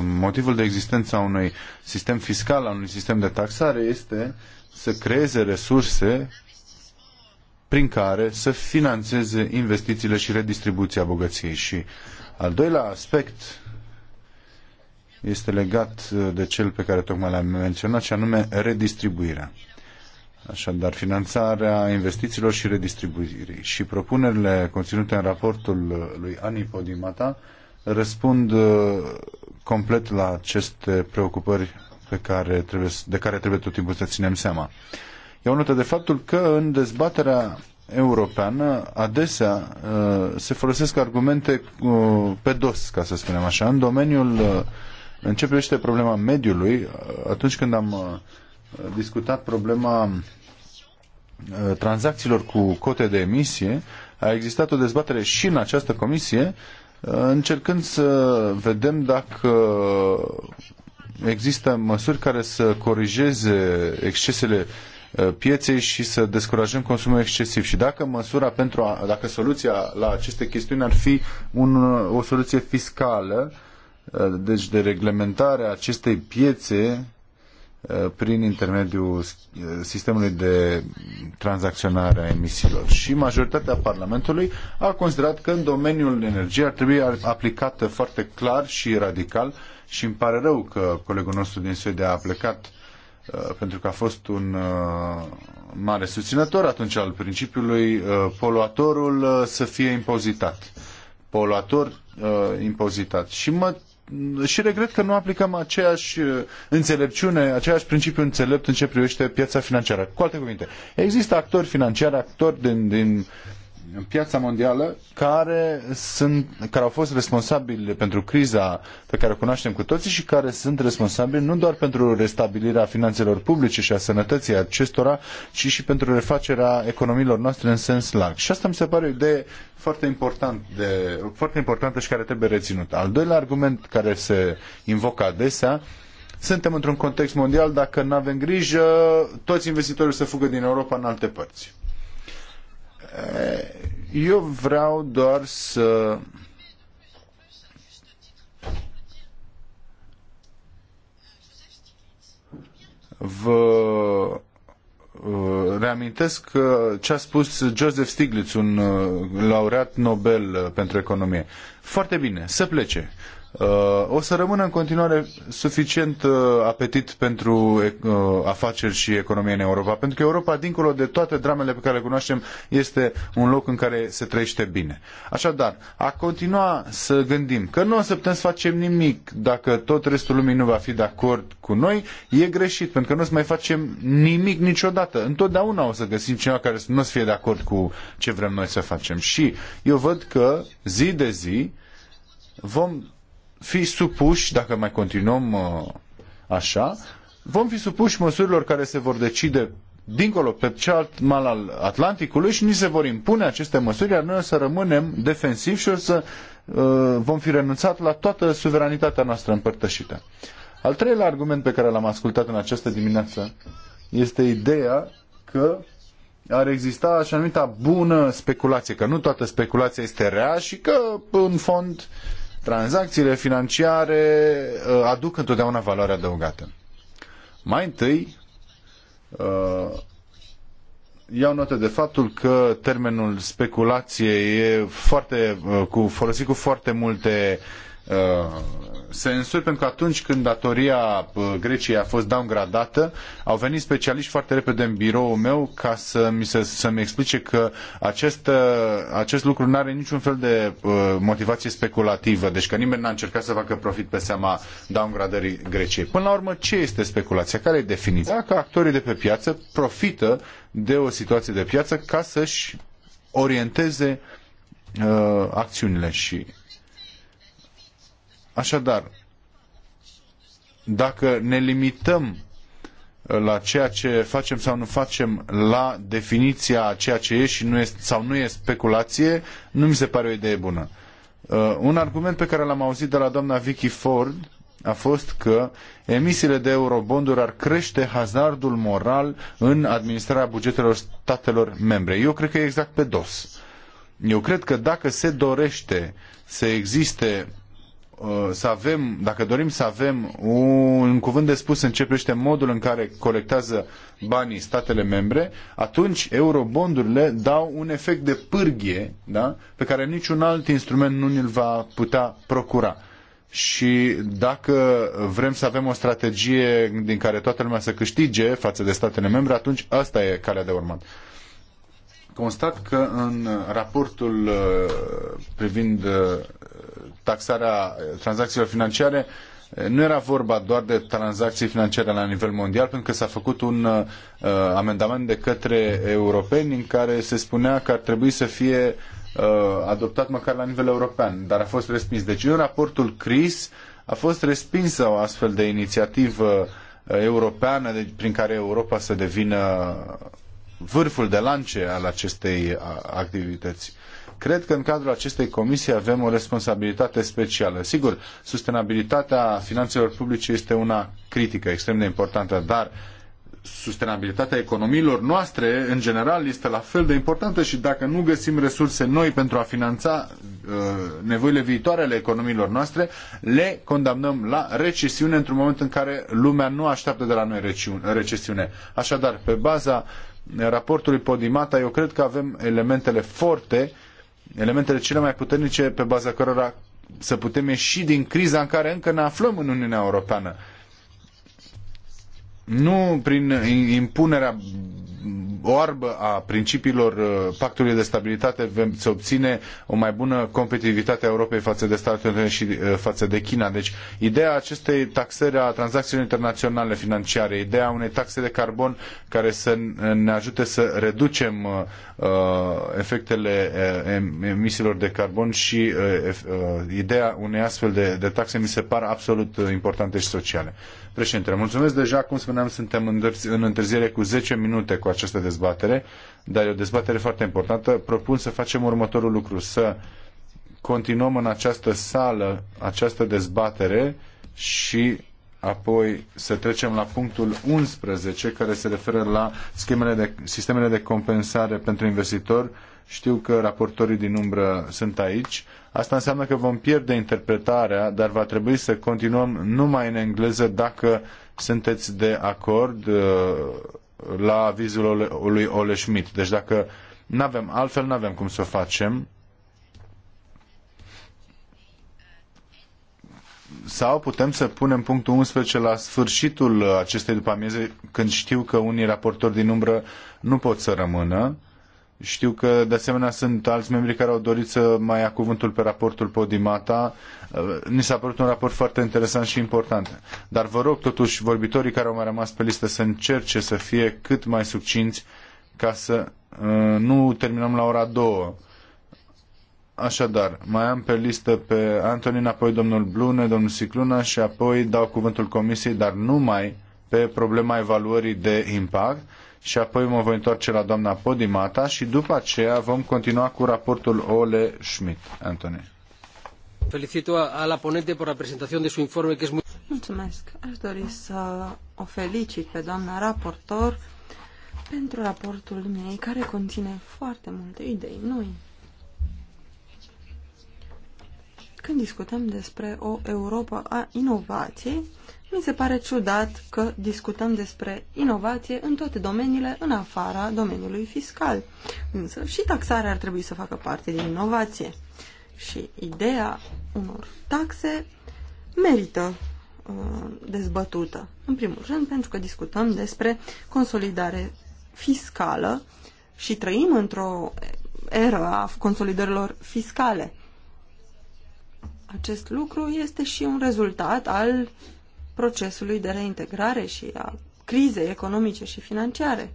motivul de existență a unui sistem fiscal, a unui sistem de taxare este să creeze resurse prin care să financeze investițiile și redistribuția bogăției. Și al doilea aspect este legat uh, de cel pe care tocmai l-am menționat, și anume redistribuirea. Așadar, finanțarea investițiilor și redistribuirii. Și propunerile conținute în raportul uh, lui Ani Podimata uh, răspund uh, complet la aceste preocupări pe care trebuie, de care trebuie tot timpul să ținem seama. Iau notă de faptul că în dezbaterea europeană adesea uh, se folosesc argumente uh, pe dos, ca să spunem așa. În domeniul în ce privește problema mediului, atunci când am discutat problema tranzacțiilor cu cote de emisie, a existat o dezbatere și în această comisie încercând să vedem dacă există măsuri care să corigeze excesele uh, pieței și să descurajăm consumul excesiv. Și dacă măsura pentru a, dacă soluția la aceste chestiuni ar fi un, o soluție fiscală, uh, deci de reglementare a acestei piețe Uh, prin intermediul uh, sistemului de tranzacționare a emisiilor. Și majoritatea Parlamentului a considerat că în domeniul energiei ar trebui aplicată foarte clar și radical și îmi pare rău că colegul nostru din Suedia a plecat uh, pentru că a fost un mare susținător atunci al principiului poluatorul să fie impozitat. Poluator impozitat. Și mă și regret că nu aplicăm aceeași uh, înțelepciune, aceeași principiu înțelept în ce privește piața financiară. Cu alte cuvinte, există actori financiari, actori din, din în piața mondială care, sunt, care au fost responsabili pentru criza pe care o cunoaștem cu toții și care sunt responsabili nu doar pentru restabilirea finanțelor publice și a sănătății acestora, ci și pentru refacerea economiilor noastre în sens larg. Și asta mi se pare o idee foarte, important de, foarte importantă și care trebuie reținută. Al doilea argument care se invocă adesea suntem într-un context mondial, dacă nu avem grijă, toți investitorii să fugă din Europa în alte părți. Eh, eu vreau doar să vă reamintesc ce a spus Joseph Stiglitz, un uh, laureat Nobel uh, pentru economie. Foarte bine, să plece. Uh, o să rămână în continuare suficient uh, apetit pentru uh, afaceri și economie în Europa, pentru că Europa, dincolo de toate dramele pe care le cunoaștem, este un loc în care se trăiește bine. Așadar, a continua să gândim că nu o să putem să facem nimic dacă tot restul lumii nu va fi de acord cu noi, e greșit, pentru că nu o să mai facem nimic niciodată. Întotdeauna o să găsim cineva care să nu o să fie de acord cu ce vrem noi să facem. Și eu văd că zi de zi vom fi supuși, dacă mai continuăm uh, așa, vom fi supuși măsurilor care se vor decide dincolo, pe cealalt mal al Atlanticului și ni se vor impune aceste măsuri, iar noi o să rămânem defensivi și o să uh, vom fi renunțat la toată suveranitatea noastră împărtășită. Al treilea argument pe care l-am ascultat în această dimineață este ideea că ar exista așa numita bună speculație, că nu toată speculația este rea și că, în fond, uh, tranzacțiile financiare uh, aduc întotdeauna valoare adăugată. Mai întâi, uh, iau notă de faptul că termenul speculație e foarte, uh, cu, folosit cu foarte multe sensuri, pentru că atunci când datoria uh, Greciei a fost downgradată, au venit specialiști foarte repede în biroul meu ca să mi se, să-mi explice că acest, uh, acest lucru nu are niciun fel de uh, motivație speculativă, deci că nimeni n-a încercat să facă profit pe seama downgradării Greciei. Până la urmă, ce este speculația? Care e definiția? Dacă actorii de pe piață profită de o situație de piață ca să-și orienteze uh, acțiunile și Așadar, dacă ne limităm uh, la ceea ce facem sau nu facem la definiția a ceea ce e și nu e, sau nu e speculație, nu mi se pare o idee bună. Uh, un argument pe care l-am auzit de la doamna Vicky Ford a fost că emisiile de eurobonduri ar crește hazardul moral în administrarea bugetelor statelor membre. Eu cred că e exact pe dos. Eu cred că dacă se dorește să existe Uh, să avem, dacă dorim să avem un cuvânt de spus în ce privește modul în care colectează banii statele membre, atunci eurobondurile dau un efect de pârghie da? pe care niciun alt instrument nu ni-l va putea procura. Și dacă vrem să avem o strategie din care toată lumea să câștige față de statele membre, atunci asta e calea de urmat constat că în raportul uh, privind uh, taxarea tranzacțiilor financiare, eh, nu era vorba doar de tranzacții financiare la nivel mondial, pentru că s-a făcut un uh, amendament de către europeni în care se spunea că ar trebui să fie uh, adoptat măcar la nivel european, dar a fost respins. Deci în raportul CRIS a fost respinsă o astfel de inițiativă europeană de, prin care Europa să devină vârful de lance al acestei activități. Cred că în cadrul acestei comisii avem o responsabilitate specială. Sigur, sustenabilitatea finanțelor publice este una critică, extrem de importantă, dar sustenabilitatea economiilor noastre, în general, este la fel de importantă și dacă nu găsim resurse noi pentru a finanța uh, nevoile viitoare ale economiilor noastre, le condamnăm la recesiune într-un moment în care lumea nu așteaptă de la noi recesiune. Așadar, pe baza raportului Podimata, eu cred că avem elementele forte uh, elementele cele mai puternice pe baza cărora să putem ieși din criza în care încă ne aflăm în Uniunea Europeană. Nu prin impunerea oarbă a principiilor uh, pactului de stabilitate se obține o mai bună competitivitate a Europei față de Statele Unite și uh, față de China. Deci ideea acestei taxări a tranzacțiilor internaționale financiare, ideea unei taxe de carbon care să uh, ne ajute să reducem efectele emisiilor de carbon și ideea unei astfel de, de taxe mi se par absolut importante și sociale. Președinte, mulțumesc deja, cum spuneam, suntem în întârziere cu 10 minute cu această dezbatere, dar e o dezbatere foarte importantă. Propun să facem următorul lucru, să continuăm în această sală această dezbatere și apoi să trecem la punctul 11 care se referă la schemele de, sistemele de compensare pentru investitori. Știu că raportorii din umbră sunt aici. Asta înseamnă că vom pierde interpretarea, dar va trebui să continuăm numai în engleză dacă sunteți de acord uh, la avizul lui Ole Schmidt. Deci dacă nu avem altfel nu avem cum să o facem. Sau putem să punem punctul 11 la sfârșitul acestei după amieze, când știu că unii raportori din umbră nu pot să rămână știu că, de asemenea, sunt alți membri care au dorit să mai ia cuvântul pe raportul Podimata. Uh, ni s-a părut un raport foarte interesant și important. Dar vă rog, totuși, vorbitorii care au mai rămas pe listă să încerce să fie cât mai succinți ca să uh, nu terminăm la ora două. Așadar, mai am pe listă pe Antonin, apoi domnul Blune, domnul Sicluna și apoi dau cuvântul comisiei, dar numai pe problema evaluării de impact și apoi mă voi întoarce la doamna Podimata și după aceea vom continua cu raportul Ole Schmidt. Antonie. Felicito a la ponente por la presentación de su informe, que es muy... Mulțumesc. Aș dori să o felicit pe doamna raportor pentru raportul meu care conține foarte multe idei noi. Când discutăm despre o Europa a inovației, mi se pare ciudat că discutăm despre inovație în toate domeniile, în afara domeniului fiscal. Însă și taxarea ar trebui să facă parte din inovație. Și ideea unor taxe merită uh, dezbătută. În primul rând, pentru că discutăm despre consolidare fiscală și trăim într-o eră a consolidărilor fiscale. Acest lucru este și un rezultat al procesului de reintegrare și a crizei economice și financiare.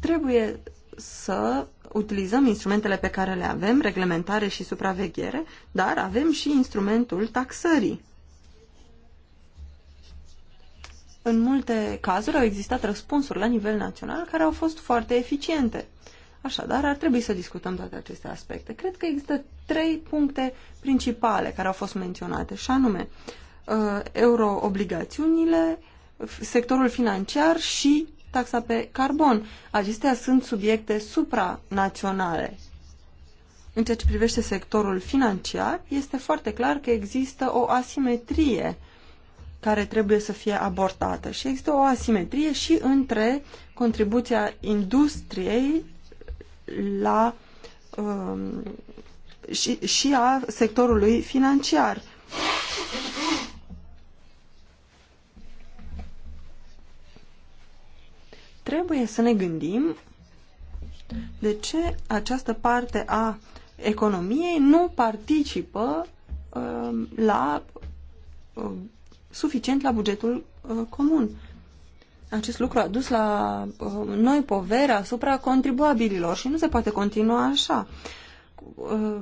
Trebuie să utilizăm instrumentele pe care le avem, reglementare și supraveghere, dar avem și instrumentul taxării. În multe cazuri au existat răspunsuri la nivel național care au fost foarte eficiente. Așadar, ar trebui să discutăm toate aceste aspecte. Cred că există trei puncte principale care au fost menționate, și anume Uh, euroobligațiunile, sectorul financiar și taxa pe carbon. Acestea sunt subiecte supranaționale. În ceea ce privește sectorul financiar, este foarte clar că există o asimetrie care trebuie să fie abortată și există o asimetrie și între contribuția industriei la um, și, și a sectorului financiar. Trebuie să ne gândim de ce această parte a economiei nu participă uh, la uh, suficient la bugetul uh, comun. Acest lucru a dus la uh, noi povere asupra contribuabililor și nu se poate continua așa. Uh,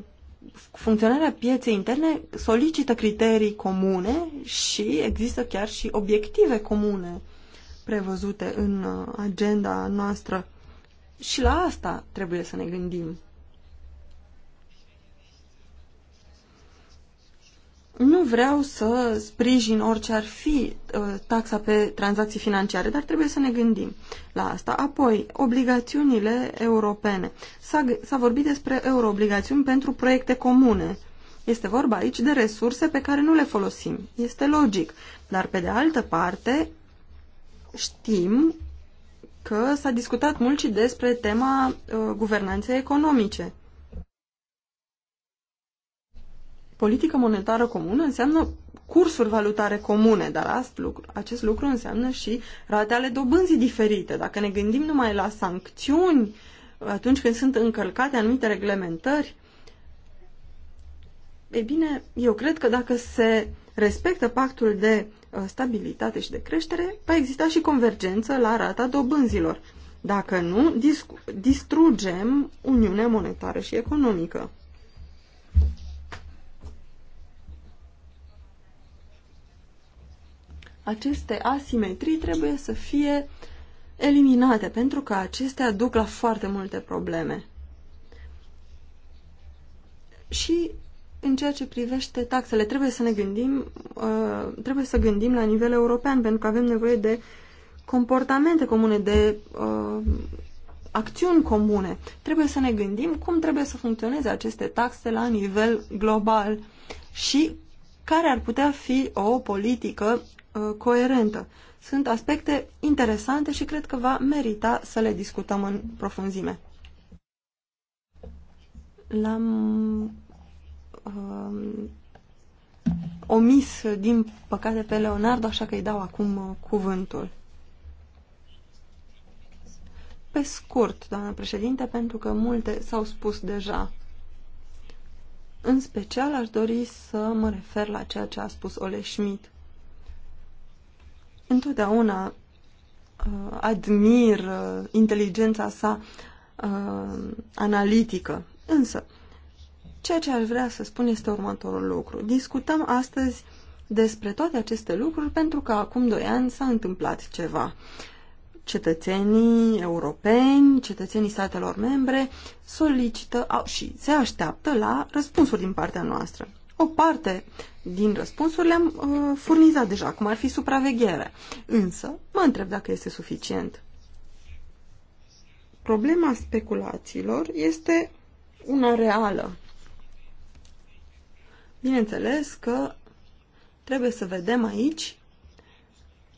funcționarea pieței interne solicită criterii comune și există chiar și obiective comune prevăzute în uh, agenda noastră. Și la asta trebuie să ne gândim. Nu vreau să sprijin orice ar fi uh, taxa pe tranzacții financiare, dar trebuie să ne gândim la asta. Apoi, obligațiunile europene. S-a vorbit despre euroobligațiuni pentru proiecte comune. Este vorba aici de resurse pe care nu le folosim. Este logic. Dar, pe de altă parte, știm că s-a discutat mult și despre tema uh, guvernanței economice. Politică monetară comună înseamnă cursuri valutare comune, dar acest lucru, acest lucru înseamnă și rate ale dobânzii diferite. Dacă ne gândim numai la sancțiuni atunci când sunt încălcate anumite reglementări, e bine, eu cred că dacă se respectă pactul de Uh, stabilitate și de creștere, va exista și convergență la rata dobânzilor. Dacă nu, distrugem Uniunea Monetară și Economică. Aceste asimetrii trebuie să fie eliminate, pentru că acestea duc la foarte multe probleme. Și în ceea ce privește taxele, trebuie să ne gândim, uh, trebuie să gândim la nivel european, pentru că avem nevoie de comportamente comune, de uh, acțiuni comune. Trebuie să ne gândim cum trebuie să funcționeze aceste taxe la nivel global și care ar putea fi o politică uh, coerentă. Sunt aspecte interesante și cred că va merita să le discutăm în profunzime. L-am uh, omis, din păcate, pe Leonardo, așa că îi dau acum uh, cuvântul. Pe scurt, doamnă președinte, pentru că multe s-au spus deja. În special aș dori să mă refer la ceea ce a spus Ole Schmidt. Întotdeauna uh, admir uh, inteligența sa analitică, însă Ceea ce aș vrea să spun este următorul lucru. Discutăm astăzi despre toate aceste lucruri pentru că acum doi ani s-a întâmplat ceva. Cetățenii europeni, cetățenii statelor membre solicită și se așteaptă la răspunsuri din partea noastră. O parte din răspunsuri le-am uh, furnizat deja, cum ar fi supraveghere. Însă, mă întreb dacă este suficient. Problema speculațiilor este una reală. Bineînțeles că trebuie să vedem aici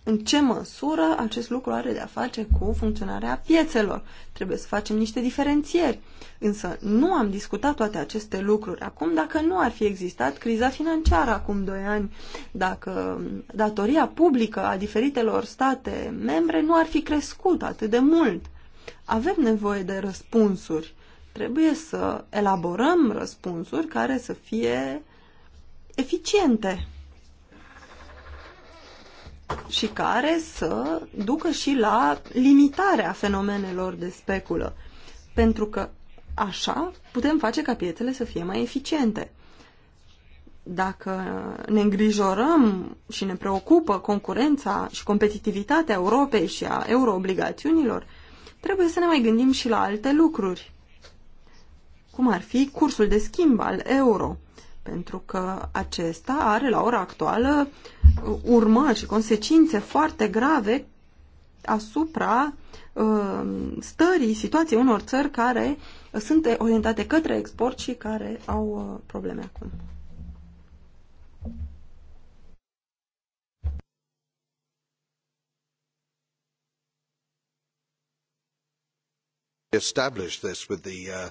în ce măsură acest lucru are de-a face cu funcționarea piețelor. Trebuie să facem niște diferențieri. Însă nu am discutat toate aceste lucruri acum dacă nu ar fi existat criza financiară acum 2 ani, dacă datoria publică a diferitelor state membre nu ar fi crescut atât de mult. Avem nevoie de răspunsuri. Trebuie să elaborăm răspunsuri care să fie eficiente și care să ducă și la limitarea fenomenelor de speculă. Pentru că așa putem face ca piețele să fie mai eficiente. Dacă ne îngrijorăm și ne preocupă concurența și competitivitatea Europei și a euroobligațiunilor, trebuie să ne mai gândim și la alte lucruri, cum ar fi cursul de schimb al euro pentru că acesta are la ora actuală urmări și consecințe foarte grave asupra uh, stării, situației unor țări care sunt orientate către export și care au uh, probleme acum. established this with the uh,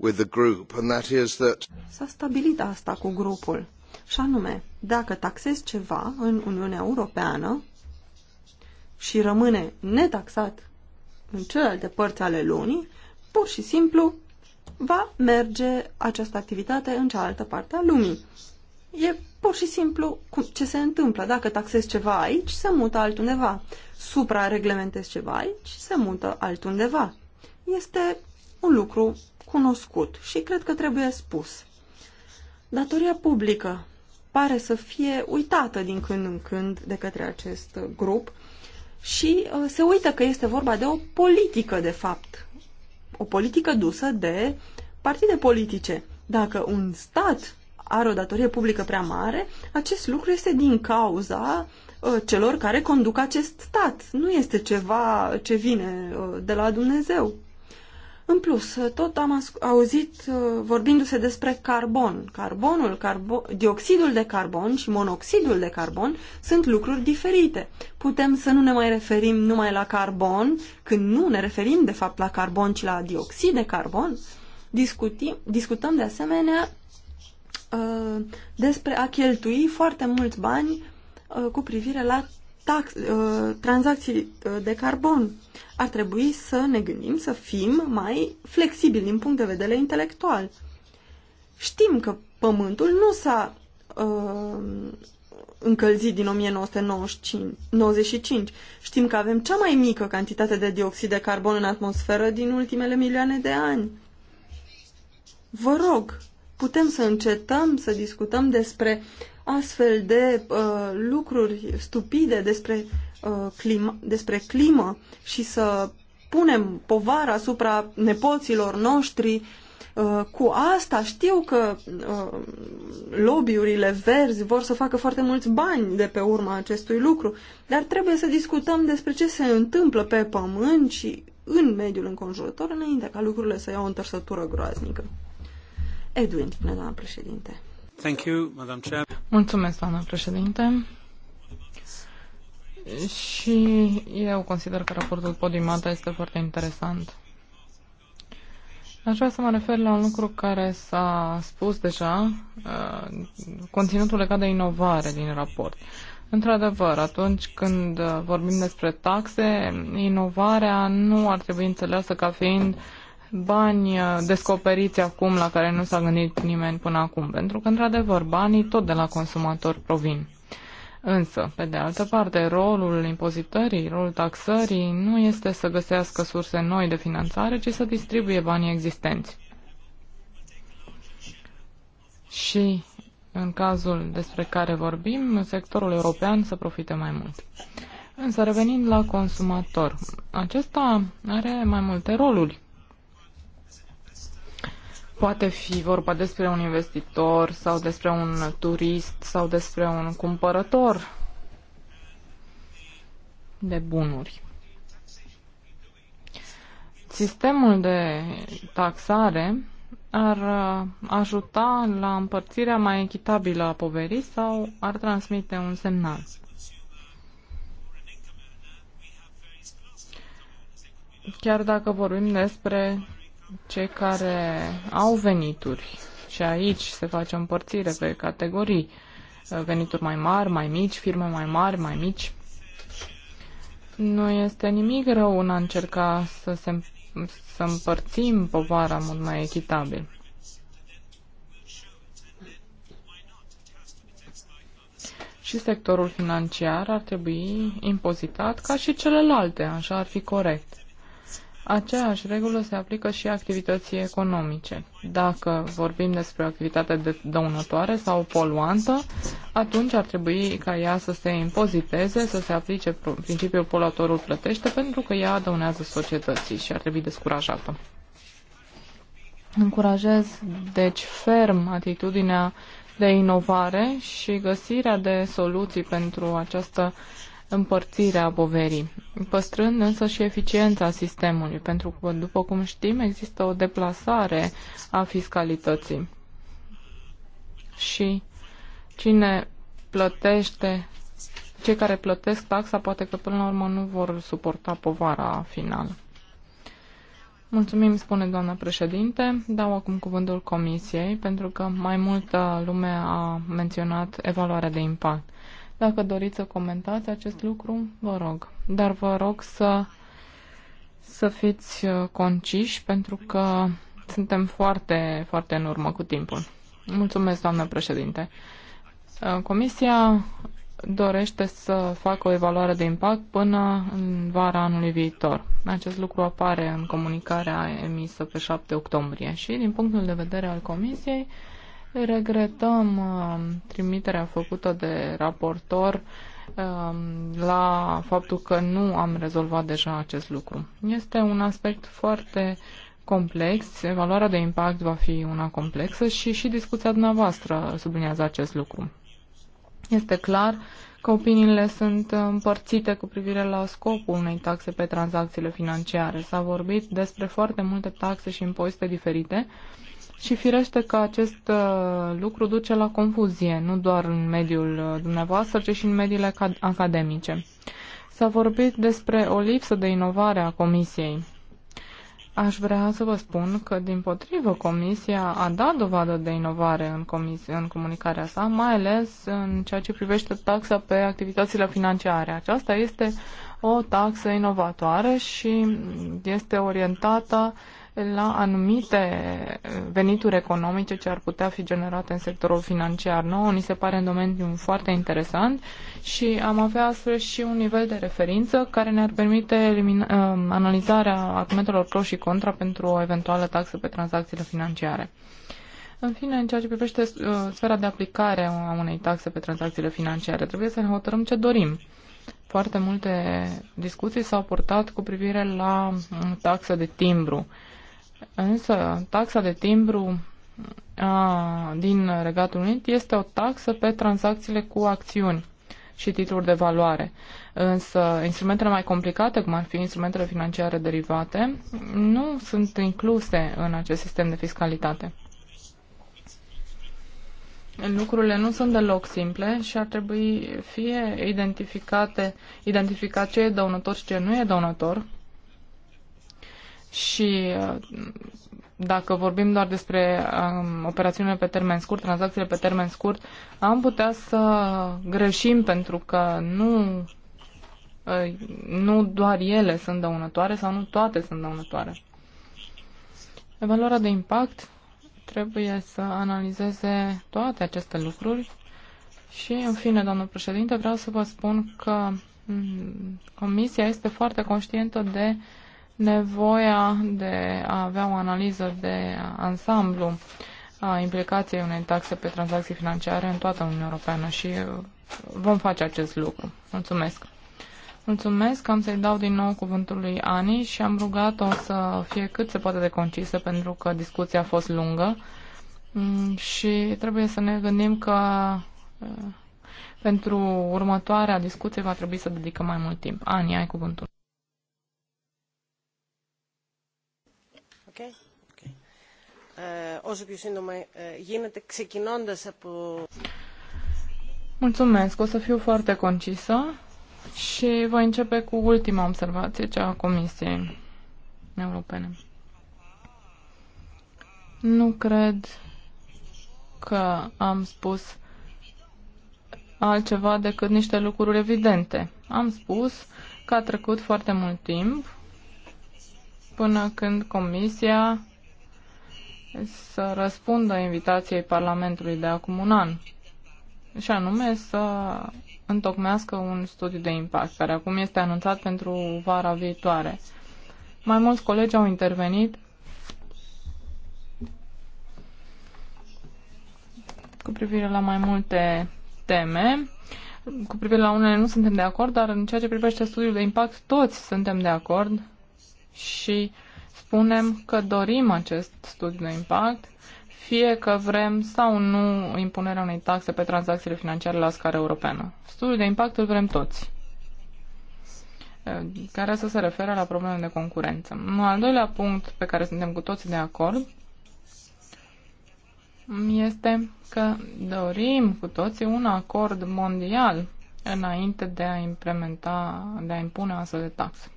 with the group, and that is that... S-a stabilit asta cu grupul, și anume, dacă taxezi ceva în Uniunea Europeană și rămâne netaxat în celelalte părți ale lunii, pur și simplu va merge această activitate în cealaltă parte a lumii. E pur și simplu ce se întâmplă. Dacă taxezi ceva aici, se mută altundeva. Supra-reglementezi ceva aici, se mută altundeva. Este un lucru cunoscut și cred că trebuie spus. Datoria publică pare să fie uitată din când în când de către acest grup și uh, se uită că este vorba de o politică, de fapt, o politică dusă de partide politice. Dacă un stat are o datorie publică prea mare, acest lucru este din cauza uh, celor care conduc acest stat. Nu este ceva ce vine uh, de la Dumnezeu. În plus, tot am auzit uh, vorbindu-se despre carbon. Carbonul, carbo dioxidul de carbon și monoxidul de carbon sunt lucruri diferite. Putem să nu ne mai referim numai la carbon, când nu ne referim de fapt la carbon, ci la dioxid de carbon. Discutim, discutăm de asemenea uh, despre a cheltui foarte mulți bani uh, cu privire la tax, uh, tranzacții uh, de carbon. Ar trebui să ne gândim să fim mai flexibili din punct de vedere intelectual. Știm că pământul nu s-a uh, încălzit din 1995. Știm că avem cea mai mică cantitate de dioxid de carbon în atmosferă din ultimele milioane de ani. Vă rog, putem să încetăm să discutăm despre astfel de uh, lucruri stupide despre, uh, clima, despre climă și să punem povara asupra nepoților noștri. Uh, cu asta știu că uh, lobbyurile verzi vor să facă foarte mulți bani de pe urma acestui lucru, dar trebuie să discutăm despre ce se întâmplă pe pământ și în mediul înconjurător înainte ca lucrurile să iau o întărsătură groaznică. Edwin, spune doamna președinte. Mulțumesc, doamnă președinte. Și eu consider că raportul Podimata este foarte interesant. Aș vrea să mă refer la un lucru care s-a spus deja, uh, conținutul legat de inovare din raport. Într-adevăr, atunci când vorbim despre taxe, inovarea nu ar trebui înțeleasă ca fiind uh, bani uh, descoperiți acum la care nu s-a gândit nimeni până acum, pentru că, într-adevăr, banii tot de la consumator provin. Însă, pe de altă parte, rolul impozitării, rolul taxării nu este să găsească surse noi de finanțare, ci să distribuie banii existenți. Și, în cazul despre care vorbim, sectorul european să profite mai mult. Însă, revenind la consumator, acesta are mai multe roluri Poate fi vorba despre un investitor sau despre un turist sau despre un cumpărător de bunuri. Sistemul de taxare ar uh, ajuta la împărțirea mai echitabilă a poverii sau ar transmite un semnal. Chiar dacă vorbim despre cei care au venituri și aici se face o împărțire pe categorii, uh, venituri mai mari, mai mici, firme mai mari, mai mici. Nu este nimic rău în a încerca să, se, să împărțim povara mult mai echitabil. Și sectorul financiar ar trebui impozitat ca și celelalte, așa ar fi corect. Aceeași regulă se aplică și activității economice. Dacă vorbim despre o activitate de dăunătoare sau poluantă, atunci ar trebui ca ea să se impoziteze, să se aplice principiul poluatorul plătește, pentru că ea dăunează societății și ar trebui descurajată. Încurajez, deci, ferm atitudinea de inovare și găsirea de soluții pentru această uh, împărțirea poverii, păstrând însă și eficiența sistemului, pentru că, după cum știm, există o deplasare a fiscalității. Și cine plătește, cei care plătesc taxa, poate că până la urmă nu vor suporta povara finală. Mulțumim, spune doamna președinte. Dau acum cuvântul comisiei, pentru că mai multă lume a menționat evaluarea de impact. Dacă doriți să comentați acest lucru, vă rog. Dar vă rog să, să fiți uh, conciși, pentru că suntem foarte, foarte în urmă cu timpul. Mulțumesc, doamnă președinte. Uh, comisia dorește să facă o evaluare de impact până în vara anului viitor. Acest lucru apare în comunicarea emisă pe 7 octombrie și, din punctul de vedere al Comisiei, Regretăm um, trimiterea făcută de raportor um, la faptul că nu am rezolvat deja acest lucru. Este un aspect foarte complex, evaluarea de impact va fi una complexă și și discuția dumneavoastră sublinează acest lucru. Este clar că opiniile sunt împărțite cu privire la scopul unei taxe pe tranzacțiile financiare. S-a vorbit despre foarte multe taxe și impozite diferite și firește că acest uh, lucru duce la confuzie, nu doar în mediul uh, dumneavoastră, ci și în mediile academice. S-a vorbit despre o lipsă de inovare a Comisiei. Aș vrea să vă spun că, din potrivă, Comisia a dat dovadă de inovare în, comisie, în comunicarea sa, mai ales în ceea ce privește taxa pe activitățile financiare. Aceasta este o taxă inovatoare și este orientată uh, la anumite eh, venituri economice ce ar putea fi generate în sectorul financiar. nou. ni se pare în domeniu foarte interesant și am avea astfel și un nivel de referință care ne-ar permite elimina, eh, analizarea argumentelor pro și contra pentru o eventuală taxă pe tranzacțiile financiare. În fine, în ceea ce privește eh, sfera de aplicare a unei taxe pe tranzacțiile financiare, trebuie să ne hotărâm ce dorim foarte multe discuții s-au purtat cu privire la taxă de timbru. Însă, taxa de timbru a, din Regatul Unit este o taxă pe tranzacțiile cu acțiuni și titluri de valoare. Însă, instrumentele mai complicate, cum ar fi instrumentele financiare derivate, nu sunt incluse în acest sistem de fiscalitate. Lucrurile nu sunt deloc simple și ar trebui fie identificate, identificat ce e dăunător și ce nu e dăunător, și uh, dacă vorbim doar despre um, operațiunile pe termen scurt, tranzacțiile pe termen scurt, am putea să greșim pentru că nu, uh, nu doar ele sunt dăunătoare sau nu toate sunt dăunătoare. Evaluarea de impact trebuie să analizeze toate aceste lucruri și, în fine, domnul președinte, vreau să vă spun că mm, Comisia este foarte conștientă de uh, nevoia de a avea o analiză de ansamblu a implicației unei taxe pe tranzacții financiare în toată Uniunea Europeană și uh, vom face acest lucru. Mulțumesc! Mulțumesc, am să-i dau din nou cuvântul lui Ani și am rugat-o să fie cât se poate de concisă pentru că discuția a fost lungă mm, și trebuie să ne gândim că uh, pentru următoarea discuție va trebui să dedicăm mai mult timp. Ani, ai cuvântul. όσο πιο σύντομα γίνεται, ξεκινώντας από... Mulțumesc, o să fiu foarte concisă și voi începe cu ultima observație, cea a Comisiei Europene. Nu cred că am spus altceva decât niște lucruri evidente. Am spus că a trecut foarte mult timp până când Comisia să răspundă invitației Parlamentului de acum un an, și anume să întocmească un studiu de impact, care acum este anunțat pentru vara viitoare. Mai mulți colegi au intervenit cu privire la mai multe teme. Cu privire la unele nu suntem de acord, dar în ceea ce privește studiul de impact, toți suntem de acord și uh, spunem că dorim acest studiu de impact, fie că vrem sau nu impunerea unei taxe pe tranzacțiile financiare la scară europeană. Studiul de impact îl vrem toți, care să se referă la probleme de concurență. Un al doilea punct pe care suntem cu toții de acord este că dorim cu toții un acord mondial înainte de a implementa, de a impune astfel de taxe.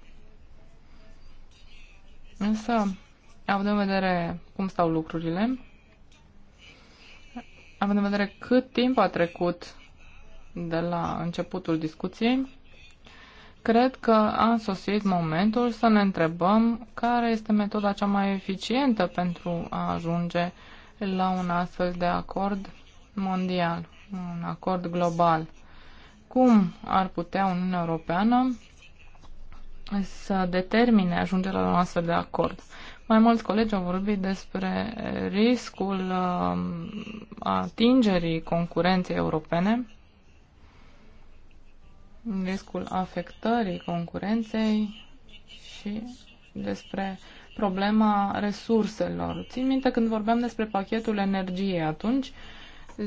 Însă, având în vedere cum stau lucrurile, având în vedere cât timp a trecut de la începutul discuției, cred că a sosit momentul să ne întrebăm care este metoda cea mai eficientă pentru a ajunge la un astfel de acord mondial, un acord global. Cum ar putea Uniunea Europeană să determine ajungerea la un astfel de acord. Mai mulți colegi au vorbit despre riscul um, atingerii concurenței europene, riscul afectării concurenței și despre problema resurselor. Țin minte când vorbeam despre pachetul energiei atunci, uh,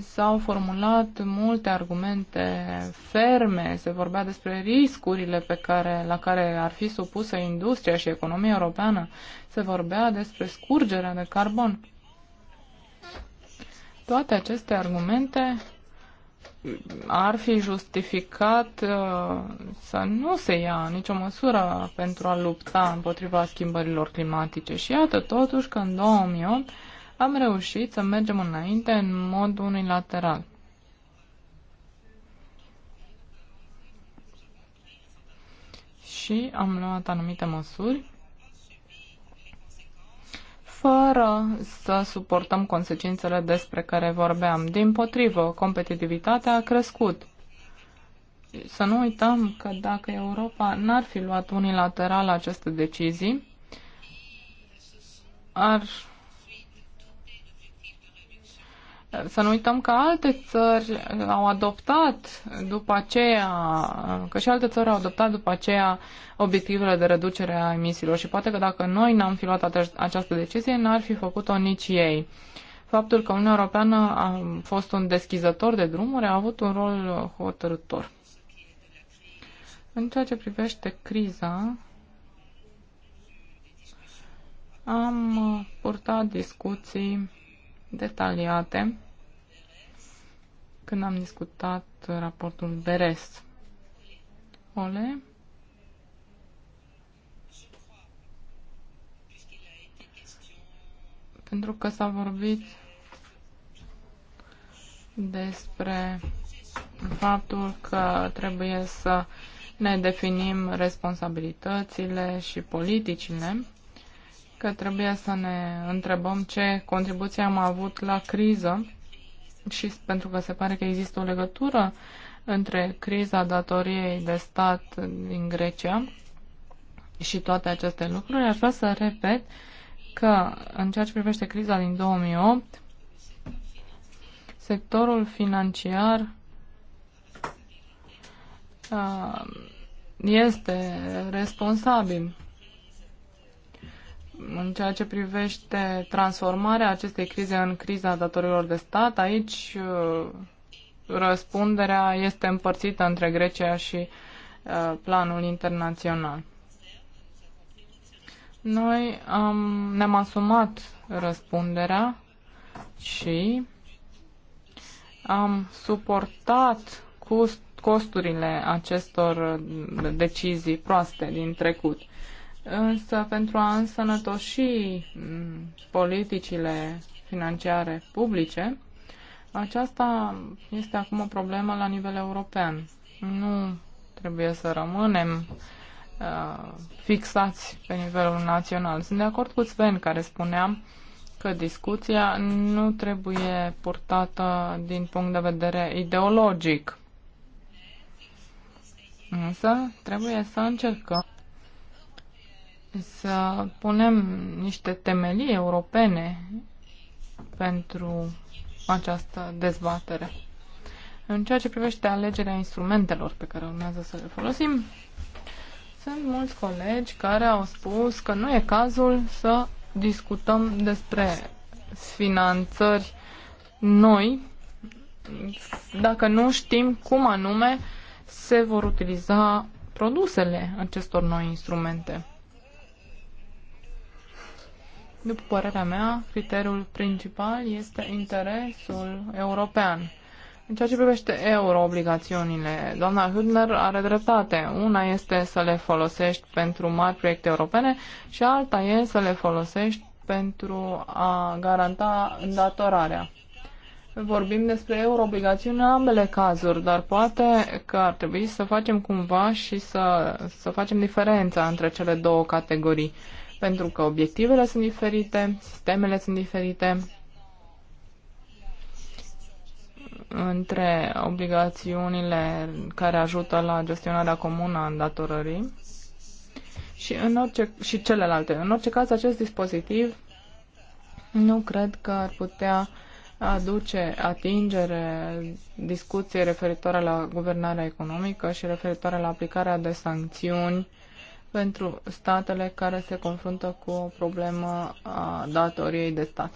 s-au formulat multe argumente ferme, se vorbea despre riscurile pe care, la care ar fi supusă industria și economia europeană, se vorbea despre scurgerea de carbon. Toate aceste argumente ar fi justificat uh, să nu se ia nicio măsură pentru a lupta împotriva schimbărilor climatice. Și iată totuși că în 2008 am reușit să mergem înainte în mod unilateral. Și am luat anumite măsuri fără să suportăm consecințele despre care vorbeam. Din potrivă, competitivitatea a crescut. Să nu uităm că dacă Europa n-ar fi luat unilateral aceste decizii, ar să nu uităm că alte țări au adoptat după aceea, că și alte țări au adoptat după aceea obiectivele de reducere a emisiilor și poate că dacă noi n-am fi luat această decizie, n-ar fi făcut-o nici ei. Faptul că Uniunea Europeană a fost un deschizător de drumuri a avut un rol hotărător. În ceea ce privește criza, am purtat discuții detaliate când am discutat raportul Beres. Ole? Pentru că s-a vorbit despre faptul că trebuie să ne definim responsabilitățile și politicile, că trebuie să ne întrebăm ce contribuție am avut la criză și pentru că se pare că există o legătură între criza datoriei de stat din Grecia și toate aceste lucruri, aș vrea să repet că în ceea ce privește criza din 2008, sectorul financiar uh, este responsabil în ceea ce privește transformarea acestei crize în criza datorilor de stat, aici uh, răspunderea este împărțită între Grecia și uh, planul internațional. Noi um, ne-am asumat răspunderea și am suportat cost, costurile acestor uh, decizii proaste din trecut. Însă pentru a însănătoși mm, politicile financiare publice, aceasta este acum o problemă la nivel european. Nu trebuie să rămânem uh, fixați pe nivelul național. Sunt de acord cu Sven care spunea că discuția nu trebuie purtată din punct de vedere ideologic. Însă trebuie să încercăm să punem niște temelii europene pentru această dezbatere. În ceea ce privește alegerea instrumentelor pe care urmează să le folosim, sunt mulți colegi care au spus că nu e cazul să discutăm despre finanțări noi dacă nu știm cum anume se vor utiliza produsele acestor noi instrumente. După părerea mea, criteriul principal este interesul european. În ceea ce privește euroobligațiunile, doamna Hübner are dreptate. Una este să le folosești pentru mari proiecte europene și alta e să le folosești pentru a garanta îndatorarea. Vorbim despre euroobligațiuni în ambele cazuri, dar poate că ar trebui să facem cumva și să, să facem diferența între cele două categorii pentru că obiectivele sunt diferite, sistemele sunt diferite. între obligațiunile care ajută la gestionarea comună a îndatorării și, în orice, și celelalte. În orice caz, acest dispozitiv nu cred că ar putea aduce atingere discuției referitoare la guvernarea economică și referitoare la aplicarea de sancțiuni pentru statele care se confruntă cu o problemă a datoriei de stat.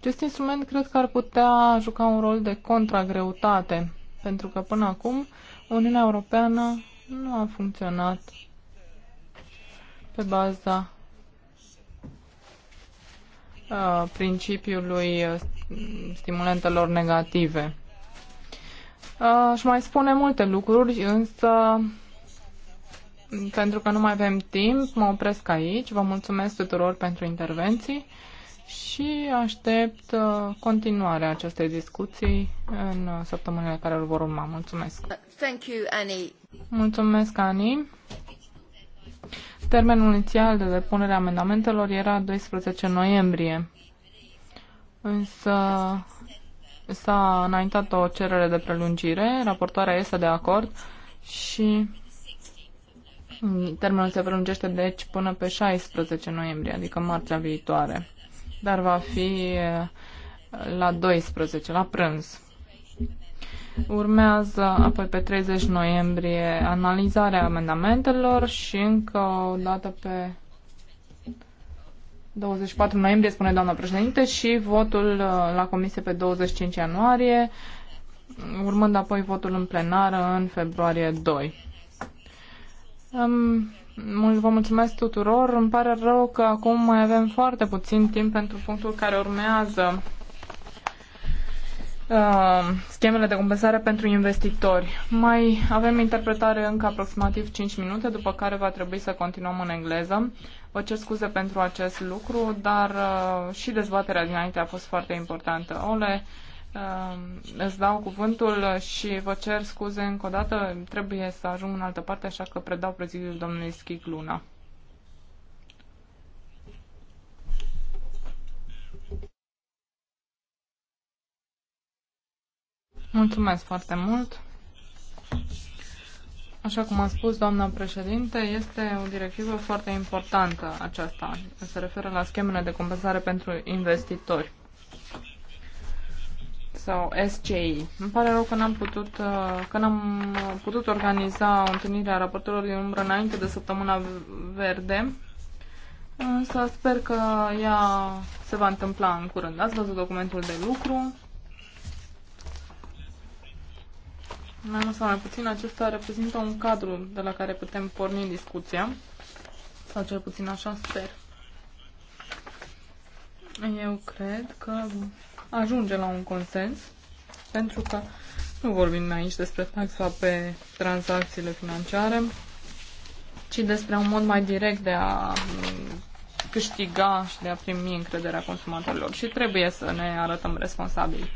Acest instrument cred că ar putea juca un rol de contragreutate, pentru că până acum Uniunea Europeană nu a funcționat pe baza principiului stimulentelor negative. Aș mai spune multe lucruri, însă pentru că nu mai avem timp, mă opresc aici. Vă mulțumesc tuturor pentru intervenții și aștept uh, continuarea acestei discuții în săptămânile care vor urma. Mulțumesc! Thank you, Annie. Mulțumesc, Ani. Termenul inițial de depunere a amendamentelor era 12 noiembrie, însă s-a înaintat o cerere de prelungire, raportoarea este de acord și Termenul se prelungește deci până pe 16 noiembrie, adică marțea viitoare. Dar va fi la 12, la prânz. Urmează apoi pe 30 noiembrie analizarea amendamentelor și încă o dată pe 24 noiembrie, spune doamna președinte, și votul la comisie pe 25 ianuarie, urmând apoi votul în plenară în februarie 2. Vă mulțumesc tuturor. Îmi pare rău că acum mai avem foarte puțin timp pentru punctul care urmează. Uh, schemele de compensare pentru investitori. Mai avem interpretare încă aproximativ 5 minute, după care va trebui să continuăm în engleză. Vă cer scuze pentru acest lucru, dar uh, și dezbaterea dinainte a fost foarte importantă. Ole, Ehm, îți dau cuvântul și vă cer scuze încă o dată, trebuie să ajung în altă parte, așa că predau prezidiul domnului Schic Luna. Mulțumesc foarte mult. Așa cum a spus doamna președinte, este o directivă foarte importantă aceasta. Se referă la schemele de compensare pentru investitori sau SCI. Îmi pare rău că n-am putut, uh, că n-am putut organiza o întâlnire a raportorilor din umbră înainte de săptămâna verde, însă sper că ea se va întâmpla în curând. Ați văzut documentul de lucru. Mai mult sau mai puțin, acesta reprezintă un cadru de la care putem porni discuția, sau cel puțin așa sper. Eu cred că ajunge la un consens, pentru că nu vorbim aici despre taxa pe tranzacțiile financiare, ci despre un mod mai direct de a mm, câștiga și de a primi încrederea consumatorilor și trebuie să ne arătăm responsabili.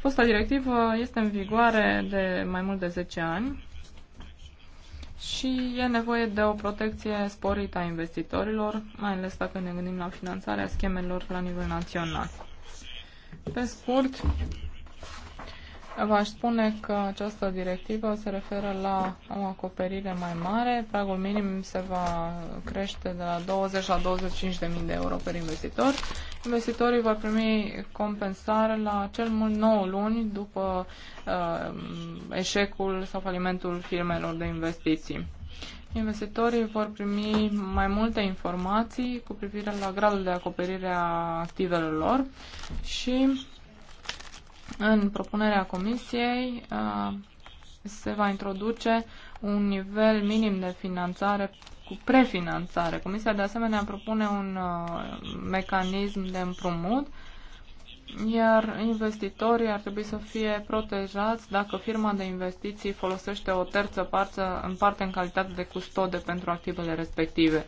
Fosta directivă este în vigoare de mai mult de 10 ani și e nevoie de o protecție sporită a investitorilor, mai ales dacă ne gândim la finanțarea schemelor la nivel național. Pe scurt, v-aș spune că această directivă se referă la o acoperire mai mare. Pragul minim se va crește de la 20 la 25.000 de euro per investitor. Investitorii vor primi compensare la cel mult 9 luni după uh, eșecul sau falimentul firmelor de investiții. Investitorii vor primi mai multe informații cu privire la gradul de acoperire a activelor lor și în propunerea comisiei se va introduce un nivel minim de finanțare cu prefinanțare. Comisia de asemenea propune un mecanism de împrumut iar investitorii ar trebui să fie protejați dacă firma de investiții folosește o terță parte în, parte în calitate de custode pentru activele respective.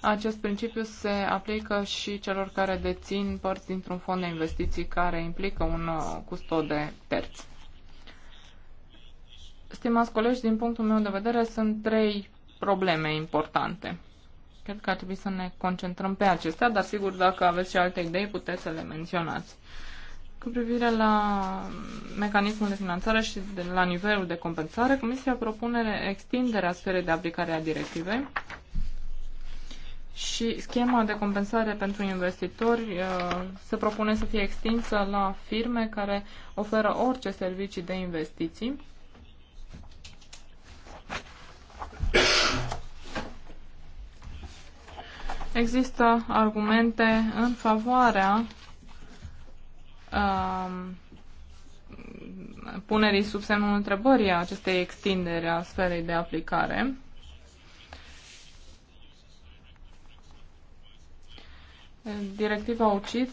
Acest principiu se aplică și celor care dețin părți dintr-un fond de investiții care implică un uh, custode terț. Stimați colegi, din punctul meu de vedere sunt trei probleme importante. Cred că ar trebui să ne concentrăm pe acestea, dar sigur dacă aveți și alte idei puteți să le menționați. Cu privire la mecanismul de finanțare și de, la nivelul de compensare, Comisia propune extinderea sferei de aplicare a directivei și schema de compensare pentru investitori uh, se propune să fie extinsă la firme care oferă orice servicii de investiții. Există argumente în favoarea Um, punerii sub semnul întrebării a acestei extinderi a sferei de aplicare. Directiva UCIT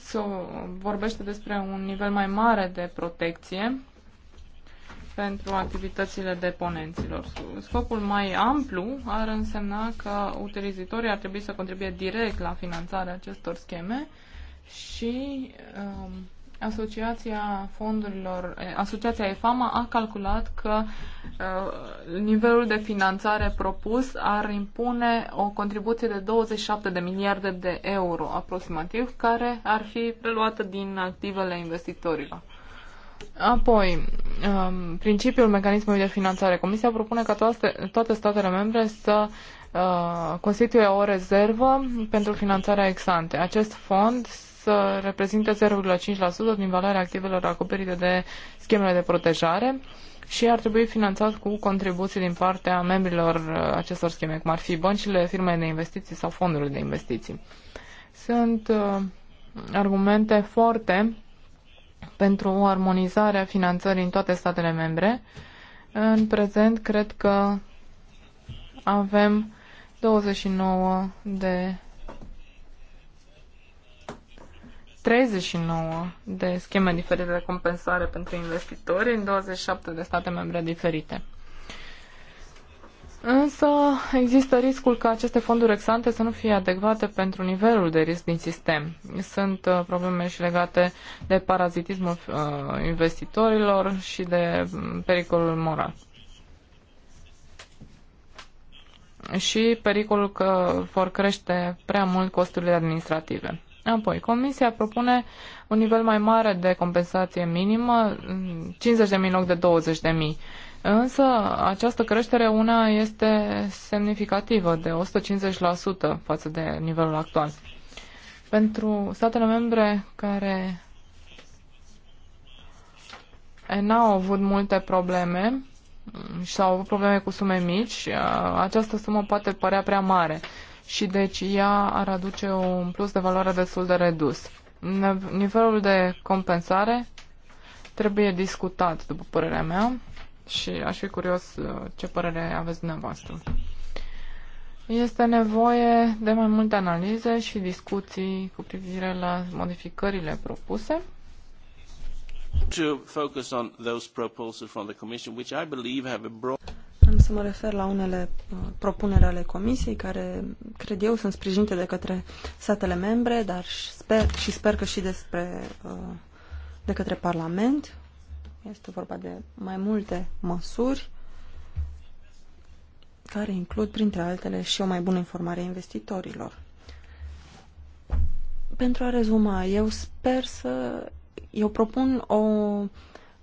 vorbește despre un nivel mai mare de protecție pentru activitățile deponenților. Scopul mai amplu ar însemna că utilizatorii ar trebui să contribuie direct la finanțarea acestor scheme și um, Asociația fondurilor, eh, Asociația EFAMA a calculat că eh, nivelul de finanțare propus ar impune o contribuție de 27 de miliarde de euro aproximativ, care ar fi preluată din activele investitorilor. Apoi, ehm, principiul mecanismului de finanțare. Comisia propune ca toate, statele membre să eh, constituie o rezervă pentru finanțarea ex ante. Acest fond să reprezinte 0,5% din valoarea activelor acoperite de schemele de protejare și ar trebui finanțat cu contribuții din partea membrilor uh, acestor scheme, cum ar fi băncile, firmele de investiții sau fondurile de investiții. Sunt uh, argumente forte pentru o armonizare a finanțării în toate statele membre. În prezent, cred că avem 29 de 39 de scheme diferite de compensare pentru investitori în 27 de state membre diferite. Însă există riscul ca aceste fonduri exante să nu fie adecvate pentru nivelul de risc din sistem. Sunt uh, probleme și legate de parazitismul uh, investitorilor și de mm, pericolul moral. Și pericolul că vor crește prea mult costurile administrative. Apoi, Comisia propune un nivel mai mare de compensație minimă, 50.000 în loc de 20.000. Însă, această creștere una este semnificativă, de 150% față de nivelul actual. Pentru statele membre care n-au avut multe probleme și au avut probleme cu sume mici, această sumă poate părea prea mare și deci ea ar aduce un plus de valoare destul de redus. Nivelul de compensare trebuie discutat, după părerea mea, și aș fi curios uh, ce părere aveți dumneavoastră. Este nevoie de mai multe analize și discuții cu privire la modificările propuse. To focus on those proposals from the Commission, which I believe have a broad... Am să mă refer la unele uh, propuneri ale Comisiei, care, cred eu, sunt sprijinite de către statele membre, dar sper, și sper că și despre, uh, de către Parlament. Este vorba de mai multe măsuri care includ, printre altele, și o mai bună informare a investitorilor. Pentru a rezuma, eu sper să... Eu propun o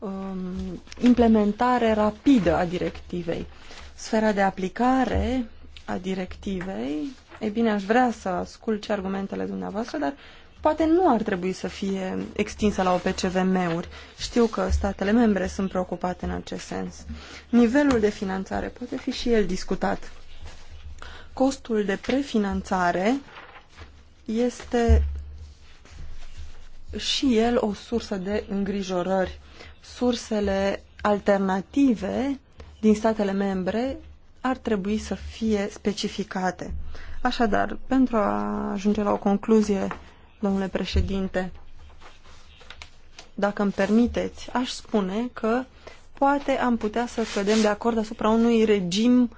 um, implementare rapidă a directivei. Sfera de aplicare a directivei, e bine, aș vrea să ascult ce argumentele dumneavoastră, dar poate nu ar trebui să fie extinsă la OPCVM-uri. Știu că statele membre sunt preocupate în acest sens. Nivelul de finanțare poate fi și el discutat. Costul de prefinanțare este și el o sursă de îngrijorări sursele alternative din statele membre ar trebui să fie specificate. Așadar, pentru a ajunge la o concluzie, domnule președinte, dacă îmi permiteți, aș spune că poate am putea să cădem de acord asupra unui regim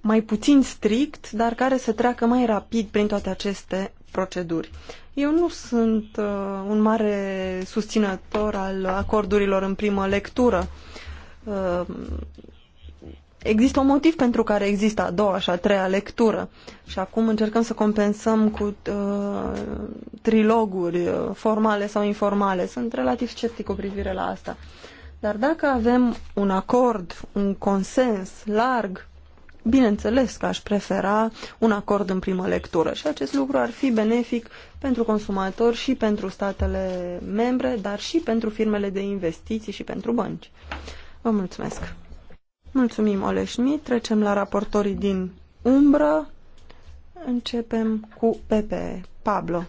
mai puțin strict, dar care să treacă mai rapid prin toate aceste proceduri. Eu nu sunt uh, un mare susținător al acordurilor în primă lectură. Uh, există un motiv pentru care există a doua și a treia lectură și acum încercăm să compensăm cu uh, triloguri uh, formale sau informale. Sunt relativ sceptic cu privire la asta. Dar dacă avem un acord, un consens larg Bineînțeles că aș prefera un acord în primă lectură și acest lucru ar fi benefic pentru consumator și pentru statele membre, dar și pentru firmele de investiții și pentru bănci. Vă mulțumesc! Mulțumim, Ole Schmidt. Trecem la raportorii din umbră. Începem cu Pepe Pablo.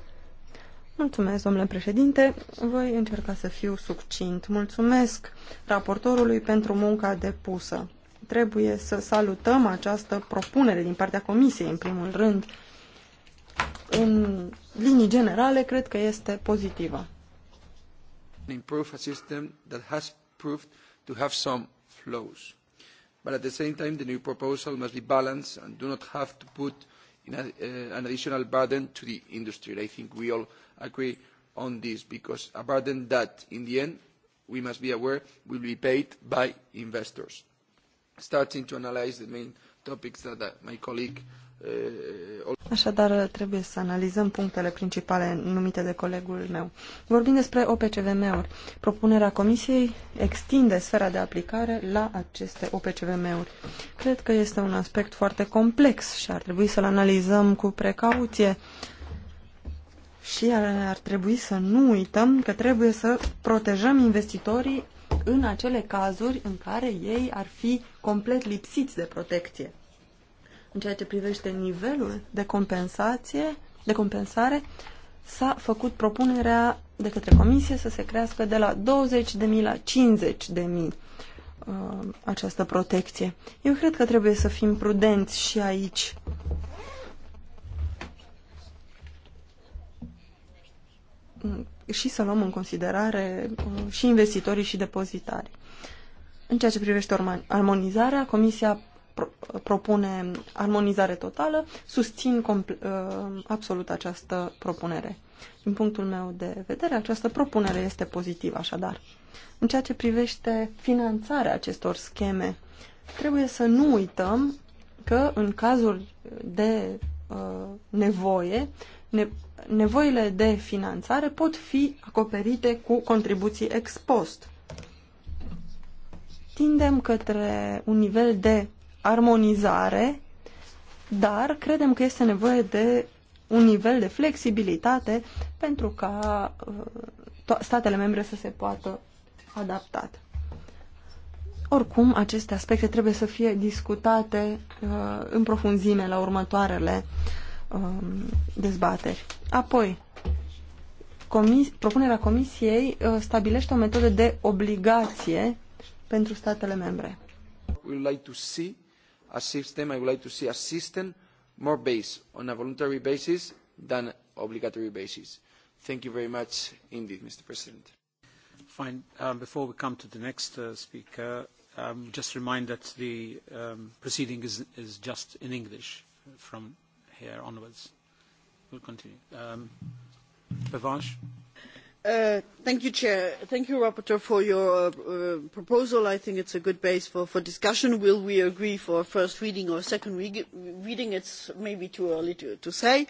Mulțumesc, domnule președinte. Voi încerca să fiu succint. Mulțumesc raportorului pentru munca depusă. Trebuie să salutăm această propunere din partea Comisiei, în primul rând. În linii generale, cred că este pozitivă. Improve a But at the same time, the new proposal must be balanced and do not have to put in a, uh, an additional burden to the industry. I think we all agree on this because a burden that, in the end, we must be aware will be paid by investors starting to analyze the main topics that my colleague uh, Așadar, trebuie să analizăm punctele principale numite de colegul meu. Vorbim despre OPCVM-uri. Propunerea Comisiei extinde sfera de aplicare la aceste OPCVM-uri. Cred că este un aspect foarte complex și ar trebui să-l analizăm cu precauție și ar, ar trebui să nu uităm că trebuie să protejăm investitorii în acele cazuri în care ei ar fi complet lipsiți de protecție. În ceea ce privește nivelul de compensație, de compensare, s-a făcut propunerea de către comisie să se crească de la 20.000 la 50.000 uh, această protecție. Eu cred că trebuie să fim prudenți și aici și să luăm în considerare uh, și investitorii și depozitari. În ceea ce privește armonizarea, Comisia propune armonizare totală, susțin uh, absolut această propunere. Din punctul meu de vedere, această propunere este pozitivă, așadar. În ceea ce privește finanțarea acestor scheme, trebuie să nu uităm că în cazul de uh, nevoie, ne, nevoile de finanțare pot fi acoperite cu contribuții ex post. Tindem către un nivel de armonizare, dar credem că este nevoie de un nivel de flexibilitate pentru ca uh, statele membre să se poată adapta. Oricum, aceste aspecte trebuie să fie discutate uh, în profunzime la următoarele uh, um, dezbateri. Apoi, comis propunerea Comisiei uh, stabilește o metodă de obligație pentru statele membre. We would like to see a system, I would like to see a system more based on a voluntary basis than obligatory basis. Thank you very much indeed, Mr. President. Fine. Um, before we come to the next uh, speaker, um, just remind that the um, proceeding is, is just in English from here onwards. We'll continue. Um, Pavanche? Uh, thank you, Chair. Thank you, Rapporteur, for your uh, proposal. I think it's a good base for, for discussion. Will we agree for first reading or second re reading? It's maybe too early to, to say.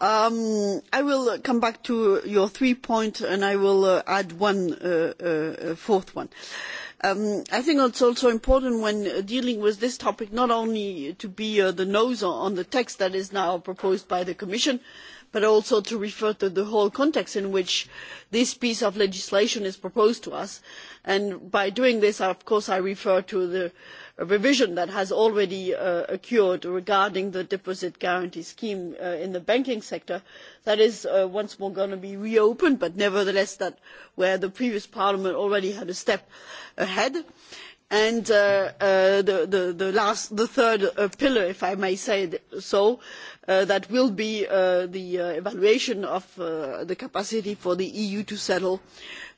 Um, I will come back to your three points, and I will uh, add one uh, uh, uh fourth one. Uh, Um, i think it is also important when uh, dealing with this topic not only to be uh, the nose on the text that is now proposed by the commission but but also to refer to the whole context in which this piece of legislation is proposed to us and by doing this of course i refer to the revision that has already uh, occurred regarding the deposit guarantee scheme uh, in the banking sector that is uh, once more going to be reopened but nevertheless where the previous parliament already had a step ahead and uh, uh, the, third uh, pillar, if I may say so, that will be the evaluation of the capacity for the EU to settle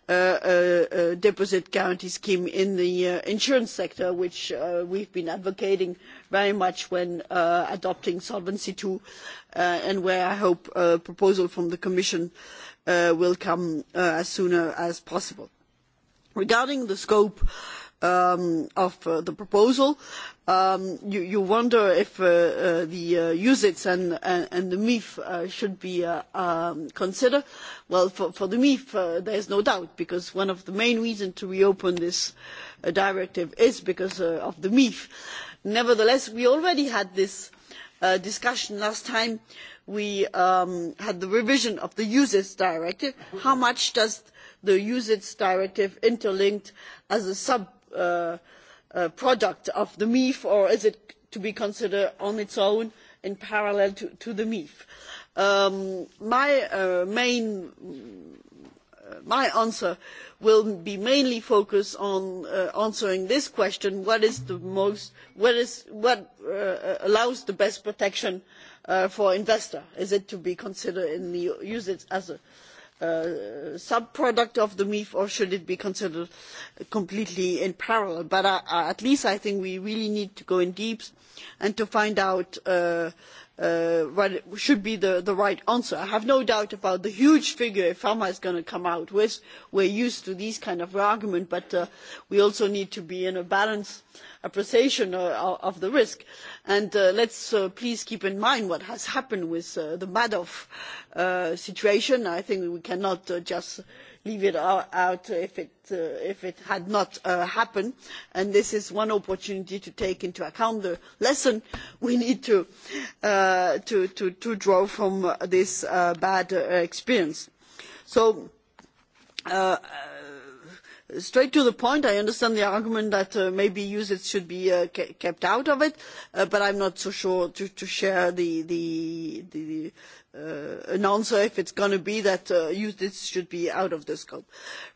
a deposit guarantee scheme in the insurance sector, which we have been advocating very much when adopting Solvency II, and where I hope a proposal from the Commission will come as soon as possible. Regarding the scope um, of uh, the proposal. Um, you, you, wonder if uh, uh, the uh, USITS and, and, and, the MIF uh, should be uh, um, considered. Well, for, for the MIF, uh, there is no doubt, because one of the main reasons to reopen this directive is because of the MIF. Nevertheless, we already had this discussion last time we um, had the revision of the USITS directive. How much does the USITS directive interlinked as a sub Uh, uh, product of the mif or is it to be considered on its own in parallel to, the mif? Um, my uh, main my answer will be mainly focused on answering this question what, most, what, is, what allows the best protection for investors? is it to be considered in the use it as a Uh, sub product of the mif or should it be considered completely in parallel but uh, uh, at least i think we really need to go in deep and to find out uh, Uh, should be the, right answer. i have no doubt about the huge figure pharma is going to come out with. we are used to these kind of arguments but uh, we also need to be in a balanced appreciation uh, of the risk and let us please keep in mind what has happened with the madoff situation. i think we cannot just leave it out uh, if it, had not uh, happened and this is one opportunity to take into account the lesson we need to, uh, to draw from this bad experience. so straight to the point. I understand the argument that uh, maybe usage should be uh, kept out of it, uh, but I'm not so sure to, to share the, the, the uh, an answer if it's going to be that uh, usage should be out of the scope.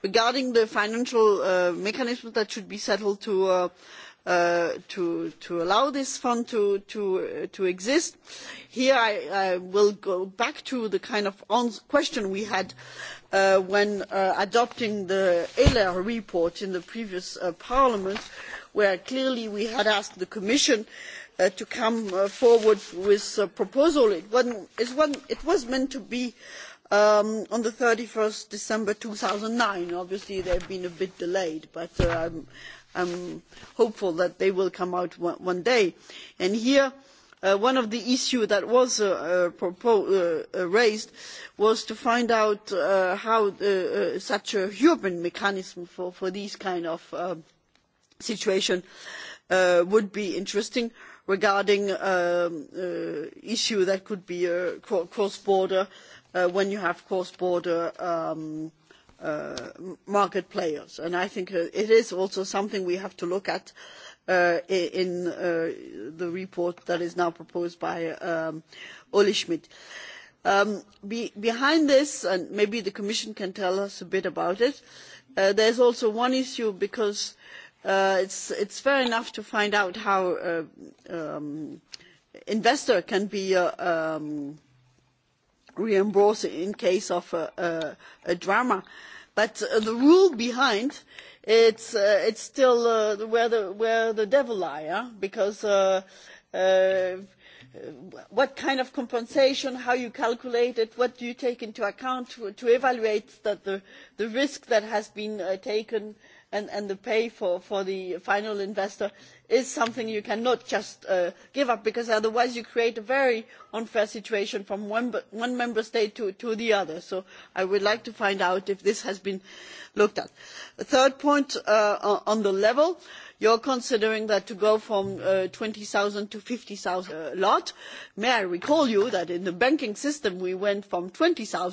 Regarding the financial uh, that should be settled to, uh, uh, to, to allow this fund to, to, uh, to exist, here I, I will go back to the kind of question we had Uh, when uh, adopting the ehler report in the previous uh, parliament where clearly we had asked the commission to come forward with a proposal. It, was meant to be um, on thirty one december two thousand and nine obviously they have been a bit delayed but i am hopeful that they will come out one, one day. And here Uh, one of the issues that was uh, uh, raised was to find out how such a european mechanism for, these kind of um, situations would be interesting regarding an um, issue that could be cross border when you have cross border um, market players and i think it is also something we have to look at in uh, in uh, the report that is now proposed by um, Ole Schmidt. Um, be, behind this, and maybe the Commission can tell us a bit about it, uh, there's also one issue because uh, it's, it's fair enough to find out how uh, um, investor can be uh, um, reimbursed in case of a, a, a drama. Uh, but uh, the rule behind it's uh, it's still uh, where the where the devil lies because uh, uh, what kind of compensation how you calculate it what do you take into account to, to evaluate that the the risk that has been uh, taken uh, and, the pay for, the final investor is something you cannot just uh, give up because otherwise you create a very unfair situation from one, member state to, the other. so i would like to find out if this has been looked at. the third point uh, on the level you are considering that to go from uh, twenty zero to fifty zero a lot. may i recall you that in the banking system we went from twenty zero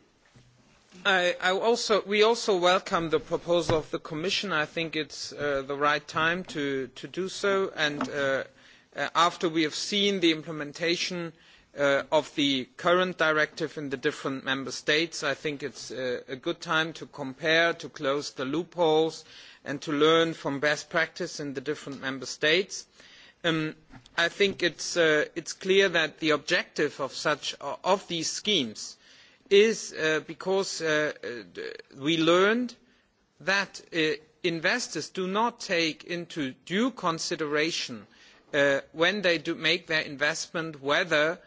we also welcome the proposal of the Commission. I think it's is uh, the right time to, do so. And uh, uh, after we have seen the implementation of the current directive in the different member states, I think it's is a good time to compare, to close the loopholes, and to learn from best practice in the different member states. Um, I think it's, is clear that the objective of these schemes is uh, because uh, uh we learned that uh, investors do not take into due consideration uh, when they make their investment whether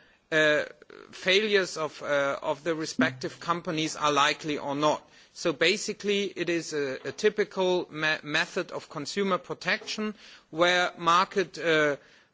failures of, of the respective companies are likely or not so basically it is a, a typical me method of consumer protection where market uh,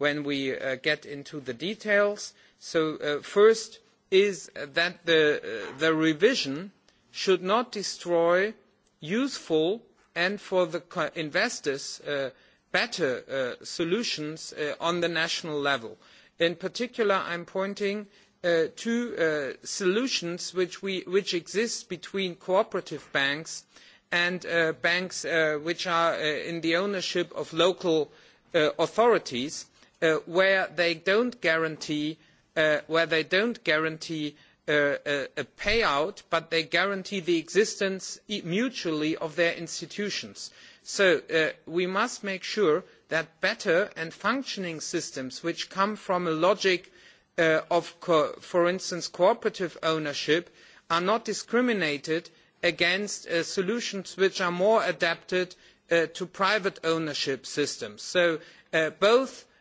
when we uh, get into the details. So uh, first is that the, uh, the revision should not destroy useful and for the investors uh, better uh, solutions uh, on the national level. In particular, I'm pointing to solutions which, we, which exist between cooperative banks and banks which are in the ownership of local authorities Uh, where they don't guarantee uh, where they don't guarantee uh, a payout but they guarantee the existence mutually of their institutions. so uh, we must make sure that better and functioning systems which come from a logic uh, of for instance cooperative ownership are not discriminated against uh, solutions which are more adapted to private ownership systems. so both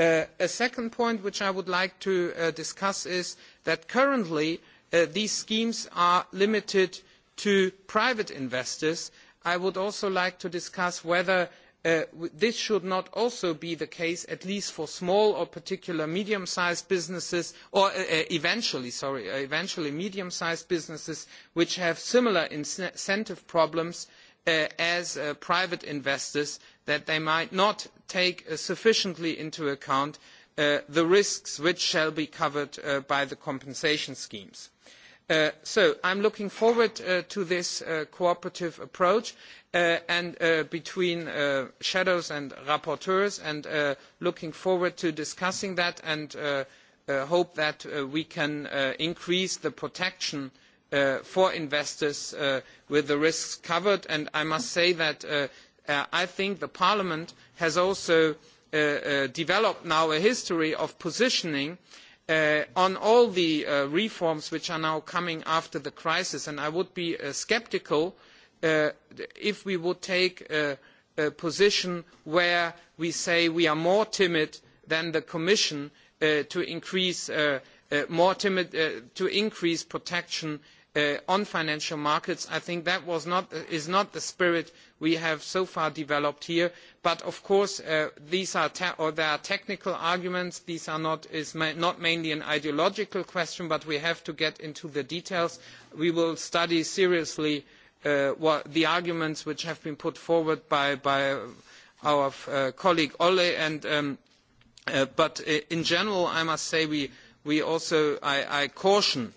Uh, a second point which I would like to uh, discuss is that currently uh, these schemes are limited to private investors. I would also like to discuss whether uh, this should not also be the case at least for small or particular medium sized businesses or uh, eventually sorry eventually medium sized businesses which have similar incentive problems uh, Uh, as uh, private investors that they might not take uh, sufficiently into account the risks which shall be covered by the compensation schemes. so i am looking forward to this cooperative approach and between shadows and rapporteurs and looking forward to discussing that and hope that we can increase the protection Uh, for investors uh, with the risks covered and i must say that uh, i think the parliament has also developed now a history of positioning Uh, on all the uh, reforms which are now coming after the crisis and i would be uh, sceptical if we would take a, a position where we say we are more timid than the commission to increase, timid, to increase protection Uh, on financial markets i think that uh, is not the spirit we have so far developed here but of course uh, these are there are technical arguments this is not mainly an ideological question but we have to get into the details. we will study seriously the arguments which have been put forward by, our colleague olle um, but in general i must say we, also i, I caution against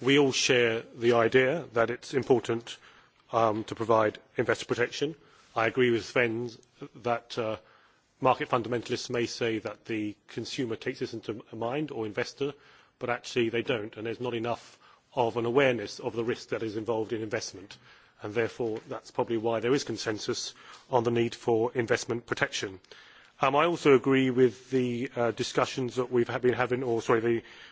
we all share the idea that it is important um, to provide investor protection. I agree with Sven that uh, market fundamentalists may say that the consumer takes this into mind or investor, but actually they don't, and there's not enough of an awareness of the risk that is involved in investment. And therefore, that's probably why there is consensus on the need for investment protection. Um, I also agree with the uh, discussions that we've been having, or sorry, the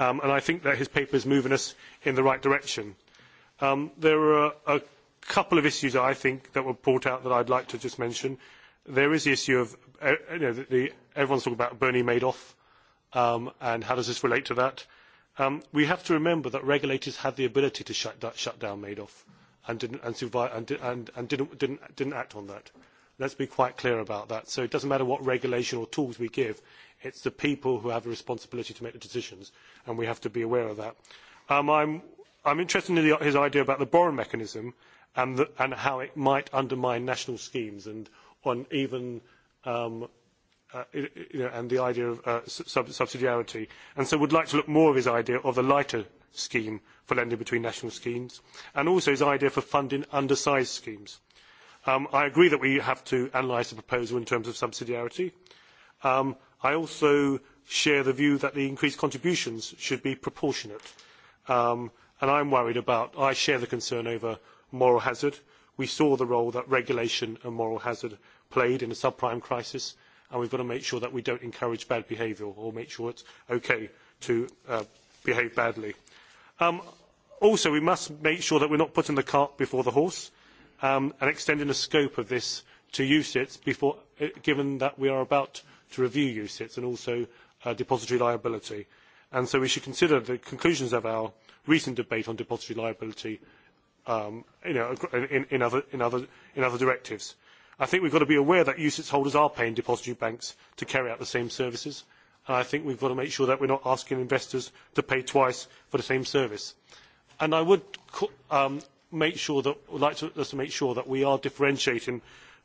Um, and I think that his paper is moving us in the right direction. Um, there are a, couple of issues I think that were brought out that I'd like to just mention. There is the issue of uh, you know, the, the, everyone's talking about Bernie Madoff um, and how does this relate to that. Um, we have to remember that regulators had the ability to shut, that, shut down Madoff and didn't, and, survive, and, and, and didn't, didn't, didn't act on that. Let's be quite clear about that. So it doesn't matter what regulation or tools we give, it's the people who have the responsibility to make the decisions and we have to be aware of that. Um, I'm, I'm interested in the, his idea about the borrowing mechanism and, the, and how it might undermine national schemes and on even um, uh, you know, and the idea of uh, sub subsidiarity. And so would like to look more of his idea of the lighter scheme for lending between national schemes and also his idea for funding undersized schemes. Um, I agree that we have to analyse the proposal in terms of subsidiarity. Um, I also share the view that the increased contributions should be proportionate. Um, and I'm worried about, I share the concern over moral hazard. We saw the role that regulation and moral hazard played in the subprime crisis, and we've got to make sure that we don't encourage bad behaviour or make sure it's okay to uh, behave badly. Um, also, we must make sure that we're not putting the cart before the horse um, and extending the scope of this to UCITS, before, uh, given that we are about to review UCITS and also Uh, depository liability. And so we should consider the conclusions of our recent debate on depository liability um, you know, in, in, other, in, other, in other directives. I think we've got to be aware that UCITS holders are paying depository banks to carry out the same services. And I think we've got to make sure that we're not asking investors to pay twice for the same service. And I would um, make sure that, would like to, us to make sure that we are differentiating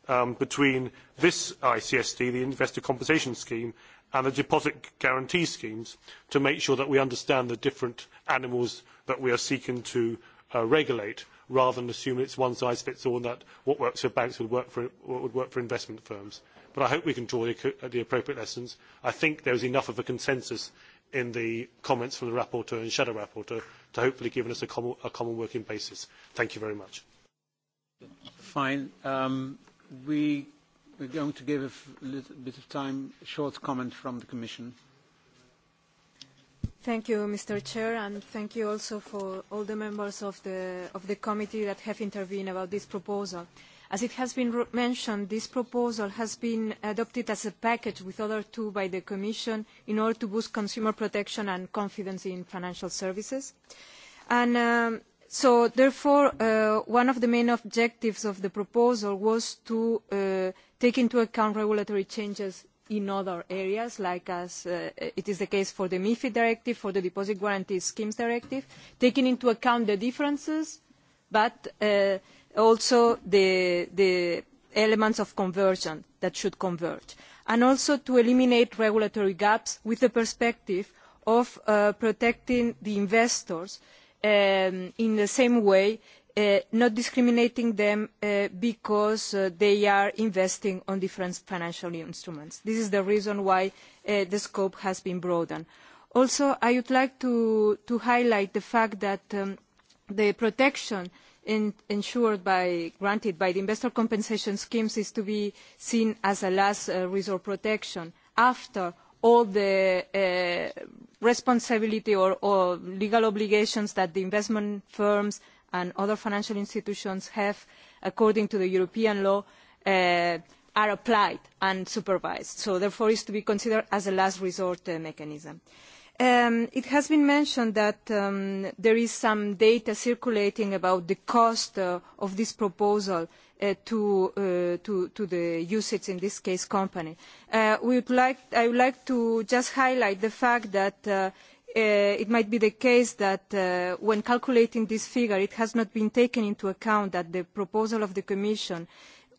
um, between this ICSD, the Investor Compensation Scheme, and the deposit guarantee schemes to make sure that we understand the different animals that we are seeking to uh, regulate rather than assume it's one size fits all and that what works for banks would work for, would work for investment firms. But I hope we can draw the, the appropriate lessons. I think there is enough of a consensus in the comments from the rapporteur and shadow rapporteur to hopefully give us a common, a common working basis. Thank you very much. Fine. Um, we We are going to give a little bit of time, a short comment from the Commission. Thank you, Mr. Chair, and thank you also for all the members of the, of the committee that have intervened about this proposal. As it has been mentioned, this proposal has been adopted as a package with other two by the Commission in order to boost consumer protection and confidence in financial services. And um, So therefore, uh, one of the main objectives of the proposal was to uh, take into account regulatory changes in other areas, like as uh, it is the case for the MIFID directive, for the Deposit Guarantee Schemes directive, taking into account the differences, but uh, also the, the elements of convergence that should converge, and also to eliminate regulatory gaps with the perspective of uh, protecting the investors uh, um, in the same way Uh, not discriminating them uh, because uh, they are investing on different financial instruments. This is the reason why uh, the scope has been broadened. Also, I would like to, to highlight the fact that um, the protection ensured by, granted by the investor compensation schemes is to be seen as a last uh, resort protection after all the uh, responsibility or, or, legal obligations that the investment firms and other financial institutions have according to the European law uh, are applied and supervised. So therefore is to be considered as a last resort uh, mechanism. Um, it has been mentioned that um, there is some data circulating about the cost uh, of this proposal uh, Uh, to, uh, to, to, the usage, in this case, company. Uh, we would like, I would like to just highlight the fact that uh, uh, it might be the case that when calculating this figure, it has not been taken into account that the proposal of the Commission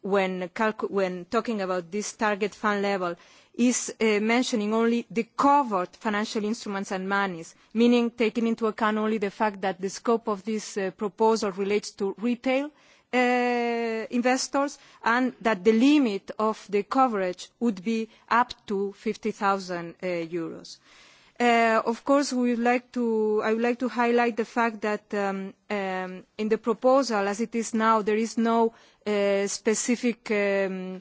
when, when talking about this target fund level is mentioning only the covered financial instruments and monies, meaning taking into account only the fact that the scope of this proposal relates to retail, Uh, investors and that the limit of the coverage would be up to 50,000 uh, euros. Uh, of course, we would like to, I would like to highlight the fact that um, um, in the proposal, as it is now, there is no uh, specific um,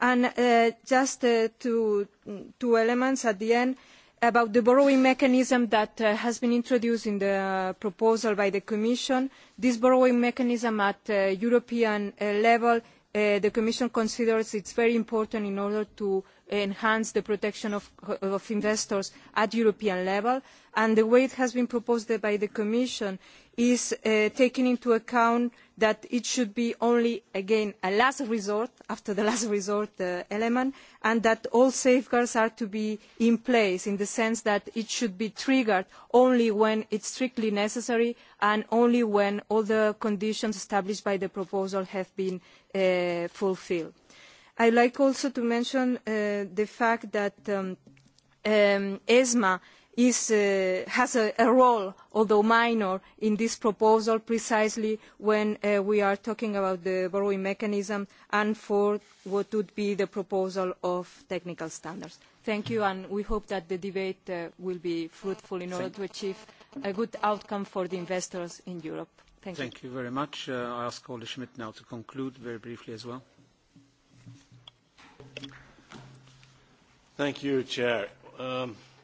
And uh, just uh, two, two elements at the end about the borrowing mechanism that uh, has been introduced in the proposal by the Commission. This borrowing mechanism at uh, European uh, level, uh, the Commission considers it's very important in order to enhance the protection of, of investors at European level. And the way it has been proposed by the Commission is uh, taking into account that it should be only again a last resort after the last resort uh, element and that all safeguards are to be in place in the sense that it should be triggered only when it is strictly necessary and only when all the conditions established by the proposal have been uh, fulfilled. i would like also to mention uh, the fact that um, um, esma Uh, has a, role, although minor, in this proposal precisely when uh, we are talking about the borrowing mechanism and for what would be the proposal of technical standards. Thank you, and we hope that the debate uh, will be fruitful in order to achieve a good outcome for the investors in Europe. Thank, you. Thank you. very much. I ask Olle Schmidt now to conclude very briefly as well. Thank you, Chair. Um,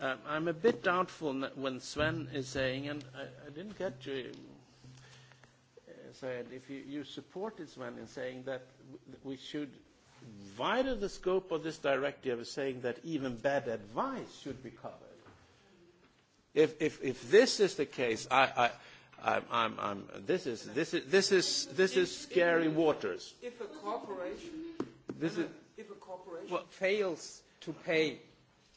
Um, I'm a bit doubtful when Sven is saying, and I, I didn't get you, uh, if you, you supported Sven in saying that we should widen the scope of this directive, saying that even bad advice should be covered. If, if, if this is the case, I, I, I'm, I'm, I'm, this is this is this is this is scary if, waters. If a corporation, this is, if a corporation well, fails to pay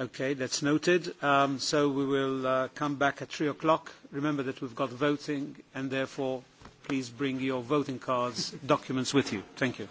Okay, that's noted. Um, so we will uh, come back at 3 o'clock. Remember that we've got voting, and therefore, please bring your voting cards, documents with you. Thank you.